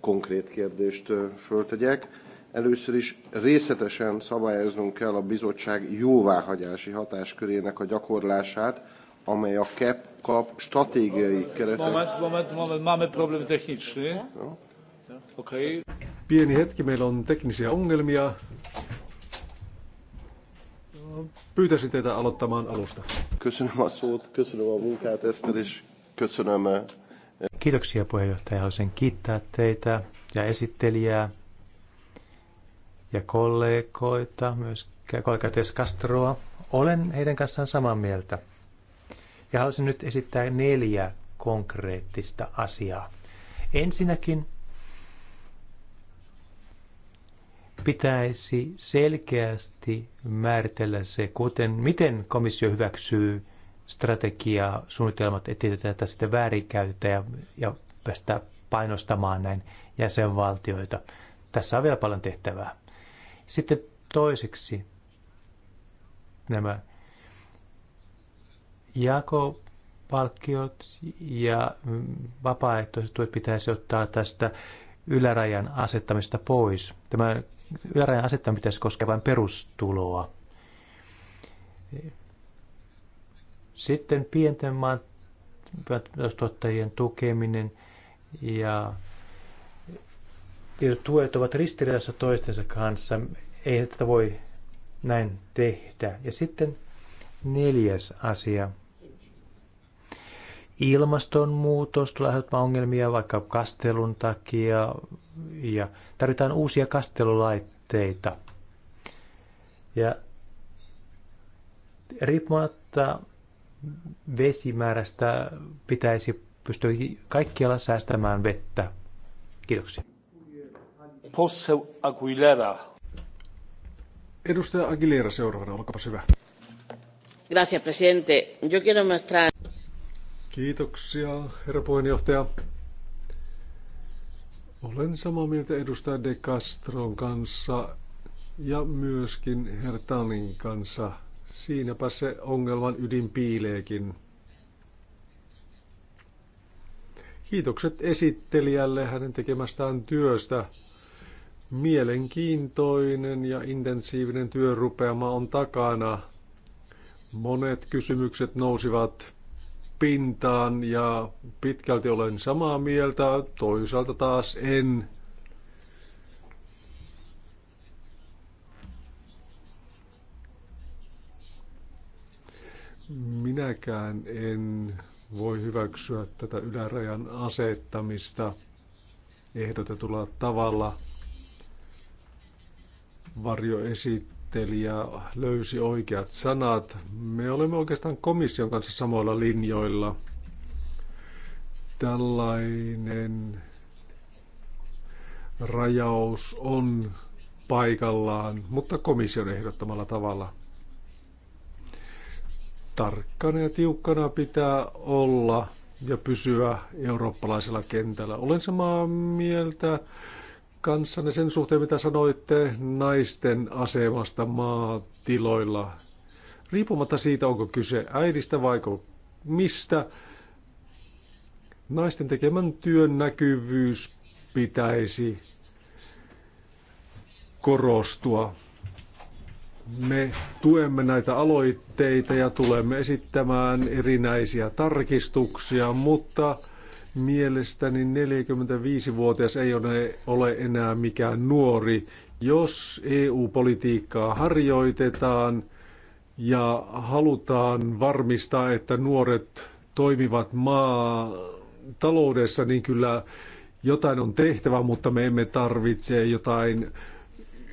konkrét kérdést föltegyek. Először is részletesen szabályoznunk kell a bizottság jóváhagyási hatáskörének a gyakorlását, amely a KEP kap stratégiai keretet... Moment, moment, moment, máme problém techniczny. No. Oké. Pieni hetki, meillä on teknisiä ongelmia. Pyytäisin teitä aloittamaan alusta. Köszönöm a szót, köszönöm a munkát, Eszter, és köszönöm Kiitoksia puheenjohtaja. Haluaisin kiittää teitä ja esittelijää ja kollegoita, myös kollega Castroa. Olen heidän kanssaan samaa mieltä. Ja haluaisin nyt esittää neljä konkreettista asiaa. Ensinnäkin pitäisi selkeästi määritellä se, kuten, miten komissio hyväksyy strategiaa, suunnitelmat, ettei tätä sitten väärinkäytä ja, ja päästä painostamaan näin jäsenvaltioita. Tässä on vielä paljon tehtävää. Sitten toiseksi nämä jakopalkkiot ja vapaaehtoiset tuet pitäisi ottaa tästä ylärajan asettamista pois. Tämä ylärajan asettaminen pitäisi koskea vain perustuloa. Sitten pienten maataloustuottajien tukeminen ja tuet ovat ristiriidassa toistensa kanssa. Ei tätä voi näin tehdä. Ja sitten neljäs asia. Ilmastonmuutos tulee aiheuttamaan ongelmia vaikka kastelun takia ja tarvitaan uusia kastelulaitteita. Ja riippumatta vesimäärästä pitäisi pystyä kaikkialla säästämään vettä. Kiitoksia. Posse Aguilera. Edustaja Aguilera seuraavana, olkaa hyvä. Gracias, presidente. Yo quiero mostrar... Kiitoksia, herra puheenjohtaja. Olen samaa mieltä edustaja De Castron kanssa ja myöskin Hertanin kanssa – Siinäpä se ongelman ydin piileekin. Kiitokset esittelijälle hänen tekemästään työstä. Mielenkiintoinen ja intensiivinen työrupeama on takana. Monet kysymykset nousivat pintaan ja pitkälti olen samaa mieltä, toisaalta taas en. Minäkään en voi hyväksyä tätä ylärajan asettamista ehdotetulla tavalla. Varjoesittelijä löysi oikeat sanat. Me olemme oikeastaan komission kanssa samoilla linjoilla. Tällainen rajaus on paikallaan, mutta komission ehdottamalla tavalla tarkkana ja tiukkana pitää olla ja pysyä eurooppalaisella kentällä. Olen samaa mieltä kanssanne sen suhteen, mitä sanoitte naisten asemasta maatiloilla. Riippumatta siitä, onko kyse äidistä vai mistä, naisten tekemän työn näkyvyys pitäisi korostua. Me tuemme näitä aloitteita ja tulemme esittämään erinäisiä tarkistuksia, mutta mielestäni 45-vuotias ei ole, enää mikään nuori. Jos EU-politiikkaa harjoitetaan ja halutaan varmistaa, että nuoret toimivat maa taloudessa, niin kyllä jotain on tehtävä, mutta me emme tarvitse jotain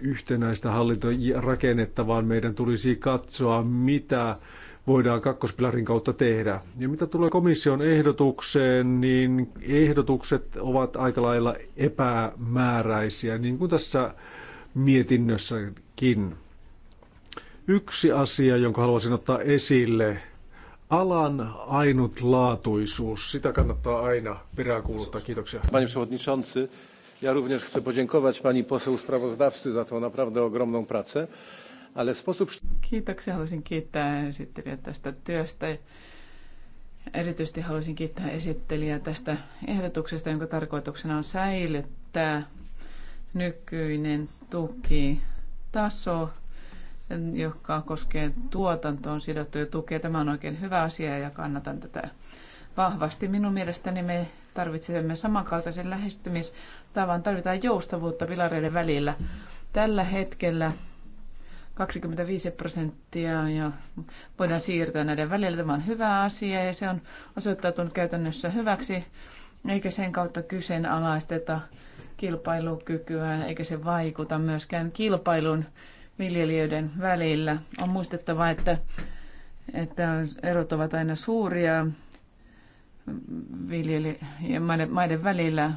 yhtenäistä hallintorakennetta, vaan meidän tulisi katsoa, mitä voidaan kakkospilarin kautta tehdä. Ja mitä tulee komission ehdotukseen, niin ehdotukset ovat aika lailla epämääräisiä, niin kuin tässä mietinnössäkin. Yksi asia, jonka haluaisin ottaa esille, alan ainutlaatuisuus. Sitä kannattaa aina peräänkuuluttaa. Kiitoksia. Panie przewodniczący, ja również chcę podziękować pani poseł sprawozdawcy za tą naprawdę ogromną pracę, ale sposób... Kiitoksia. Haluaisin kiittää esittelijä tästä työstä. Erityisesti haluaisin kiittää esittelijää tästä ehdotuksesta, jonka tarkoituksena on säilyttää nykyinen tukitaso, joka koskee tuotantoon sidottuja tukia. Tämä on oikein hyvä asia ja kannatan tätä vahvasti. Minun mielestäni me tarvitsemme samankaltaisen lähestymis vaan tarvitaan joustavuutta pilareiden välillä. Tällä hetkellä 25 prosenttia ja voidaan siirtää näiden välillä. Tämä on hyvä asia ja se on osoittautunut käytännössä hyväksi, eikä sen kautta kyseenalaisteta kilpailukykyä, eikä se vaikuta myöskään kilpailun viljelijöiden välillä. On muistettava, että, että erot ovat aina suuria viljeli- ja maiden, maiden välillä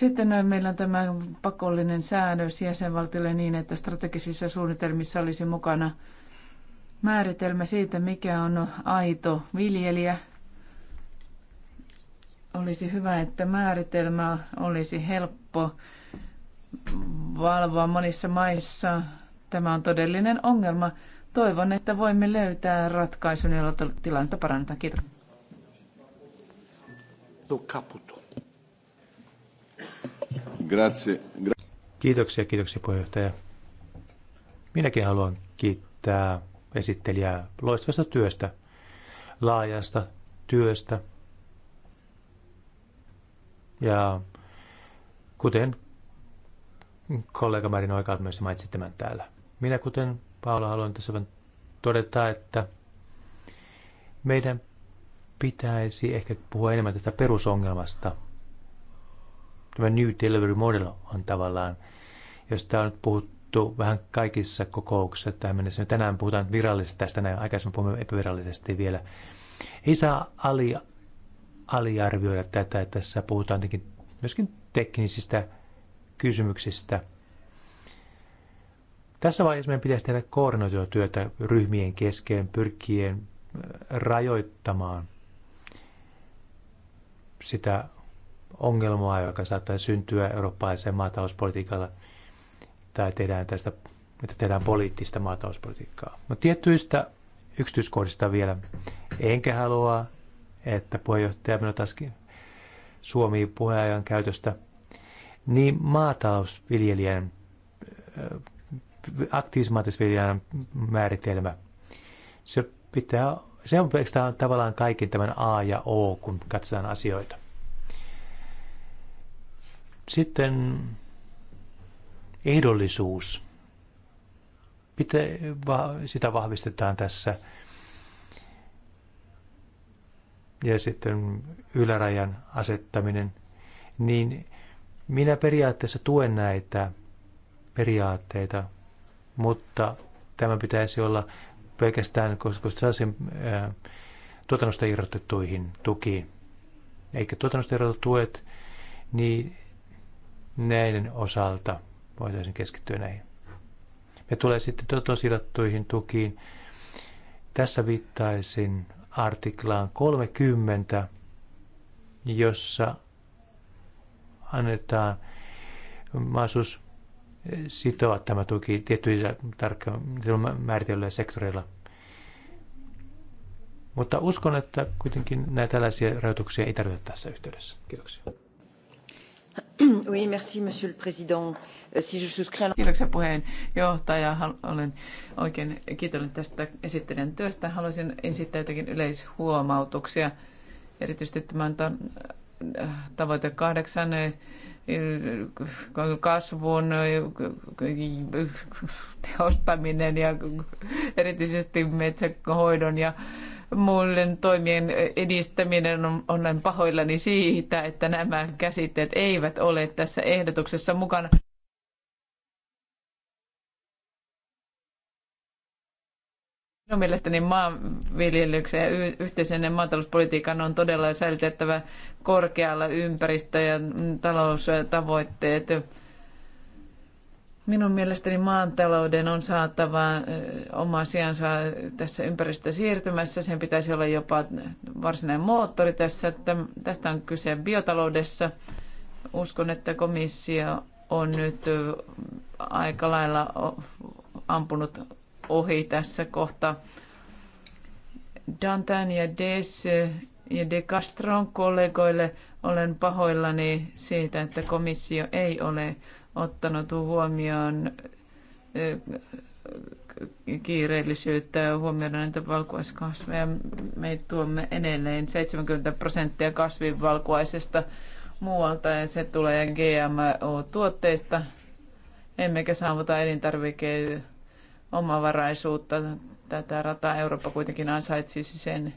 sitten äh, meillä on tämä pakollinen säädös jäsenvaltiolle niin, että strategisissa suunnitelmissa olisi mukana määritelmä siitä, mikä on aito viljelijä. Olisi hyvä, että määritelmä olisi helppo valvoa monissa maissa. Tämä on todellinen ongelma. Toivon, että voimme löytää ratkaisun, jolla tilannetta parannetaan. Kiitos. No, caputo. Grazie. Kiitoksia, kiitoksia puheenjohtaja. Minäkin haluan kiittää esittelijää loistavasta työstä, laajasta työstä. Ja kuten kollega Marin Oikaan myös mainitsi tämän täällä. Minä kuten Paula haluan tässä vain todeta, että meidän pitäisi ehkä puhua enemmän tästä perusongelmasta – tämä New Delivery Model on tavallaan, josta on puhuttu vähän kaikissa kokouksissa tähän mennessä. Tänään puhutaan virallisesti tästä, näin aikaisemmin puhumme epävirallisesti vielä. Ei saa ali, aliarvioida tätä, että tässä puhutaan myöskin teknisistä kysymyksistä. Tässä vaiheessa meidän pitäisi tehdä koordinoitua työtä ryhmien kesken, pyrkien äh, rajoittamaan sitä ongelmaa, joka saattaa syntyä eurooppalaiseen maatalouspolitiikalla tai tehdään tästä, että tehdään poliittista maatalouspolitiikkaa. No tiettyistä yksityiskohdista vielä. Enkä halua, että puheenjohtaja minua taas Suomi puheajan käytöstä, niin maatalousviljelijän, äh, aktiivismaatalousviljelijän määritelmä, se pitää, se on tavallaan kaiken tämän A ja O, kun katsotaan asioita. Sitten ehdollisuus. sitä vahvistetaan tässä. Ja sitten ylärajan asettaminen. Niin minä periaatteessa tuen näitä periaatteita, mutta tämä pitäisi olla pelkästään koska sellaisen ää, tuotannosta irrotettuihin tukiin. Eikä tuotannosta irrotetut tuet, niin näiden osalta voitaisiin keskittyä näihin. Me tulee sitten totosilattuihin tukiin. Tässä viittaisin artiklaan 30, jossa annetaan mahdollisuus sitoa tämä tuki tietyillä tarkkailla määritellyillä sektoreilla. Mutta uskon, että kuitenkin näitä tällaisia rajoituksia ei tarvita tässä yhteydessä. Kiitoksia. *clears throat* monsieur le président. Euh, si je souscris... Kiitoksia puheenjohtaja. Olen oikein kiitollinen tästä esittelijän työstä. Haluaisin esittää jotakin yleishuomautuksia. Erityisesti tämän äh, tavoite kahdeksan äh, kasvun äh, tehostaminen ja erityisesti metsähoidon ja muiden toimien edistäminen on, on näin pahoillani siitä, että nämä käsitteet eivät ole tässä ehdotuksessa mukana. Minun mielestäni maanviljelyksen ja yhteisen maatalouspolitiikan on todella säilytettävä korkealla ympäristö- ja taloustavoitteet Minun mielestäni maantalouden on saatava oma sijansa tässä ympäristösiirtymässä. Sen pitäisi olla jopa varsinainen moottori tässä. Tästä on kyse biotaloudessa. Uskon, että komissio on nyt aika lailla ampunut ohi tässä kohta. Dantan ja Des ja De Castron kollegoille olen pahoillani siitä, että komissio ei ole ottanut huomioon kiireellisyyttä huomioida näitä valkuaiskasveja. Me tuomme edelleen 70 prosenttia kasvinvalkuaisesta muualta ja se tulee GMO-tuotteista. Emmekä saavuta elintarvikeita omavaraisuutta. Tätä rataa Eurooppa kuitenkin ansaitsisi sen.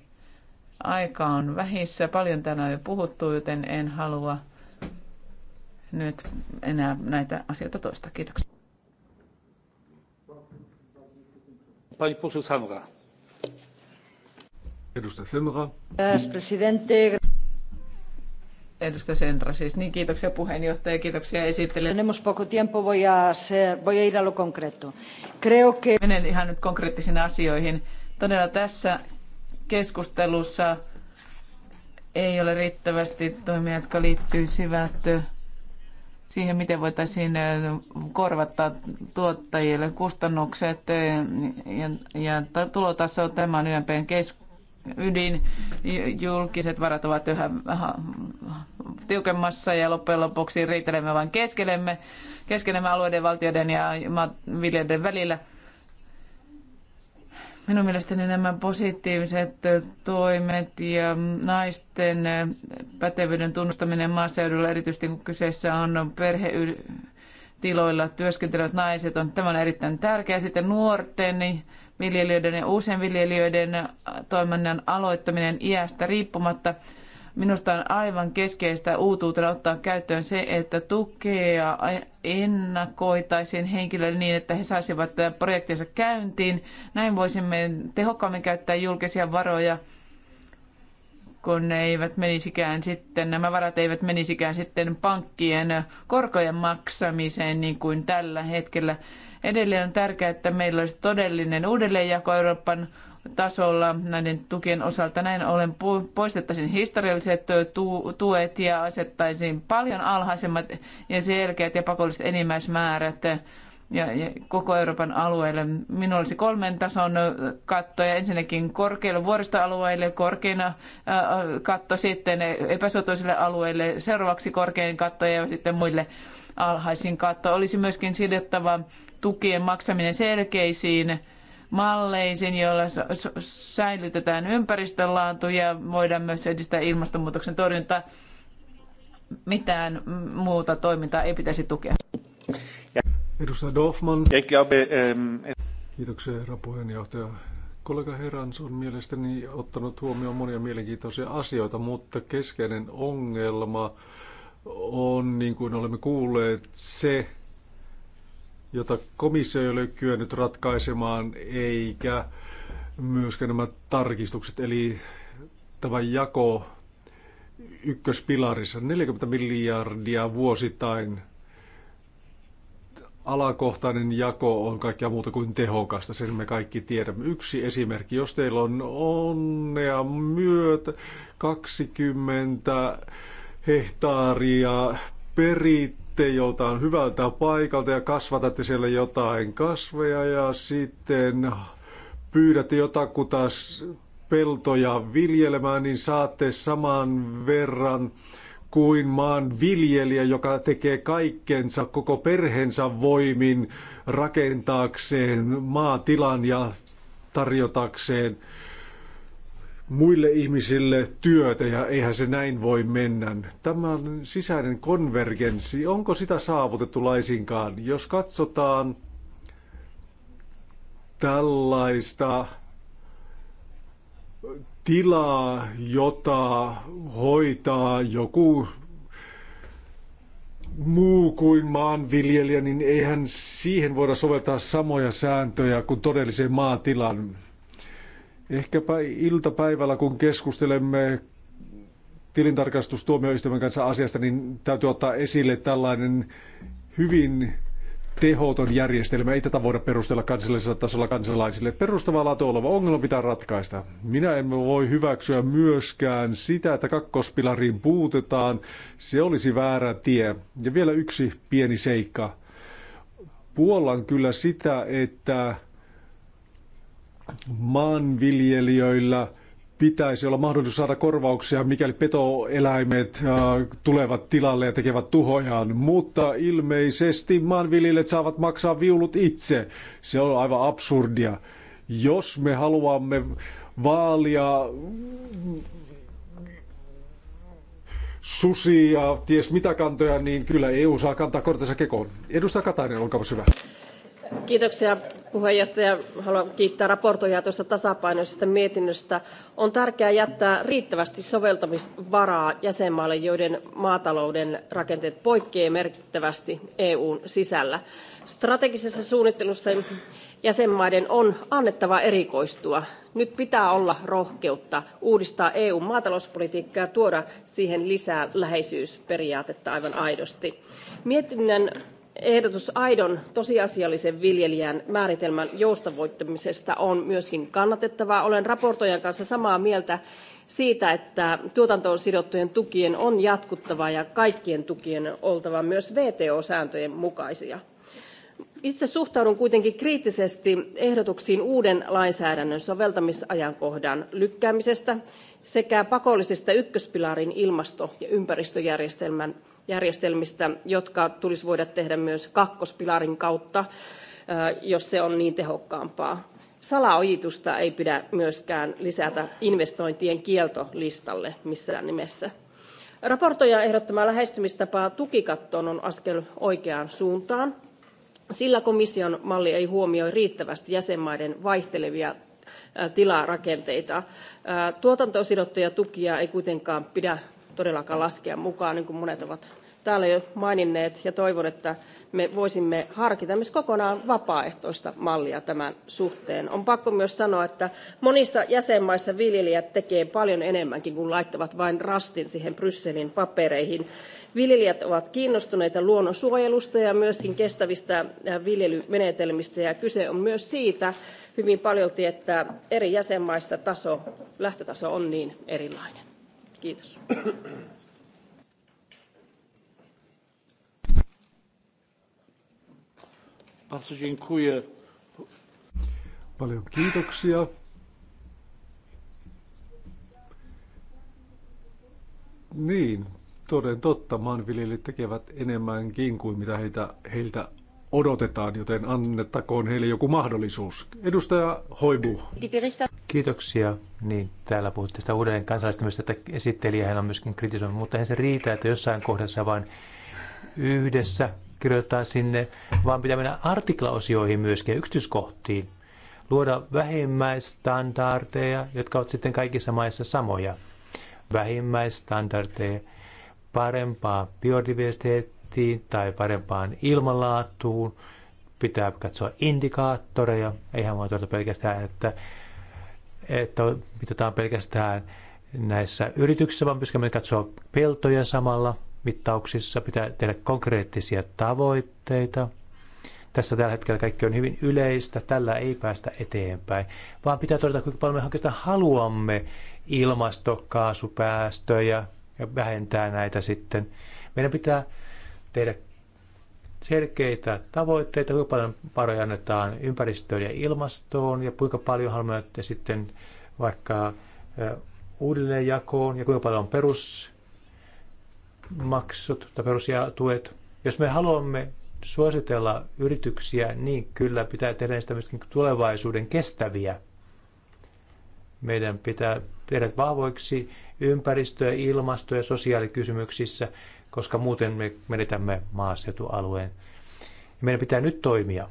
Aika on vähissä. Paljon täällä on jo puhuttu, joten en halua – nyt enää näitä asioita toista. Kiitoksia. Pani poseł Samra. Edustaja Senra. Edustaja Senra, siis niin kiitoksia puheenjohtaja, kiitoksia esittelijä. Tenemos poco tiempo, voy a, ser, voy a ir a lo concreto. Creo que... Menen ihan nyt konkreettisiin asioihin. Todella tässä keskustelussa ei ole riittävästi toimia, jotka liittyisivät siihen, miten voitaisiin korvata tuottajille kustannukset ja, ja tulotaso. Tämä on YMPn ydin. Julkiset varat ovat yhä tiukemmassa ja loppujen lopuksi riitelemme vain keskelemme, keskelemme alueiden, valtioiden ja viljelijöiden välillä – Minun mielestäni nämä positiiviset toimet ja naisten pätevyyden tunnustaminen maaseudulla, erityisesti kun kyseessä on perhetiloilla työskentelevät naiset, on, tämä on erittäin tärkeää. Sitten nuorten viljelijöiden ja uusien viljelijöiden toiminnan aloittaminen iästä riippumatta – Minusta on aivan keskeistä uutuutena ottaa käyttöön se, että tukea ennakoitaisiin henkilölle niin, että he saisivat projektinsa käyntiin. Näin voisimme tehokkaammin käyttää julkisia varoja, kun ne eivät menisikään sitten, nämä varat eivät menisikään sitten pankkien korkojen maksamiseen niin kuin tällä hetkellä. Edelleen on tärkeää, että meillä olisi todellinen uudelleenjako Euroopan tasolla näiden tukien osalta. Näin ollen poistettaisiin historialliset tuet ja asettaisiin paljon alhaisemmat ja selkeät ja pakolliset enimmäismäärät ja, ja koko Euroopan alueelle. Minulla olisi kolmen tason kattoja. Ensinnäkin korkeille vuoristoalueille korkeina katto, sitten epäsuotuisille alueille seuraavaksi korkein katto ja sitten muille alhaisin katto. Olisi myöskin sidottava tukien maksaminen selkeisiin malleisiin, joilla säilytetään ympäristön laatu ja voidaan myös edistää ilmastonmuutoksen torjuntaa. Mitään muuta toimintaa ei pitäisi tukea. Edustaja Dorfman. Kiitoksia herra puheenjohtaja. Kollega Herans on mielestäni ottanut huomioon monia mielenkiintoisia asioita, mutta keskeinen ongelma on, niin kuin olemme kuulleet, se, jota komissio ei ole kyennyt ratkaisemaan, eikä myöskään nämä tarkistukset, eli tämä jako ykköspilarissa 40 miljardia vuosittain alakohtainen jako on kaikkea muuta kuin tehokasta, sen me kaikki tiedämme. Yksi esimerkki, jos teillä on onnea myötä 20 hehtaaria perit sitten joltain hyvältä paikalta ja kasvatatte siellä jotain kasveja ja sitten pyydätte jotakuta peltoja viljelemään, niin saatte saman verran kuin maan viljelijä, joka tekee kaikkensa koko perheensä voimin rakentaakseen maatilan ja tarjotakseen muille ihmisille työtä ja eihän se näin voi mennä. Tämä sisäinen konvergenssi, onko sitä saavutettu laisinkaan? Jos katsotaan tällaista tilaa, jota hoitaa joku muu kuin maanviljelijä, niin eihän siihen voida soveltaa samoja sääntöjä kuin todelliseen maatilan Ehkäpä iltapäivällä, kun keskustelemme tilintarkastustuomioistuimen kanssa asiasta, niin täytyy ottaa esille tällainen hyvin tehoton järjestelmä. Ei tätä voida perustella kansallisella tasolla kansalaisille. Perustavaa laatu oleva ongelma pitää ratkaista. Minä en voi hyväksyä myöskään sitä, että kakkospilariin puutetaan. Se olisi väärä tie. Ja vielä yksi pieni seikka. Puolan kyllä sitä, että maanviljelijöillä pitäisi olla mahdollisuus saada korvauksia, mikäli petoeläimet äh, tulevat tilalle ja tekevät tuhojaan. Mutta ilmeisesti maanviljelijät saavat maksaa viulut itse. Se on aivan absurdia. Jos me haluamme vaalia susi ja ties mitä kantoja, niin kyllä EU saa kantaa kortensa kekoon. Edustaja Katainen, olkaa hyvä. Kiitoksia puheenjohtaja, haluan kiittää raportoijaa tuosta tasapainoisesta mietinnöstä. On tärkeää jättää riittävästi soveltamisvaraa jäsenmaille, joiden maatalouden rakenteet poikkeavat merkittävästi EUn sisällä. Strategisessa suunnittelussa jäsenmaiden on annettava erikoistua. Nyt pitää olla rohkeutta uudistaa EUn maatalouspolitiikkaa ja tuoda siihen lisää läheisyysperiaatetta aivan aidosti. Mietinnön ehdotus aidon tosiasiallisen viljelijän määritelmän joustavoittamisesta on myöskin kannatettava. Olen raportoijan kanssa samaa mieltä siitä, että tuotantoon sidottujen tukien on jatkuttava ja kaikkien tukien oltava myös VTO-sääntöjen mukaisia. Itse suhtaudun kuitenkin kriittisesti ehdotuksiin uuden lainsäädännön soveltamisajankohdan lykkäämisestä sekä pakollisesta ykköspilarin ilmasto- ja ympäristöjärjestelmän järjestelmistä, jotka tulisi voida tehdä myös kakkospilarin kautta, jos se on niin tehokkaampaa. Salaojitusta ei pidä myöskään lisätä investointien kieltolistalle missään nimessä. Raportoijan ehdottama lähestymistapa tukikattoon on askel oikeaan suuntaan, sillä komission malli ei huomioi riittävästi jäsenmaiden vaihtelevia tilarakenteita. Tuotantosidottuja tukia ei kuitenkaan pidä todellakaan laskea mukaan, niin kuin monet ovat täällä jo maininneet, ja toivon, että me voisimme harkita myös kokonaan vapaaehtoista mallia tämän suhteen. On pakko myös sanoa, että monissa jäsenmaissa viljelijät tekevät paljon enemmänkin, kuin laittavat vain rastin siihen Brysselin papereihin. Viljelijät ovat kiinnostuneita luonnonsuojelusta ja myöskin kestävistä äh, viljelymenetelmistä, ja kyse on myös siitä hyvin paljolti, että eri jäsenmaissa taso, lähtötaso on niin erilainen. Kiitos. Bardzo dziękuję. Paljon kiitoksia. Niin, toden totta, maanviljelijät tekevät enemmänkin kuin mitä heitä, heiltä odotetaan, joten annettakoon heille joku mahdollisuus. Edustaja Hoibu. Kiitoksia. Niin, täällä puhuttiin sitä uudelleen kansallistamista, että esittelijä hän on myöskin kritisoinut, mutta hän se riitä, että jossain kohdassa vain yhdessä kirjoitetaan sinne, vaan pitää mennä artiklaosioihin myöskin ja yksityiskohtiin. Luoda vähimmäistandardeja, jotka ovat sitten kaikissa maissa samoja. Vähimmäistandardeja, parempaa biodiversiteettiä, kvaliteettiin tai parempaan ilmanlaatuun. Pitää katsoa indikaattoreja. Eihän voi todeta pelkästään, että, että mitataan pelkästään näissä yrityksissä, vaan pystymme katsoa peltoja samalla mittauksissa. Pitää tehdä konkreettisia tavoitteita. Tässä tällä hetkellä kaikki on hyvin yleistä, tällä ei päästä eteenpäin, vaan pitää todeta, kuinka paljon me oikeastaan haluamme ilmastokaasupäästöjä ja vähentää näitä sitten. Meidän pitää tehdä selkeitä tavoitteita, kuinka paljon varoja annetaan ympäristöön ja ilmastoon ja kuinka paljon haluamme sitten vaikka uudelleenjakoon ja kuinka paljon on perusmaksut tai perusjatuet. Jos me haluamme suositella yrityksiä, niin kyllä pitää tehdä niistä myöskin tulevaisuuden kestäviä. Meidän pitää tehdä vahvoiksi ympäristö- ja ilmasto- ja sosiaalikysymyksissä koska muuten me menetämme maaseutualueen. Meidän pitää nyt toimia.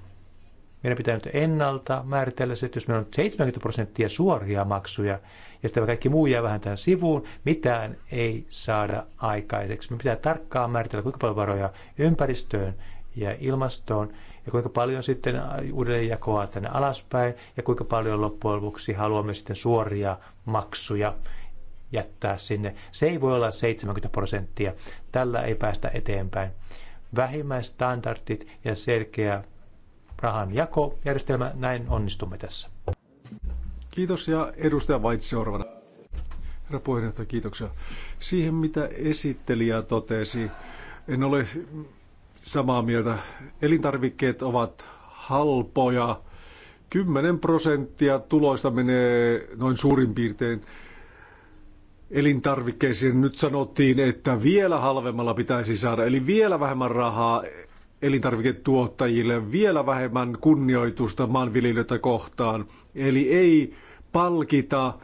Meidän pitää nyt ennalta määritellä se, että jos meillä on 70 prosenttia suoria maksuja ja sitten kaikki muu jää vähän tähän sivuun, mitään ei saada aikaiseksi. Me pitää tarkkaan määritellä, kuinka paljon varoja ympäristöön ja ilmastoon ja kuinka paljon sitten uudelleenjakoa tänne alaspäin ja kuinka paljon loppujen lopuksi haluamme sitten suoria maksuja jättää sinne. Se ei voi olla 70 prosenttia. Tällä ei päästä eteenpäin. Vähimmäistandardit ja selkeä rahan jakojärjestelmä, näin onnistumme tässä. Kiitos ja edustaja Vaitsi seuraavana. Herra puheenjohtaja, kiitoksia. Siihen, mitä esittelijä totesi, en ole samaa mieltä. Elintarvikkeet ovat halpoja. 10 prosenttia tuloista menee noin suurin piirtein elintarvikkeisiin. Nyt sanottiin, että vielä halvemmalla pitäisi saada, eli vielä vähemmän rahaa elintarviketuottajille, vielä vähemmän kunnioitusta maanviljelijöitä kohtaan. Eli ei palkita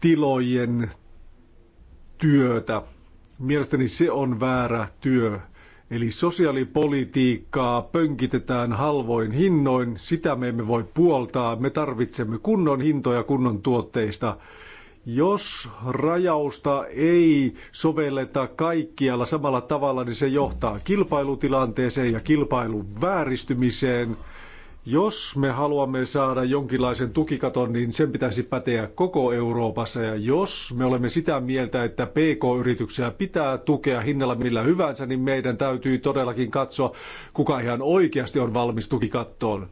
tilojen työtä. Mielestäni se on väärä työ. Eli sosiaalipolitiikkaa pönkitetään halvoin hinnoin, sitä me emme voi puoltaa. Me tarvitsemme kunnon hintoja kunnon tuotteista. Jos rajausta ei sovelleta kaikkialla samalla tavalla, niin se johtaa kilpailutilanteeseen ja kilpailun vääristymiseen. Jos me haluamme saada jonkinlaisen tukikaton, niin sen pitäisi päteä koko Euroopassa. Ja jos me olemme sitä mieltä, että PK-yrityksiä pitää tukea hinnalla millä hyvänsä, niin meidän täytyy todellakin katsoa, kuka ihan oikeasti on valmis tukikattoon.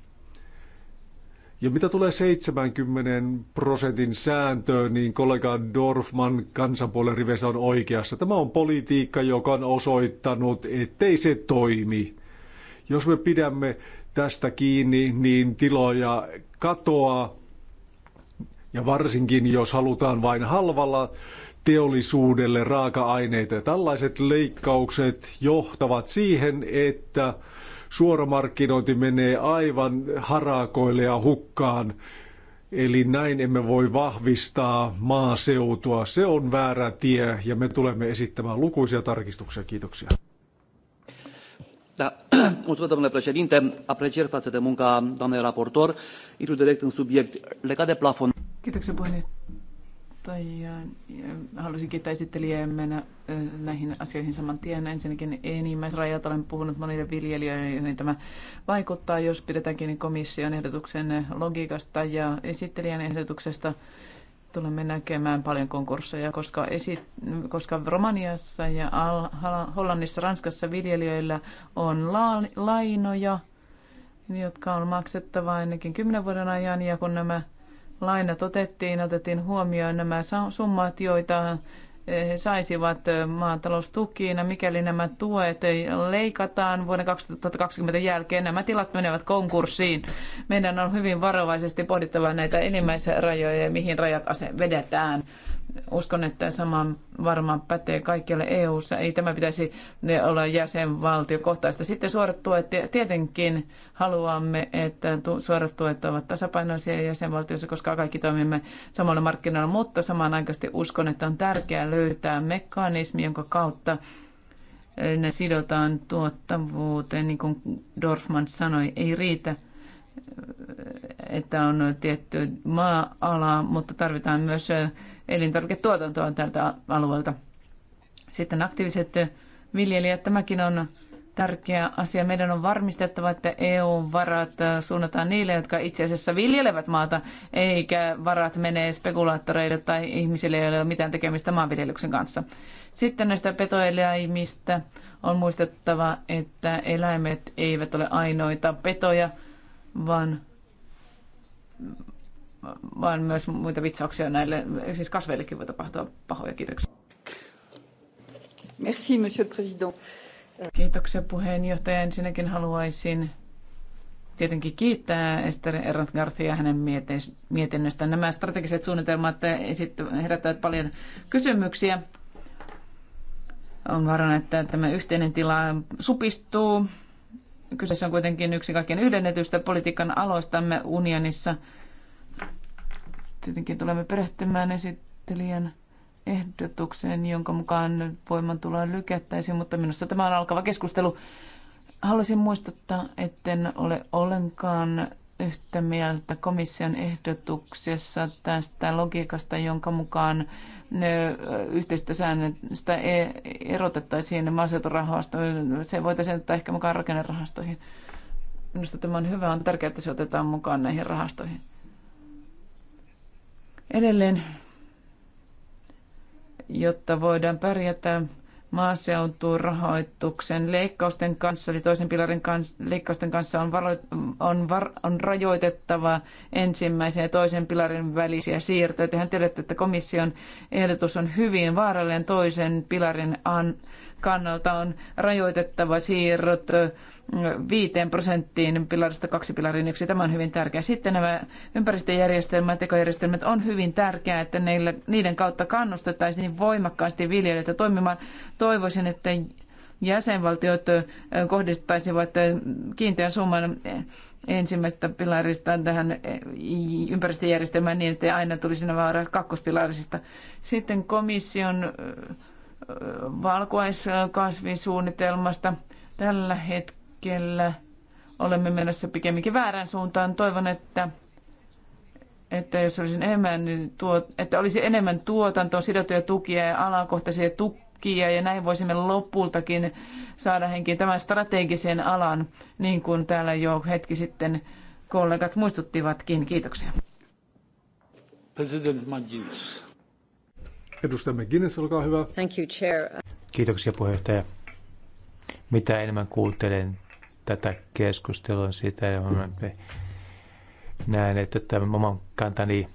Ja mitä tulee 70 prosentin sääntöön, niin kollega Dorfman kansanpuolen riveistä on oikeassa. Tämä on politiikka, joka on osoittanut, ettei se toimi. Jos me pidämme tästä kiinni, niin tiloja katoaa. Ja varsinkin, jos halutaan vain halvalla teollisuudelle raaka-aineita. Tällaiset leikkaukset johtavat siihen, että suoramarkkinointi menee aivan harakoille ja hukkaan. Eli näin emme voi vahvistaa maaseutua. Se on väärä tie ja me tulemme esittämään lukuisia tarkistuksia. Kiitoksia. Da. *clears throat* Mulțumesc, domnule președinte. față de munca doamnei raportor. Intru direct în subiect legat de plafon. Kiitoksia puhemies tosiaan halusin kiittää esittelijää mennä näihin asioihin saman tien. Ensinnäkin enimmäisrajat olen puhunut monille viljelijöille, joihin tämä vaikuttaa, jos pidetäänkin komission ehdotuksen logiikasta ja esittelijän ehdotuksesta. Tulemme näkemään paljon konkursseja, koska, esi- koska Romaniassa ja Hollannissa, Ranskassa viljelijöillä on la- lainoja, jotka on maksettava ainakin kymmenen vuoden ajan, ja kun nämä lainat otettiin, otettiin huomioon nämä summat, joita eh, he saisivat eh, maataloustukina, mikäli nämä tuet leikataan vuoden 2020 jälkeen. Nämä tilat menevät konkurssiin. Meidän on hyvin varovaisesti pohdittava näitä enimmäisrajoja ja mihin rajat vedetään. Uskon, että sama varmaan pätee kaikkialle EU-ssa. Ei tämä pitäisi eh, olla jäsenvaltiokohtaista. Sitten suorat tuet. Tietenkin haluamme, että suorat tuet ovat tasapainoisia jäsenvaltioissa, koska kaikki toimimme samalla markkinoilla, mutta samanaikaisesti uskon, että on tärkeää löytää mekanismi, jonka kautta eh, ne sidotaan tuottavuuteen, niin kuin Dorfman sanoi, ei riitä – että on tietty maa-ala, mutta tarvitaan myös elintarviketuotantoa tältä alueelta. Sitten aktiiviset viljelijät, tämäkin on tärkeä asia. Meidän on varmistettava, että EU-varat suunnataan niille, jotka itse asiassa viljelevät maata, eikä varat mene spekulaattoreille tai ihmisille, joilla ei ole mitään tekemistä maanviljelyksen kanssa. Sitten näistä petoeläimistä on muistettava, että eläimet eivät ole ainoita petoja vaan, vaan myös muita vitsauksia näille, siis kasveillekin voi tapahtua pahoja. Kiitoksia. Merci, monsieur le président. Kiitoksia puheenjohtaja. Ensinnäkin haluaisin tietenkin kiittää Esther Errat Garcia hänen mietinnöstään. Nämä strategiset suunnitelmat herättävät paljon kysymyksiä. On varana, että tämä yhteinen tila supistuu Kyseessä on kuitenkin yksi kaikkein yhdennetystä politiikan aloistamme unionissa. Tietenkin tulemme perehtymään esittelijän ehdotukseen, jonka mukaan voimantuloa lykättäisiin, mutta minusta tämä on alkava keskustelu. Haluaisin muistuttaa, etten ole ollenkaan yhtä mieltä komission ehdotuksessa tästä logiikasta, jonka mukaan yhteistä säännöstä e-, erotettaisiin maaseuturahoista. Se voitaisiin ottaa ehkä mukaan rakennerahastoihin. Minusta tämä on hyvä. On tärkeää, että se otetaan mukaan näihin rahastoihin. Edelleen, jotta voidaan pärjätä maaseuturahoituksen leikkausten kanssa, eli toisen pilarin kans, leikkausten kanssa on, valo, on, var, on rajoitettava ensimmäisen ja toisen pilarin välisiä siirtoja. Tehän tiedätte, että komission ehdotus on hyvin vaarallinen toisen pilarin an, kannalta on rajoitettava siirrot 5 prosenttiin pilarista kaksi pilarin yksi. Tämä on hyvin tärkeää. Sitten nämä ympäristöjärjestelmät, ekojärjestelmät on hyvin tärkeää, että niiden kautta kannustettaisiin voimakkaasti viljelijöitä toimimaan. Toivoisin, että jäsenvaltiot kohdistaisivat kiinteän summan ensimmäisestä pilarista tähän ympäristöjärjestelmään niin, että aina tulisi nämä vaarat kakkospilarisista. Sitten komission valkuaiskasvisuunnitelmasta. Tällä hetkellä olemme menossa pikemminkin väärään suuntaan. Toivon, että että jos olisi enemmän, niin tuo, että olisi enemmän tuotantoa, sidottuja tukia ja alakohtaisia tukia, ja näin voisimme lopultakin saada henkiin tämän strategisen alan, niin kuin täällä jo hetki sitten kollegat muistuttivatkin. Kiitoksia. President Magins. Edustaja McGuinness, olkaa hyvä. Thank you, Chair. Kiitoksia puheenjohtaja. Mitä enemmän kuuntelen tätä keskustelua, sitä enemmän näen, että tämä oman kantani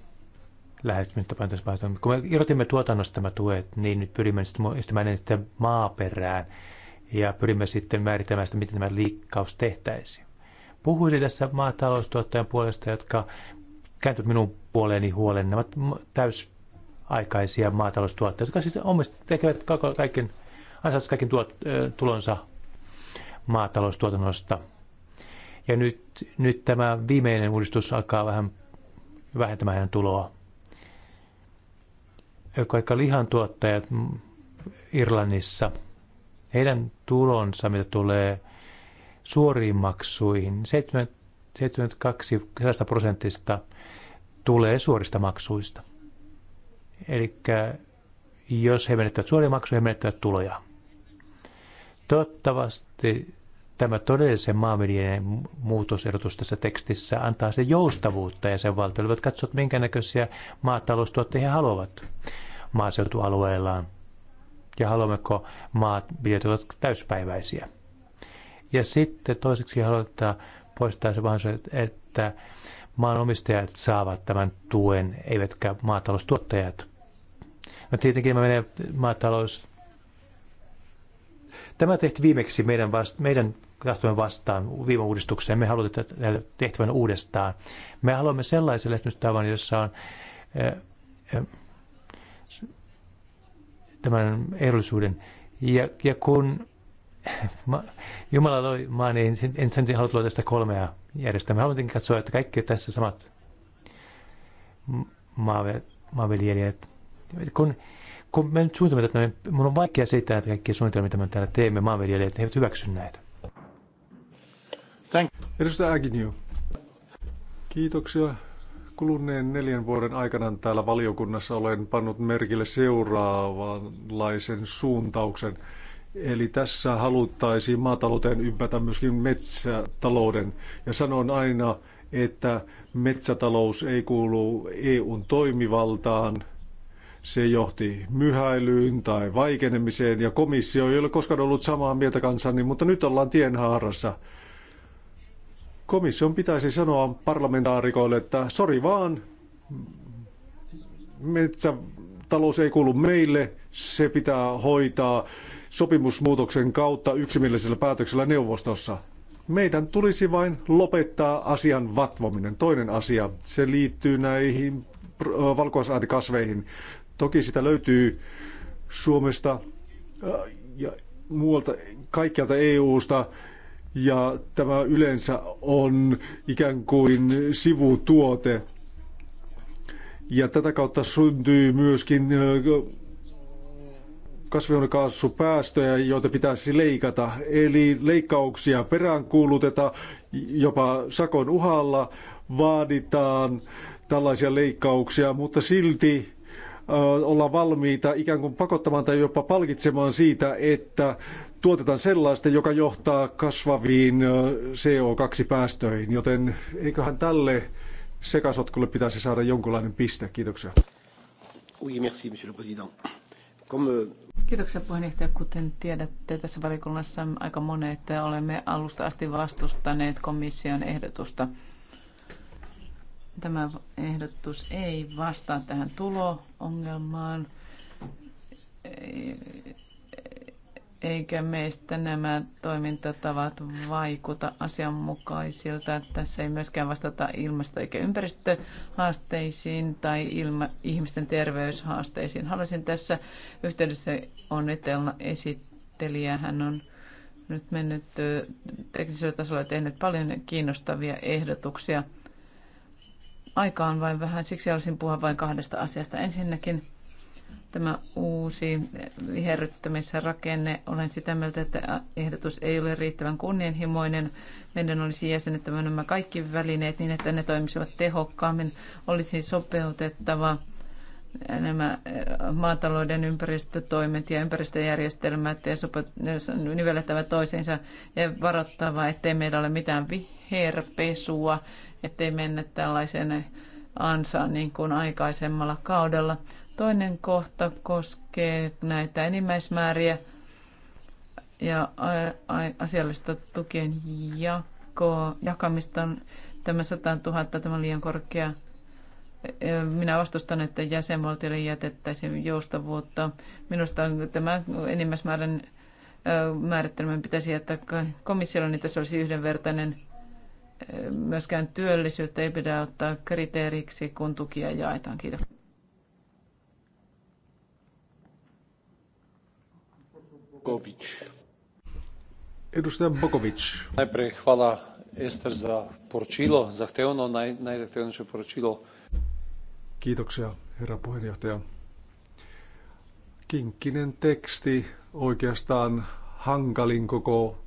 lähestymistapaan tässä vaiheessa. Kun me irrotimme tuotannosta tämä tuet, niin nyt pyrimme sitten sitä maaperään ja pyrimme sitten määrittämään sitä, miten tämä liikkaus tehtäisiin. Puhuisin tässä maataloustuottajan puolesta, jotka kääntyvät minun puoleeni huolen. Nämä ovat täys aikaisia maataloustuotteita, jotka siis omist, tekevät kaiken, ansaitsevat kaiken tuot, tulonsa maataloustuotannosta. Ja nyt, nyt tämä viimeinen uudistus alkaa vähän vähentämään tuloa. lihan lihantuottajat Irlannissa, heidän tulonsa, mitä tulee suoriin maksuihin, 72 prosenttista tulee suorista maksuista. Eli jos he menettävät suoria maksuja, he menettävät tuloja. Toivottavasti tämä todellisen maanviljelijän muutosehdotus tässä tekstissä antaa se joustavuutta ja sen valtiolle Voit katsoa, minkä näköisiä maataloustuotteita he haluavat maaseutualueellaan ja haluammeko maat ovat täyspäiväisiä. Ja sitten toiseksi halutaan poistaa se mahdollisuus, että maanomistajat saavat tämän tuen, eivätkä maataloustuottajat. No tietenkin mä menen maatalous. Tämä tehtiin viimeksi meidän, vasta, meidän tahtojen vastaan viime uudistukseen. Me haluamme tehdä tehtävän uudestaan. Me haluamme sellaisen tavan, jossa on eh, eh, tämän ehdollisuuden. Ja, ja kun *laughs* ma, Jumala loi maan, niin en sen halua tulla tästä kolmea järjestelmää. Haluan katsoa, että kaikki tässä samat maave, kun kun me nyt suunnitelmat, että me, niin mun on vaikea selittää näitä kaikkia suunnitelmia, mitä me täällä teemme, maanviljelijät, he eivät hyväksy näitä. Thank Edustaja Agnew, Kiitoksia. Kuluneen neljän vuoden aikana täällä valiokunnassa olen pannut merkille seuraavanlaisen suuntauksen. Eli tässä haluttaisiin maatalouteen ympätä myöskin metsätalouden. Ja sanon aina, että metsätalous ei kuulu EUn toimivaltaan – se johti myhäilyyn tai vaikenemiseen ja komissio ei ole koskaan ollut samaa mieltä kanssani, mutta nyt ollaan tienhaarassa. Komission pitäisi sanoa parlamentaarikoille, että sori vaan, metsätalous ei kuulu meille, se pitää hoitaa sopimusmuutoksen kautta yksimielisellä päätöksellä neuvostossa. Meidän tulisi vain lopettaa asian vatvominen. Toinen asia, se liittyy näihin valkoisäänikasveihin. Toki sitä löytyy Suomesta äh, ja muualta, kaikkialta EU-sta. Ja tämä yleensä on ikään kuin sivutuote. Ja tätä kautta syntyy myöskin äh, kasvihuonekaasupäästöjä, joita pitäisi leikata. Eli leikkauksia peräänkuuluteta jopa sakon uhalla, vaaditaan tällaisia leikkauksia, mutta silti olla valmiita ikään kuin pakottamaan tai jopa palkitsemaan siitä, että tuotetaan sellaista, joka johtaa kasvaviin CO2-päästöihin. Joten eiköhän tälle sekasotkulle pitäisi saada jonkunlainen piste. Kiitoksia. Oui, merci, monsieur le président. Comme... Kiitoksia puheenjohtaja. Kuten tiedätte, tässä valikunnassa aika monet olemme alusta asti vastustaneet komission ehdotusta Tämä ehdotus ei vastaa tähän tuloongelmaan, eikä meistä nämä toimintatavat vaikuta asianmukaisilta. Tässä ei myöskään vastata ilmasto- eikä ympäristöhaasteisiin tai ilma- ihmisten terveyshaasteisiin. Haluaisin tässä yhteydessä onnitella esittelijää. Hän on nyt mennyt teknisellä tasolla tehnyt paljon kiinnostavia ehdotuksia – Aika on vain vähän, siksi haluaisin puhua vain kahdesta asiasta. Ensinnäkin tämä uusi viherryttämisen rakenne. Olen sitä mieltä, että ehdotus ei ole riittävän kunnianhimoinen. Meidän olisi jäsennettävä nämä kaikki välineet niin, että ne toimisivat tehokkaammin. Olisi sopeutettava nämä eh, maatalouden ympäristötoimet ja ympäristöjärjestelmät ja sopot- nivellettävä toisiinsa ja varoittava, ettei meillä ole mitään viherpesua ettei mennä tällaiseen ansaan niin kuin aikaisemmalla kaudella. Toinen kohta koskee näitä enimmäismääriä ja asiallista tukien jakoa, jakamista. Tämä 100 000, tämä on liian korkea. E, minä vastustan, että jäsenvaltioille jätettäisiin joustavuutta. Minusta tämä enimmäismäärän määrittelemään pitäisi jättää komissiolle, niin tässä olisi yhdenvertainen myöskään työllisyyttä ei pidä ottaa kriteeriksi, kun tukia jaetaan. Kiitos. Bokovic. Edustaja Bokovic. Najprej hvala Ester za poročilo, zahtevno, najzahtevnejše poročilo. Kiitoksia, herra puheenjohtaja. Kinkkinen teksti, oikeastaan hankalin koko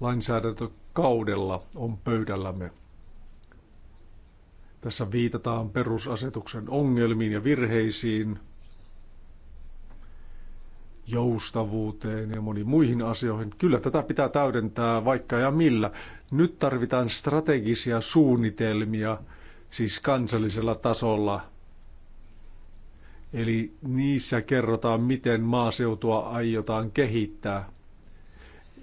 lainsäädäntö kaudella on pöydällämme. Tässä viitataan perusasetuksen ongelmiin ja virheisiin, joustavuuteen ja moniin muihin asioihin. Kyllä tätä pitää täydentää vaikka ja millä. Nyt tarvitaan strategisia suunnitelmia, siis kansallisella tasolla. Eli niissä kerrotaan, miten maaseutua aiotaan kehittää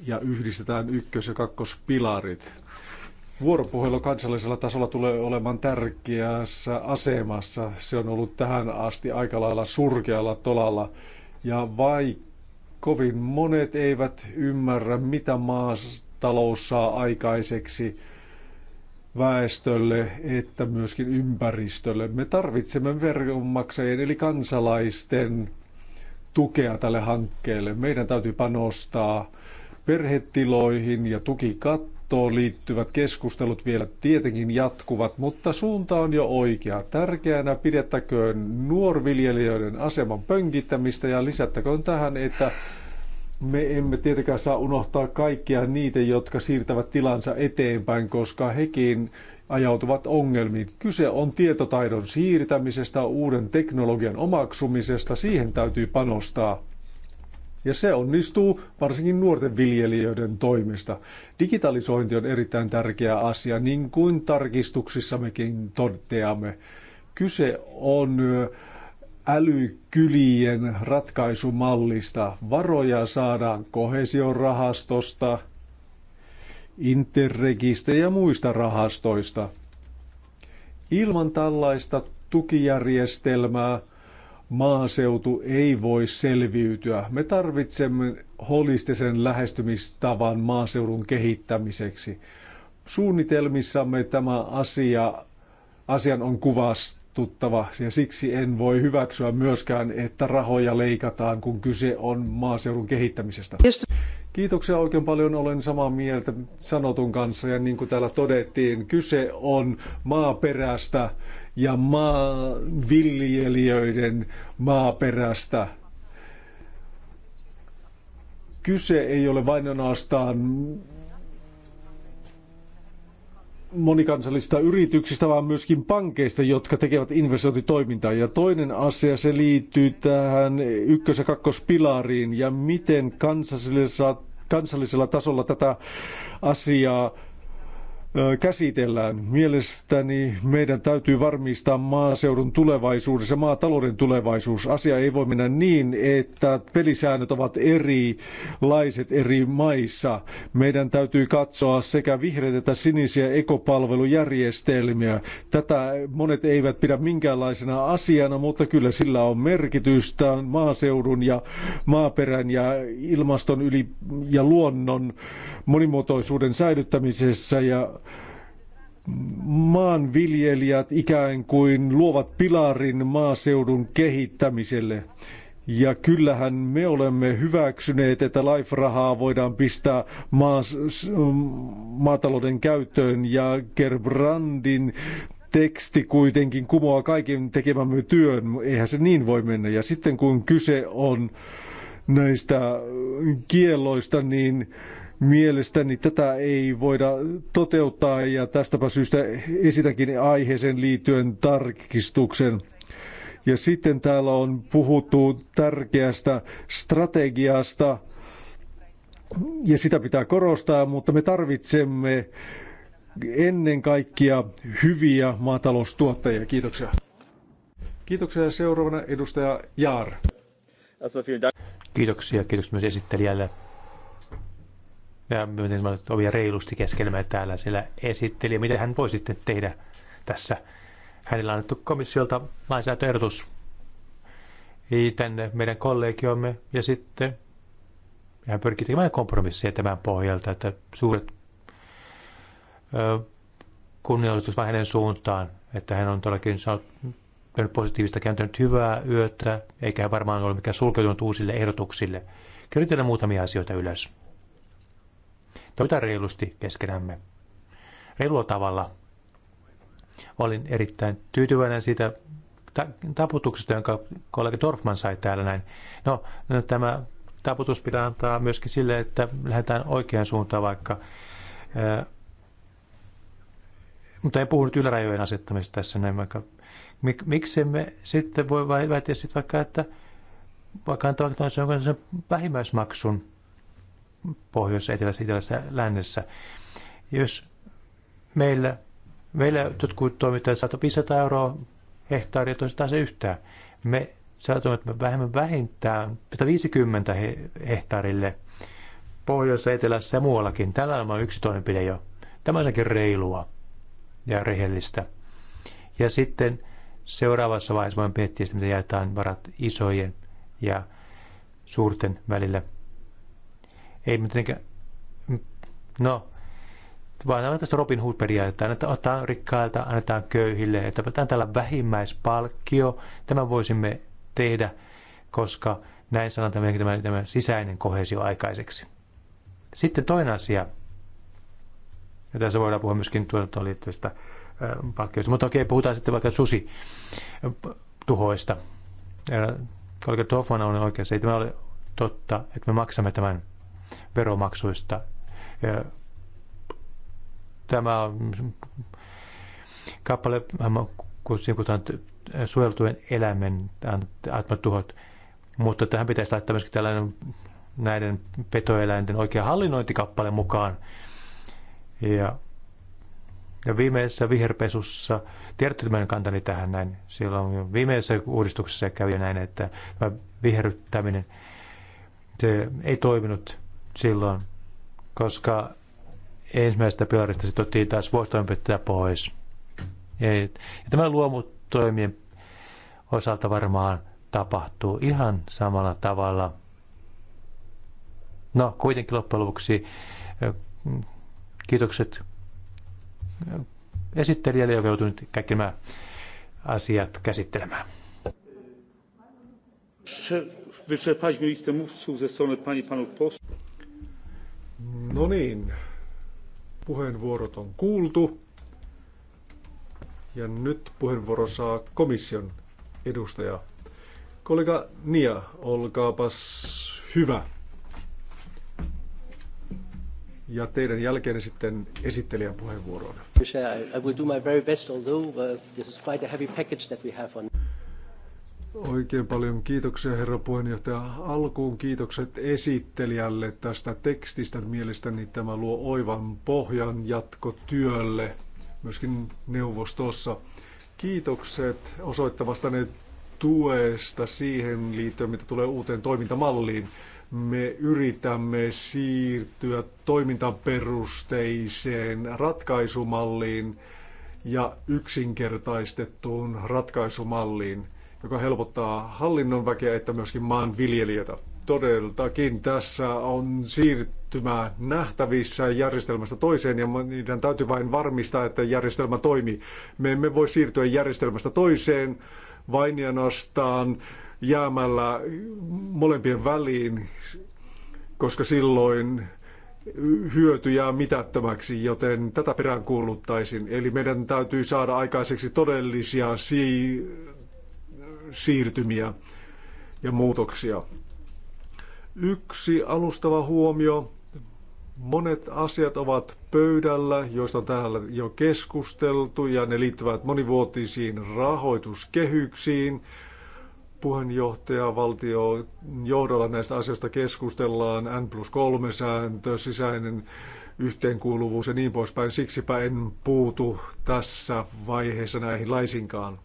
ja yhdistetään ykkös- ja kakkospilarit. Vuoropuhelu kansallisella tasolla tulee olemaan tärkeässä asemassa. Se on ollut tähän asti aika lailla surkealla tolalla. Ja vai kovin monet eivät ymmärrä, mitä maatalous saa aikaiseksi väestölle, että myöskin ympäristölle. Me tarvitsemme veronmaksajien eli kansalaisten tukea tälle hankkeelle. Meidän täytyy panostaa perhetiloihin ja tukikattoon liittyvät keskustelut vielä tietenkin jatkuvat, mutta suunta on jo oikea. Tärkeänä pidettäköön nuorviljelijöiden aseman pönkittämistä ja lisättäköön tähän, että me emme tietenkään saa unohtaa kaikkia niitä, jotka siirtävät tilansa eteenpäin, koska hekin ajautuvat ongelmiin. Kyse on tietotaidon siirtämisestä, uuden teknologian omaksumisesta, siihen täytyy panostaa. Ja se onnistuu varsinkin nuorten viljelijöiden toimesta. Digitalisointi on erittäin tärkeä asia, niin kuin tarkistuksissammekin toteamme. Kyse on älykylien ratkaisumallista. Varoja saadaan kohesiorahastosta, interregistä ja muista rahastoista. Ilman tällaista tukijärjestelmää maaseutu ei voi selviytyä. Me tarvitsemme holistisen lähestymistavan maaseudun kehittämiseksi. Suunnitelmissamme tämä asia, asian on kuvastuttava ja siksi en voi hyväksyä myöskään, että rahoja leikataan, kun kyse on maaseudun kehittämisestä. Kiitoksia oikein paljon. Olen samaa mieltä sanotun kanssa ja niin kuin täällä todettiin, kyse on maaperästä ja maanviljelijöiden maaperästä. Kyse ei ole vain ainoastaan monikansallisista yrityksistä, vaan myöskin pankeista, jotka tekevät investointitoimintaa. Ja toinen asia, se liittyy tähän ykkös- ja kakkospilariin ja miten kansallisella, kansallisella tasolla tätä asiaa käsitellään. Mielestäni meidän täytyy varmistaa maaseudun tulevaisuus ja maatalouden tulevaisuus. Asia ei voi mennä niin, että pelisäännöt ovat erilaiset eri maissa. Meidän täytyy katsoa sekä vihreitä että sinisiä ekopalvelujärjestelmiä. Tätä monet eivät pidä minkäänlaisena asiana, mutta kyllä sillä on merkitystä maaseudun ja maaperän ja ilmaston yli ja luonnon monimuotoisuuden säilyttämisessä ja maanviljelijät ikään kuin luovat pilarin maaseudun kehittämiselle. Ja kyllähän me olemme hyväksyneet, että life-rahaa voidaan pistää maas, maatalouden käyttöön ja Gerbrandin teksti kuitenkin kumoaa kaiken tekemämme työn. Eihän se niin voi mennä. Ja sitten kun kyse on näistä kielloista, niin Mielestäni tätä ei voida toteuttaa ja tästäpä syystä esitänkin aiheeseen liittyen tarkistuksen. Ja sitten täällä on puhuttu tärkeästä strategiasta ja sitä pitää korostaa, mutta me tarvitsemme ennen kaikkea hyviä maataloustuottajia. Kiitoksia. Kiitoksia seuraavana edustaja Jaar. Kiitoksia, kiitos myös esittelijälle ja miten ovia reilusti keskelemään täällä siellä esitteli, ja mitä hän voi sitten tehdä tässä. Hänellä on annettu komissiolta lainsäädäntöehdotus tänne meidän kollegiomme, ja sitten hän pyrkii tekemään kompromisseja tämän pohjalta, että suuret kunnioitus vähän hänen suuntaan, että hän on todellakin saanut positiivista kääntänyt hyvää yötä, eikä hän varmaan ole mikään sulkeutunut uusille ehdotuksille. Kirjoitella muutamia asioita ylös toimita reilusti keskenämme. Reilulla tavalla. Olin erittäin tyytyväinen siitä taputuksesta, jonka kollega Dorfman sai täällä näin. No, no tämä taputus pitää antaa myöskin sille, että lähdetään oikeaan suuntaan vaikka. Ää, mutta en puhu nyt ylärajojen asettamista tässä näin vaikka. Mik, me sitten voi väittää sitten vaikka, että vaikka antaa vaikka jonkun vähimmäismaksun pohjoisessa, etelässä, itälässä, lännessä. Jos meillä, meillä jotkut toimittajat saattaa 500 euroa hehtaaria, toiset taas yhtään. Me saatamme vähemmän vähintään 150 hehtaarille pohjoisessa, etelässä ja muuallakin. Tällä on yksi toimenpide jo. Tämä on reilua ja rehellistä. Ja sitten seuraavassa vaiheessa voin miettiä sitä, jaetaan varat isojen ja suurten välillä. Ei mitenkään, no, vaan on tästä Robin Hood-periaatetta, että otetaan rikkailta, annetaan köyhille, että otetaan tällä vähimmäispalkkio. Tämä voisimme tehdä, koska näin saadaan tämä, tämä, tämä sisäinen kohesio aikaiseksi. Sitten toinen asia, ja tässä voidaan puhua myöskin tuotantoon liittyvistä palkkioista, mutta okei, puhutaan sitten vaikka susi tuhoista. Kollega Toffman on oikeassa, ei tämä ole totta, että me maksamme tämän veromaksuista. Tämä on kappale, kun puhutaan suojeltujen eläimen tuhot, mutta tähän pitäisi laittaa myöskin tällainen näiden petoeläinten oikea hallinnointikappale mukaan. Ja, ja viimeisessä viherpesussa, tiedätte tämän kantani tähän näin, silloin viimeisessä uudistuksessa kävi näin, että tämä viherryttäminen se ei toiminut silloin, koska ensimmäisestä pilarista sitten otettiin taas vuositoimenpiteitä pois. Ja, tämä luomutoimien osalta varmaan tapahtuu ihan samalla tavalla. No, kuitenkin loppujen lopuksi kiitokset esittelijälle, joka joutui nyt kaikki nämä asiat käsittelemään. Wyczerpaliśmy listę mówców ze strony pani panów posłów. No niin, puheenvuorot on kuultu. Ja nyt puheenvuoro saa komission edustaja. Kollega Nia, olkaapas hyvä. Ja teidän jälkeen sitten esittelijän puheenvuoroon. I will do my very best, although uh, this is quite a heavy package that we have on. Oikein paljon kiitoksia herra puheenjohtaja. Alkuun kiitokset esittelijälle tästä tekstistä. Mielestäni tämä luo oivan pohjan jatkotyölle myöskin neuvostossa. Kiitokset osoittavasta ne tuesta siihen liittyen, mitä tulee uuteen toimintamalliin. Me yritämme siirtyä toimintaperusteiseen ratkaisumalliin ja yksinkertaistettuun ratkaisumalliin – joka helpottaa hallinnon väkeä että myöskin maanviljelijöitä. Todellakin tässä on siirtymä nähtävissä järjestelmästä toiseen ja niiden täytyy vain varmistaa, että järjestelmä toimii. Me emme voi siirtyä järjestelmästä toiseen vain ja nostaan jäämällä molempien väliin, koska silloin hyöty jää mitättömäksi, joten tätä peräänkuuluttaisin. Eli meidän täytyy saada aikaiseksi todellisia si- siirtymiä ja muutoksia. Yksi alustava huomio. Monet asiat ovat pöydällä, joista on täällä jo keskusteltu ja ne liittyvät monivuotisiin rahoituskehyksiin. Puheenjohtaja valtio johdolla näistä asioista keskustellaan, N plus 3 sääntö, sisäinen yhteenkuuluvuus ja niin poispäin. Siksipä en puutu tässä vaiheessa näihin laisinkaan.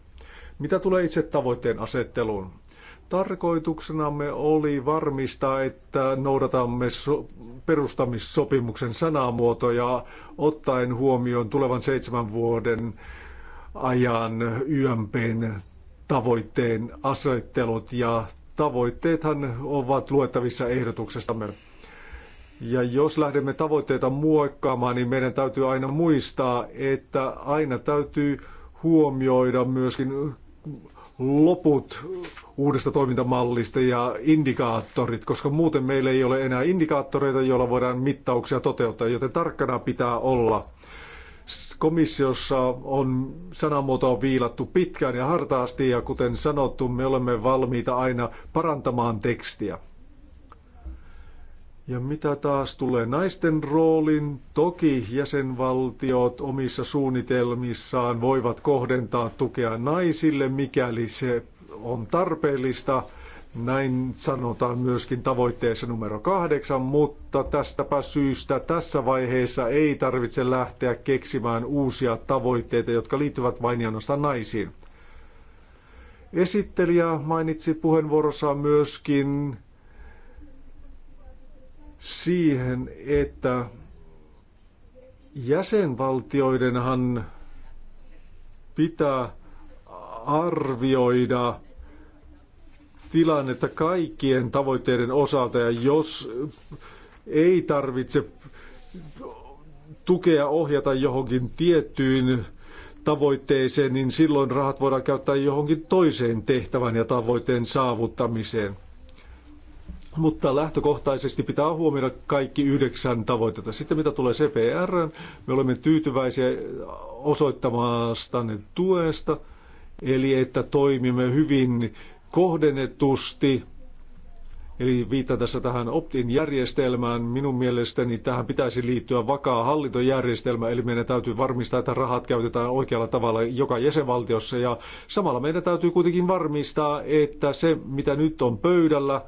Mitä tulee itse tavoitteen asetteluun? Tarkoituksenamme oli varmistaa, että noudatamme so- perustamissopimuksen sanamuotoja ottaen huomioon tulevan seitsemän vuoden ajan YMPn tavoitteen asettelut ja tavoitteethan ovat luettavissa ehdotuksestamme. Ja jos lähdemme tavoitteita muokkaamaan, niin meidän täytyy aina muistaa, että aina täytyy huomioida myöskin loput uudesta toimintamallista ja indikaattorit, koska muuten meillä ei ole enää indikaattoreita, joilla voidaan mittauksia toteuttaa, joten tarkkana pitää olla. Komissiossa on on viilattu pitkään ja hartaasti ja kuten sanottu, me olemme valmiita aina parantamaan tekstiä. Ja mitä taas tulee naisten roolin, toki jäsenvaltiot omissa suunnitelmissaan voivat kohdentaa tukea naisille, mikäli se on tarpeellista. Näin sanotaan myöskin tavoitteessa numero kahdeksan, mutta tästäpä syystä tässä vaiheessa ei tarvitse lähteä keksimään uusia tavoitteita, jotka liittyvät vain ja naisiin. Esittelijä mainitsi puheenvuorossaan myöskin siihen, että jäsenvaltioidenhan pitää arvioida tilannetta kaikkien tavoitteiden osalta ja jos ei tarvitse tukea ohjata johonkin tiettyyn tavoitteeseen, niin silloin rahat voidaan käyttää johonkin toiseen tehtävän ja tavoitteen saavuttamiseen. Mutta lähtökohtaisesti pitää huomioida kaikki yhdeksän tavoitetta. Sitten mitä tulee CPR, me olemme tyytyväisiä osoittamastanne tuesta, eli että toimimme hyvin kohdennetusti Eli viittaan tässä tähän optin järjestelmään. Minun mielestäni tähän pitäisi liittyä vakaa hallintojärjestelmä, eli meidän täytyy varmistaa, että rahat käytetään oikealla tavalla joka jäsenvaltiossa. Ja samalla meidän täytyy kuitenkin varmistaa, että se, mitä nyt on pöydällä,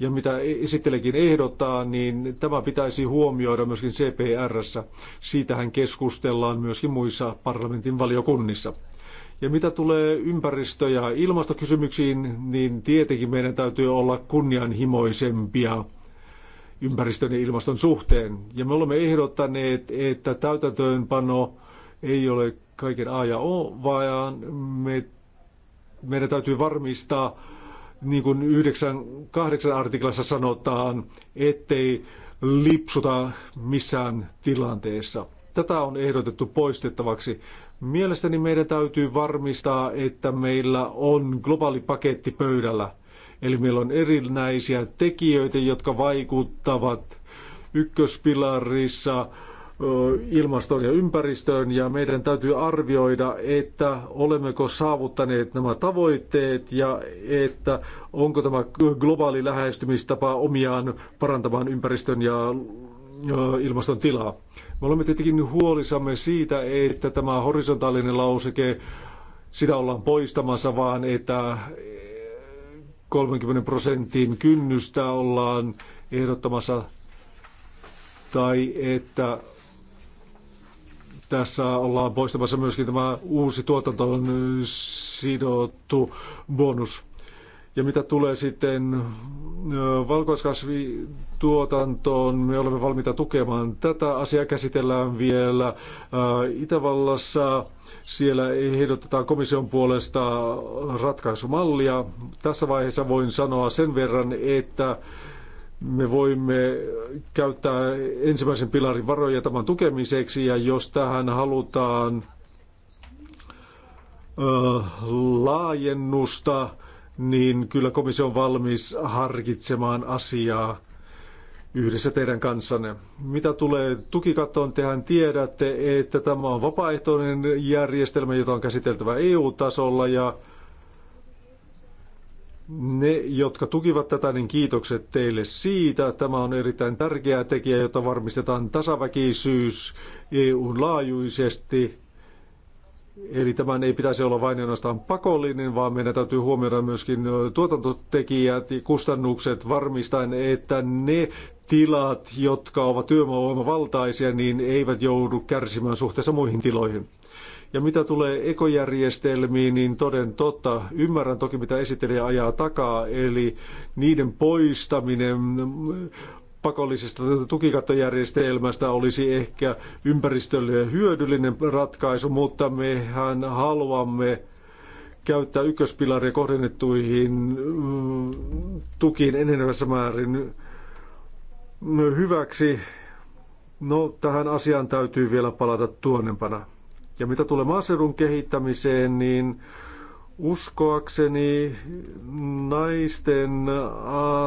ja mitä e- esittelekin ehdottaa, niin tämä pitäisi huomioida myöskin CPRssä. Siitähän keskustellaan myöskin muissa parlamentin valiokunnissa. Ja mitä tulee ympäristö- ja ilmastokysymyksiin, niin tietenkin meidän täytyy olla kunnianhimoisempia ympäristön ja ilmaston suhteen. Ja me olemme ehdottaneet, että täytäntöönpano ei ole kaiken A ja O, vaan me, meidän täytyy varmistaa niin kuin 8 artiklassa sanotaan, ettei lipsuta missään tilanteessa. Tätä on ehdotettu poistettavaksi. Mielestäni meidän täytyy varmistaa, että meillä on globaali paketti pöydällä. Eli meillä on erinäisiä tekijöitä, jotka vaikuttavat ykköspilarissa ilmastoon ja ympäristöön ja meidän täytyy arvioida, että olemmeko saavuttaneet nämä tavoitteet ja että onko tämä globaali lähestymistapa omiaan parantamaan ympäristön ja ilmaston tilaa. Me olemme tietenkin huolissamme siitä, että tämä horisontaalinen lauseke, sitä ollaan poistamassa, vaan että 30 prosentin kynnystä ollaan ehdottamassa tai että tässä ollaan poistamassa myöskin tämä uusi tuotantoon sidottu bonus. Ja mitä tulee sitten valkoiskasvituotantoon, me olemme valmiita tukemaan tätä. Asiaa käsitellään vielä Itävallassa. Siellä ehdotetaan komission puolesta ratkaisumallia. Tässä vaiheessa voin sanoa sen verran, että me voimme käyttää ensimmäisen pilarin varoja tämän tukemiseksi ja jos tähän halutaan laajennusta, niin kyllä komissio on valmis harkitsemaan asiaa yhdessä teidän kanssanne. Mitä tulee tukikattoon, tehän tiedätte, että tämä on vapaaehtoinen järjestelmä, jota on käsiteltävä EU-tasolla ja ne, jotka tukivat tätä, niin kiitokset teille siitä. Tämä on erittäin tärkeä tekijä, jota varmistetaan tasaväkisyys EUn laajuisesti. Eli tämän ei pitäisi olla vain ainoastaan pakollinen, vaan meidän täytyy huomioida myöskin tuotantotekijät ja kustannukset varmistaen, että ne tilat, jotka ovat työvoimavaltaisia, niin eivät joudu kärsimään suhteessa muihin tiloihin. Ja mitä tulee ekojärjestelmiin, niin toden totta, ymmärrän toki mitä esittelijä ajaa takaa, eli niiden poistaminen pakollisesta tukikattojärjestelmästä olisi ehkä ympäristölle hyödyllinen ratkaisu, mutta mehän haluamme käyttää ykköspilaria kohdennettuihin mm, tukiin enenevässä määrin hyväksi. No, tähän asiaan täytyy vielä palata tuonnempana. Ja mitä tulee maaseudun kehittämiseen, niin uskoakseni naisten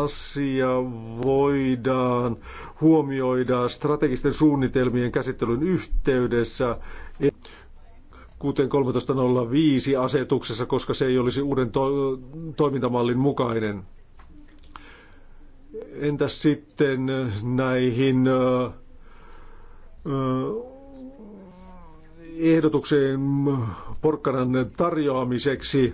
asia voidaan huomioida strategisten suunnitelmien käsittelyn yhteydessä kuten 13.05 asetuksessa, koska se ei olisi uuden to- toimintamallin mukainen. Entäs sitten näihin ehdotukseen porkkanan tarjoamiseksi.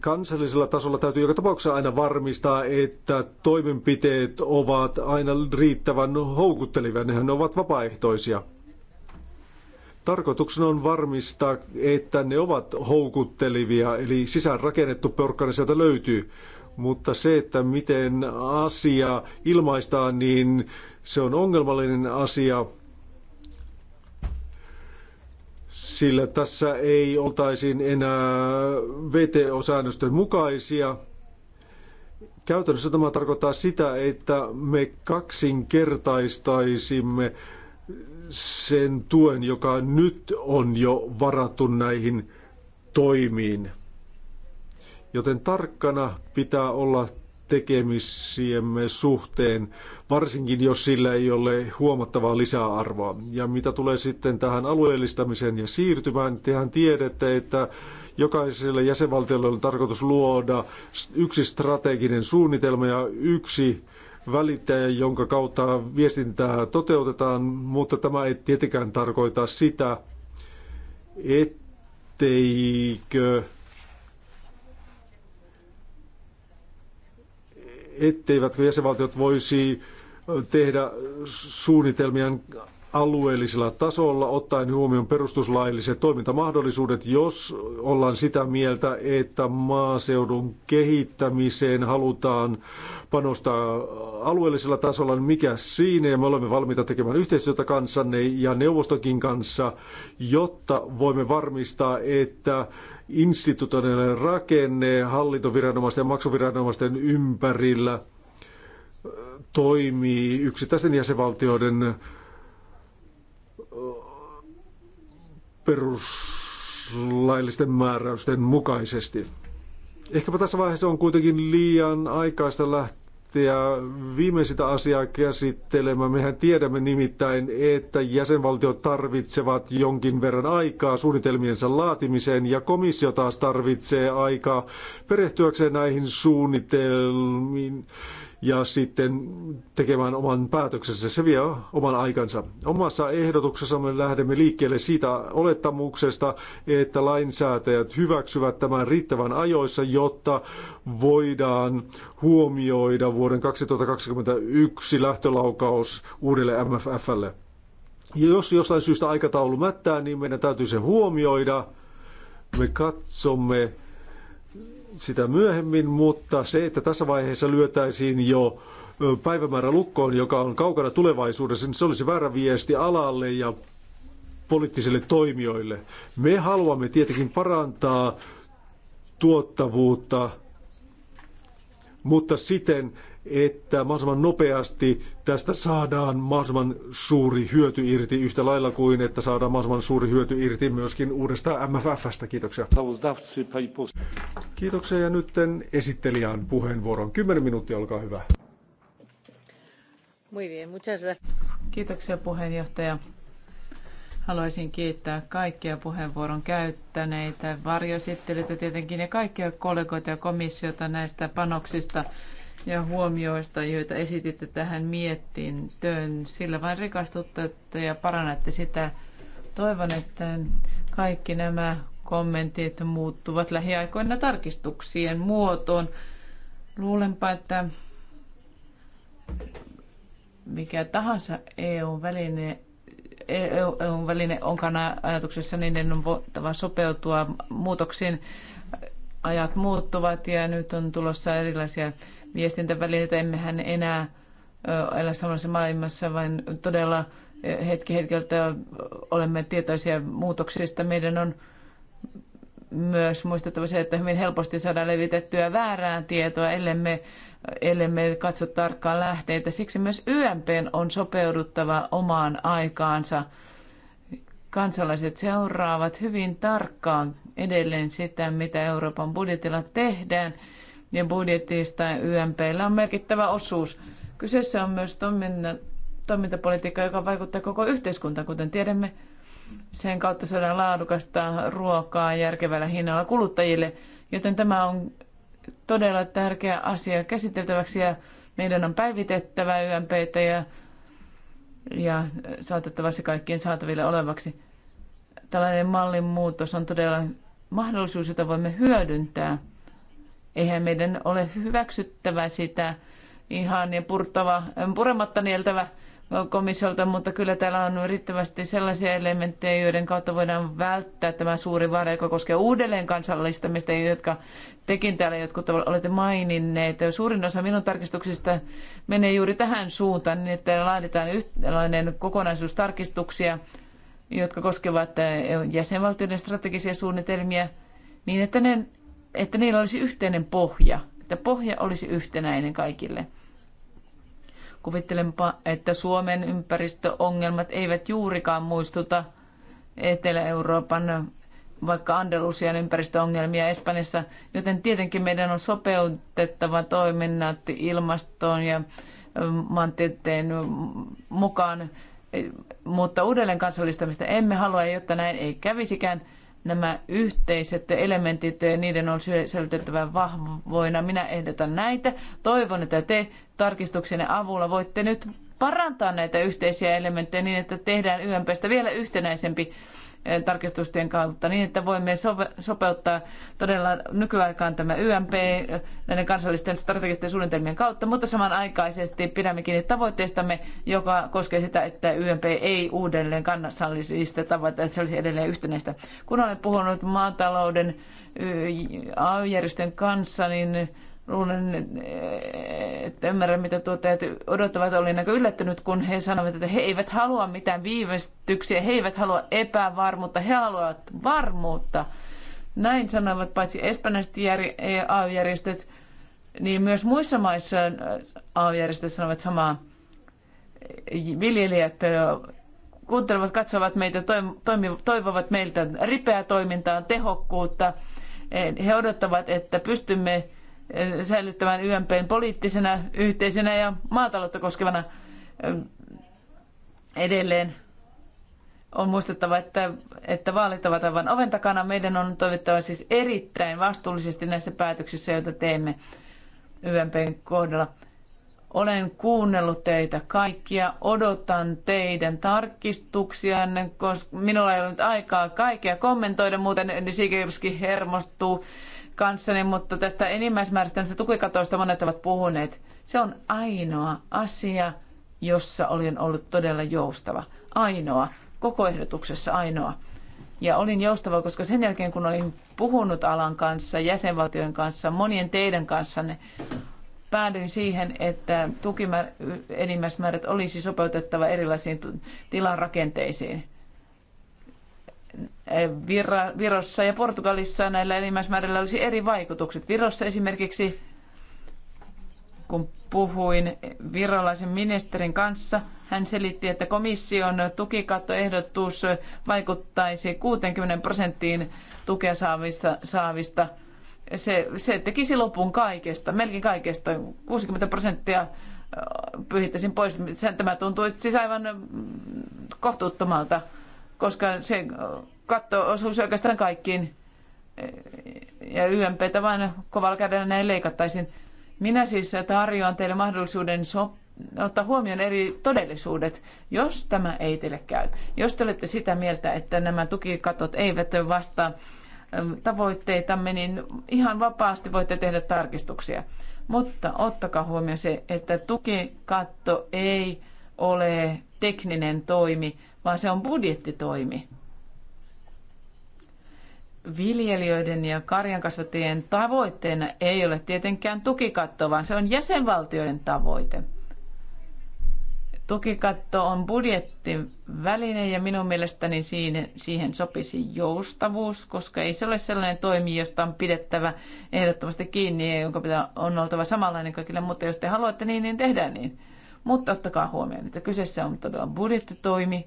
Kansallisella tasolla täytyy joka tapauksessa aina varmistaa, että toimenpiteet ovat aina riittävän houkuttelevia. Nehän ne ovat vapaaehtoisia. Tarkoituksena on varmistaa, että ne ovat houkuttelevia, eli sisäänrakennettu porkkana sieltä löytyy. Mutta se, että miten asia ilmaistaan, niin se on ongelmallinen asia – sillä tässä ei oltaisi enää VTO-säännösten mukaisia. Käytännössä tämä tarkoittaa sitä, että me kaksinkertaistaisimme sen tuen, joka nyt on jo varattu näihin toimiin. Joten tarkkana pitää olla tekemisiemme suhteen, varsinkin jos sillä ei ole huomattavaa lisäarvoa. Ja mitä tulee sitten tähän alueellistamiseen ja siirtymään, tehän tiedätte, että jokaiselle jäsenvaltiolle on tarkoitus luoda yksi strateginen suunnitelma ja yksi välittäjä, jonka kautta viestintää toteutetaan, mutta tämä ei tietenkään tarkoita sitä, etteikö etteivätkö jäsenvaltiot voisi tehdä suunnitelmia alueellisella tasolla, ottaen huomioon perustuslailliset toimintamahdollisuudet, jos ollaan sitä mieltä, että maaseudun kehittämiseen halutaan panostaa alueellisella tasolla, niin mikä siinä, ja me olemme valmiita tekemään yhteistyötä kanssanne ja neuvostokin kanssa, jotta voimme varmistaa, että institutionaalinen rakenne hallintoviranomaisten ja maksuviranomaisten ympärillä toimii yksittäisten jäsenvaltioiden peruslaillisten määräysten mukaisesti. Ehkäpä tässä vaiheessa on kuitenkin liian aikaista lähteä lähteä viimeisitä asiaa käsittelemään. Mehän tiedämme nimittäin, että jäsenvaltiot tarvitsevat jonkin verran aikaa suunnitelmiensa laatimiseen ja komissio taas tarvitsee aikaa perehtyäkseen näihin suunnitelmiin ja sitten tekemään oman päätöksensä. Se vie oman aikansa. Omassa ehdotuksessamme lähdemme liikkeelle siitä olettamuksesta, että lainsäätäjät hyväksyvät tämän riittävän ajoissa, jotta voidaan huomioida vuoden 2021 lähtölaukaus uudelle MFFlle. Ja jos jostain syystä aikataulu mättää, niin meidän täytyy se huomioida. Me katsomme sitä myöhemmin, mutta se, että tässä vaiheessa lyötäisiin jo päivämäärä lukkoon, joka on kaukana tulevaisuudessa, niin se olisi väärä viesti alalle ja poliittisille toimijoille. Me haluamme tietenkin parantaa tuottavuutta, mutta siten, että mahdollisimman nopeasti tästä saadaan mahdollisimman suuri hyöty irti yhtä lailla kuin, että saadaan mahdollisimman suuri hyöty irti myöskin uudesta MFFstä. Kiitoksia. Kiitoksia ja nyt esittelijän puheenvuoron. Kymmenen minuuttia, olkaa hyvä. Kiitoksia puheenjohtaja. Haluaisin kiittää kaikkia puheenvuoron käyttäneitä, varjoesittelijöitä tietenkin ja kaikkia kollegoita ja komissiota näistä panoksista ja huomioista, joita esititte tähän mietintöön. Sillä vain rikastutte ja parannatte sitä. Toivon, että kaikki nämä kommentit muuttuvat lähiaikoina tarkistuksien muotoon. Luulenpa, että mikä tahansa EU-väline eu e väline onkaan ajatuksessa, niin on voittava sopeutua muutoksiin. Ajat muuttuvat ja nyt on tulossa erilaisia viestintävälineitä. Emmehän enää elä samassa maailmassa, vaan todella hetki hetkeltä olemme tietoisia muutoksista. Meidän on myös muistettava se, että hyvin helposti saadaan levitettyä väärää tietoa, ellemme, ellemme katso tarkkaan lähteitä. Siksi myös YMP on sopeuduttava omaan aikaansa. Kansalaiset seuraavat hyvin tarkkaan edelleen sitä, mitä Euroopan budjetilla tehdään – ja budjetista YMPllä on merkittävä osuus. Kyseessä on myös toiminnan, toimintapolitiikka, joka vaikuttaa koko yhteiskuntaan, kuten tiedämme. Sen kautta saadaan laadukasta ruokaa järkevällä hinnalla kuluttajille, joten tämä on todella tärkeä asia käsiteltäväksi ja meidän on päivitettävä YMPtä ja, ja saatettava se kaikkien saataville olevaksi. Tällainen mallin muutos on todella mahdollisuus, jota voimme hyödyntää – Eihän meidän ole hyväksyttävä sitä ihan ja purtava, purematta nieltävä komissiolta, mutta kyllä täällä on riittävästi sellaisia elementtejä, joiden kautta voidaan välttää tämä suuri vaara, joka koskee uudelleen kansallistamista, jotka tekin täällä jotkut olette maininneet. Suurin osa minun tarkistuksista menee juuri tähän suuntaan, niin että laaditaan yhtälainen kokonaisuus tarkistuksia, jotka koskevat jäsenvaltioiden strategisia suunnitelmia, niin että ne että niillä olisi yhteinen pohja, että pohja olisi yhtenäinen kaikille. Kuvittelenpa, että Suomen ympäristöongelmat eivät juurikaan muistuta Etelä-Euroopan vaikka Andalusian ympäristöongelmia Espanjassa, joten tietenkin meidän on sopeutettava toiminnat ilmastoon ja maantieteen mukaan, mutta uudelleen kansallistamista emme halua, jotta näin ei kävisikään nämä yhteiset elementit, niiden on säilytettävä vahvoina. Minä ehdotan näitä. Toivon, että te tarkistuksenne avulla voitte nyt parantaa näitä yhteisiä elementtejä niin, että tehdään YMPstä vielä yhtenäisempi Eh, tarkistusten kautta niin, että voimme sopeuttaa todella nykyaikaan tämä YMP eh, näiden kansallisten strategisten suunnitelmien kautta, mutta samanaikaisesti pidämme kiinni tavoitteistamme, joka koskee sitä, että YMP ei uudelleen kansallisista tavoitteista, että se olisi edelleen yhtenäistä. Kun olen puhunut maatalouden AY-järjestön kanssa, niin Luulen, että ymmärrän, mitä tuottajat odottavat. Olin näkö yllättynyt, kun he sanoivat, että he eivät halua mitään viivästyksiä, he eivät halua epävarmuutta, he haluavat varmuutta. Näin sanoivat paitsi espanjalaiset e, AY-järjestöt, niin myös muissa maissa AY-järjestöt sanovat samaa. Viljelijät kuuntelevat, katsovat meitä, toivovat meiltä ripeää toimintaa, tehokkuutta. He odottavat, että pystymme säilyttämään YMPn poliittisena, yhteisenä ja maataloutta koskevana edelleen. On muistettava, että, että vaalit ovat aivan oven takana. Meidän on toivottava siis erittäin vastuullisesti näissä päätöksissä, joita teemme YMPn kohdalla. Olen kuunnellut teitä kaikkia, odotan teidän tarkistuksianne, koska minulla ei ole nyt aikaa kaikkea kommentoida, muuten Sikerski hermostuu kanssani, mutta tästä enimmäismäärästä tästä tukikatoista monet ovat puhuneet. Se on ainoa asia, jossa olin ollut todella joustava. Ainoa. Koko ehdotuksessa ainoa. Ja olin joustava, koska sen jälkeen kun olin puhunut alan kanssa, jäsenvaltion kanssa, monien teidän kanssanne, päädyin siihen, että enimmäismäärät olisi sopeutettava erilaisiin tilan rakenteisiin. Eh, Virossa ja Portugalissa näillä enimmäismäärillä olisi eri vaikutukset. Virossa esimerkiksi, kun puhuin virolaisen ministerin kanssa, hän selitti, että komission tukikattoehdotus vaikuttaisi 60 prosenttiin tukea saavista, saavista se, se tekisi lopun kaikesta, melkein kaikesta, 60 prosenttia pyhittäisin pois. Sen tämä tuntuu siis aivan mm, kohtuuttomalta koska se katto osuisi oikeastaan kaikkiin ja YMPtä vain kovalla kädellä näin leikattaisiin. Minä siis tarjoan teille mahdollisuuden sopia ottaa huomioon eri todellisuudet, jos tämä ei teille käy. Jos te olette sitä mieltä, että nämä tukikatot eivät vastaa tavoitteitamme, niin ihan vapaasti voitte tehdä tarkistuksia. Mutta ottakaa huomioon se, että tukikatto ei ole tekninen toimi vaan se on budjettitoimi. Viljelijöiden ja karjankasvattajien tavoitteena ei ole tietenkään tukikatto, vaan se on jäsenvaltioiden tavoite. Tukikatto on budjettiväline ja minun mielestäni siihen, siihen sopisi joustavuus, koska ei se ole sellainen toimi, josta on pidettävä ehdottomasti kiinni ja jonka pitää, on oltava samanlainen kaikille, mutta jos te haluatte niin, niin tehdään niin. Mutta ottakaa huomioon, että kyseessä on todella budjettitoimi,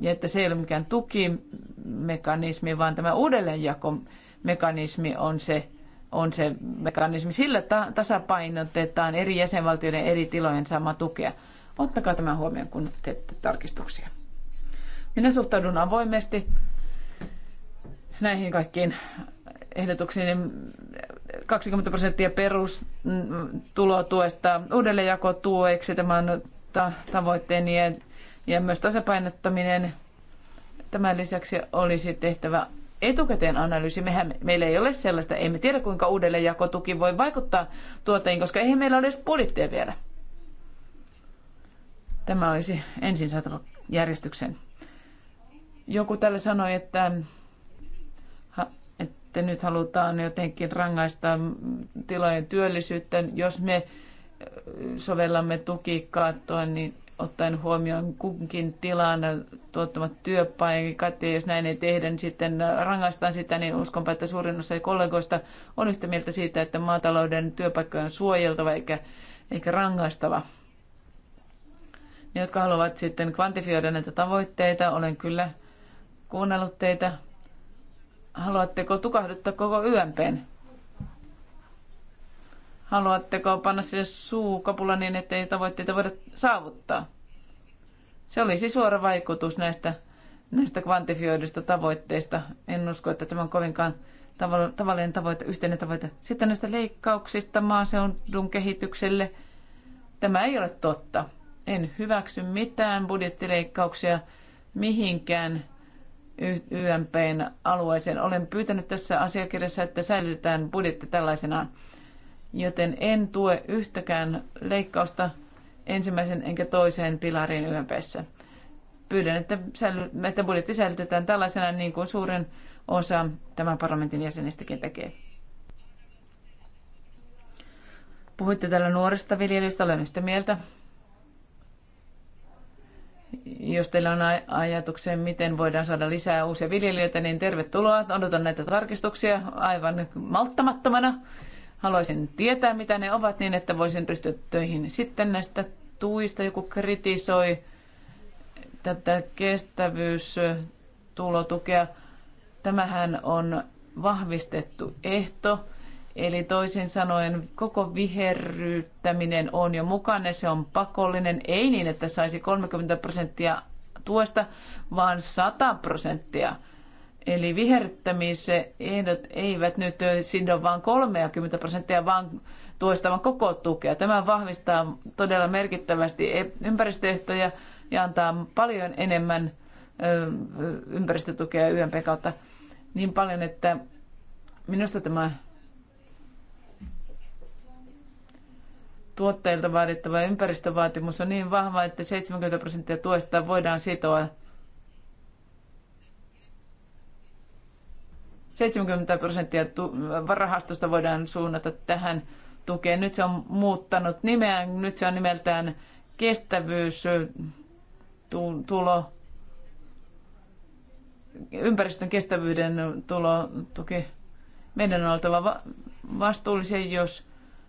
ja että se ei ole mikään tukimekanismi, vaan tämä uudelleenjakomekanismi on se, on se mekanismi. Sillä ta- tasapainotetaan eri jäsenvaltioiden eri tilojen sama tukea. Ottakaa tämä huomioon, kun teette tarkistuksia. Minä suhtaudun avoimesti näihin kaikkiin ehdotuksiin. 20 prosenttia perustulotuesta mm, uudelleenjakotueksi. Tämä on tavoitteeni ja myös tasapainottaminen. Tämän lisäksi olisi tehtävä etukäteen analyysi. Mehän, meillä ei ole sellaista, emme tiedä kuinka uudelleenjakotuki voi vaikuttaa tuotteihin, koska eihän meillä ole edes budjettia vielä. Tämä olisi ensin saatava järjestyksen. Joku täällä sanoi, että, että nyt halutaan jotenkin rangaista tilojen työllisyyttä. Jos me sovellamme tukikaattoa, niin ottaen huomioon kunkin tilan tuottamat työpaikat, ja jos näin ei tehdä, niin sitten rangaistaan sitä, niin uskonpa, että suurin osa kollegoista on yhtä mieltä siitä, että maatalouden työpaikkoja on suojeltava eikä, eikä rangaistava. Ne, jotka haluavat sitten kvantifioida näitä tavoitteita, olen kyllä kuunnellut teitä. Haluatteko tukahduttaa koko YMPn? Haluatteko panna sille suukapula niin, ettei tavoitteita voida saavuttaa? Se olisi siis suora vaikutus näistä, näistä kvantifioidusta tavoitteista. En usko, että tämä on kovinkaan tavallinen tavoite, yhteinen tavoite. Sitten näistä leikkauksista maaseudun kehitykselle. Tämä ei ole totta. En hyväksy mitään budjettileikkauksia mihinkään YMPn alueeseen. Olen pyytänyt tässä asiakirjassa, että säilytetään budjetti tällaisenaan joten en tue yhtäkään leikkausta ensimmäisen enkä toiseen pilariin YMPssä. Pyydän, että, säily, että budjetti säilytetään tällaisena niin kuin suurin osa tämän parlamentin jäsenistäkin tekee. Puhuitte täällä nuorista viljelijöistä, olen yhtä mieltä. Jos teillä on ajatuksia, miten voidaan saada lisää uusia viljelijöitä, niin tervetuloa. Odotan näitä tarkistuksia aivan malttamattomana. Haluaisin tietää, mitä ne ovat niin, että voisin ryhtyä töihin. Sitten näistä tuista joku kritisoi tätä kestävyystulotukea. Tämähän on vahvistettu ehto. Eli toisin sanoen koko viherryttäminen on jo mukana, se on pakollinen, ei niin, että saisi 30 prosenttia tuosta, vaan 100 prosenttia. Eli ehdot eivät nyt sido vain 30 prosenttia, vaan tuosta vaan koko tukea. Tämä vahvistaa todella merkittävästi ympäristöehtoja ja antaa paljon enemmän ympäristötukea YMP kautta niin paljon, että minusta tämä tuotteilta vaadittava ympäristövaatimus on niin vahva, että 70 prosenttia tuesta voidaan sitoa 70 prosenttia rahastosta voidaan suunnata tähän tukeen. Nyt se on muuttanut nimeä, nyt se on nimeltään kestävyystulo, ympäristön kestävyyden tulo, tuki. Meidän on oltava vastuullisia, jos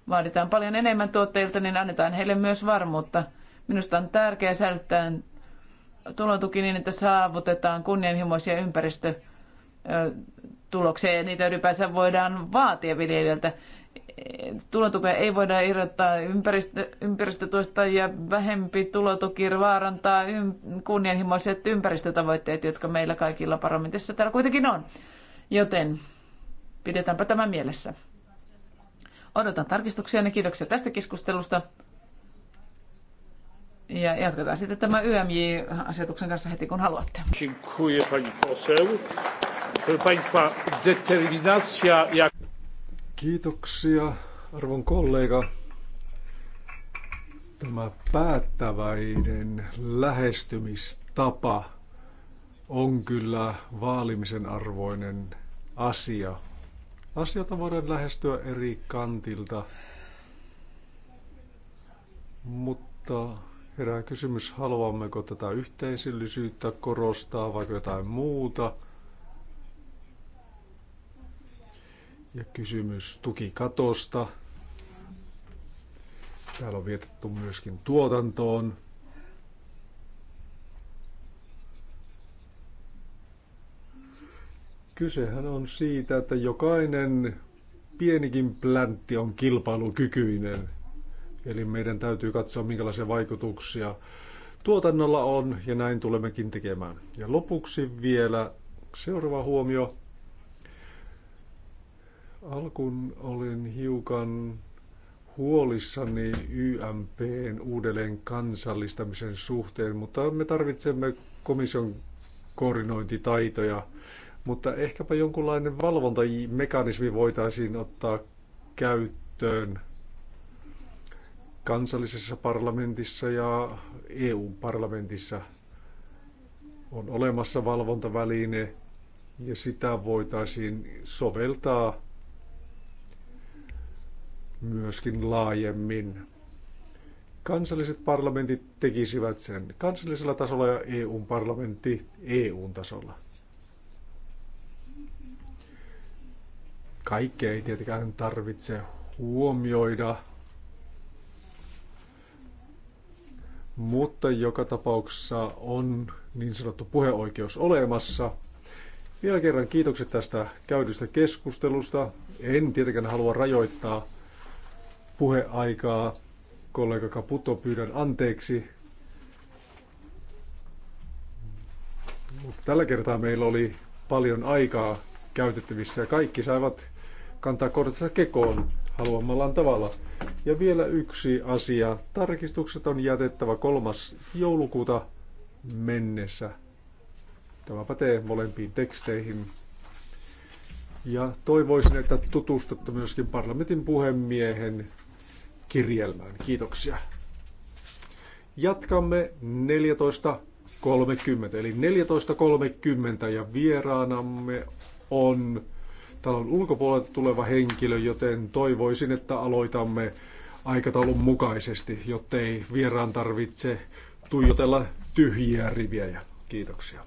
vaaditaan paljon enemmän tuotteilta, niin annetaan heille myös varmuutta. Minusta on tärkeää säilyttää tulotuki niin, että saavutetaan kunnianhimoisia ympäristö Tulokseen ja niitä ylipäänsä voidaan vaatia viljelijöiltä. Tulotukea ei voida irrottaa ympäristö, ympäristötuista ja vähempi tulotuki vaarantaa ym, kunnianhimoiset ympäristötavoitteet, jotka meillä kaikilla parlamentissa täällä kuitenkin on. Joten pidetäänpä tämä mielessä. Odotan tarkistuksia ja niin kiitoksia tästä keskustelusta. Ja jatketaan sitten tämä YMJ-asetuksen kanssa heti kun haluatte. Dziękuję pani poseł. Proszę Państwa, determinacja jak... Kiitoksia, arvon kollega. Tämä päättäväinen lähestymistapa on kyllä vaalimisen arvoinen asia. Asiata voidaan lähestyä eri kantilta, mutta herää kysymys, haluammeko tätä yhteisöllisyyttä korostaa vai jotain muuta – Ja kysymys tukikatosta. Täällä on vietetty myöskin tuotantoon. Kysehän on siitä, että jokainen pienikin pläntti on kilpailukykyinen. Eli meidän täytyy katsoa, minkälaisia vaikutuksia tuotannolla on, ja näin tulemmekin tekemään. Ja lopuksi vielä seuraava huomio. Alkuun olin hiukan huolissani YMPn uudelleen kansallistamisen suhteen, mutta me tarvitsemme komission koordinointitaitoja. Mutta ehkäpä jonkunlainen valvontamekanismi voitaisiin ottaa käyttöön kansallisessa parlamentissa ja EU-parlamentissa on olemassa valvontaväline ja sitä voitaisiin soveltaa myöskin laajemmin. Kansalliset parlamentit tekisivät sen kansallisella tasolla ja EU-parlamentti EU-tasolla. Kaikkea ei tietenkään tarvitse huomioida, mutta joka tapauksessa on niin sanottu puheoikeus olemassa. Vielä kerran kiitokset tästä käydystä keskustelusta. En tietenkään halua rajoittaa puheaikaa. Kollega Kaputo, pyydän anteeksi. Mutta tällä kertaa meillä oli paljon aikaa käytettävissä ja kaikki saivat kantaa kortensa kekoon haluamallaan tavalla. Ja vielä yksi asia. Tarkistukset on jätettävä kolmas joulukuuta mennessä. Tämä pätee molempiin teksteihin. Ja toivoisin, että tutustutte myöskin parlamentin puhemiehen kirjelmään. Kiitoksia. Jatkamme 14.30, eli 14.30 ja vieraanamme on talon ulkopuolelta tuleva henkilö, joten toivoisin, että aloitamme aikataulun mukaisesti, jottei vieraan tarvitse tuijotella tyhjiä riviä. Kiitoksia.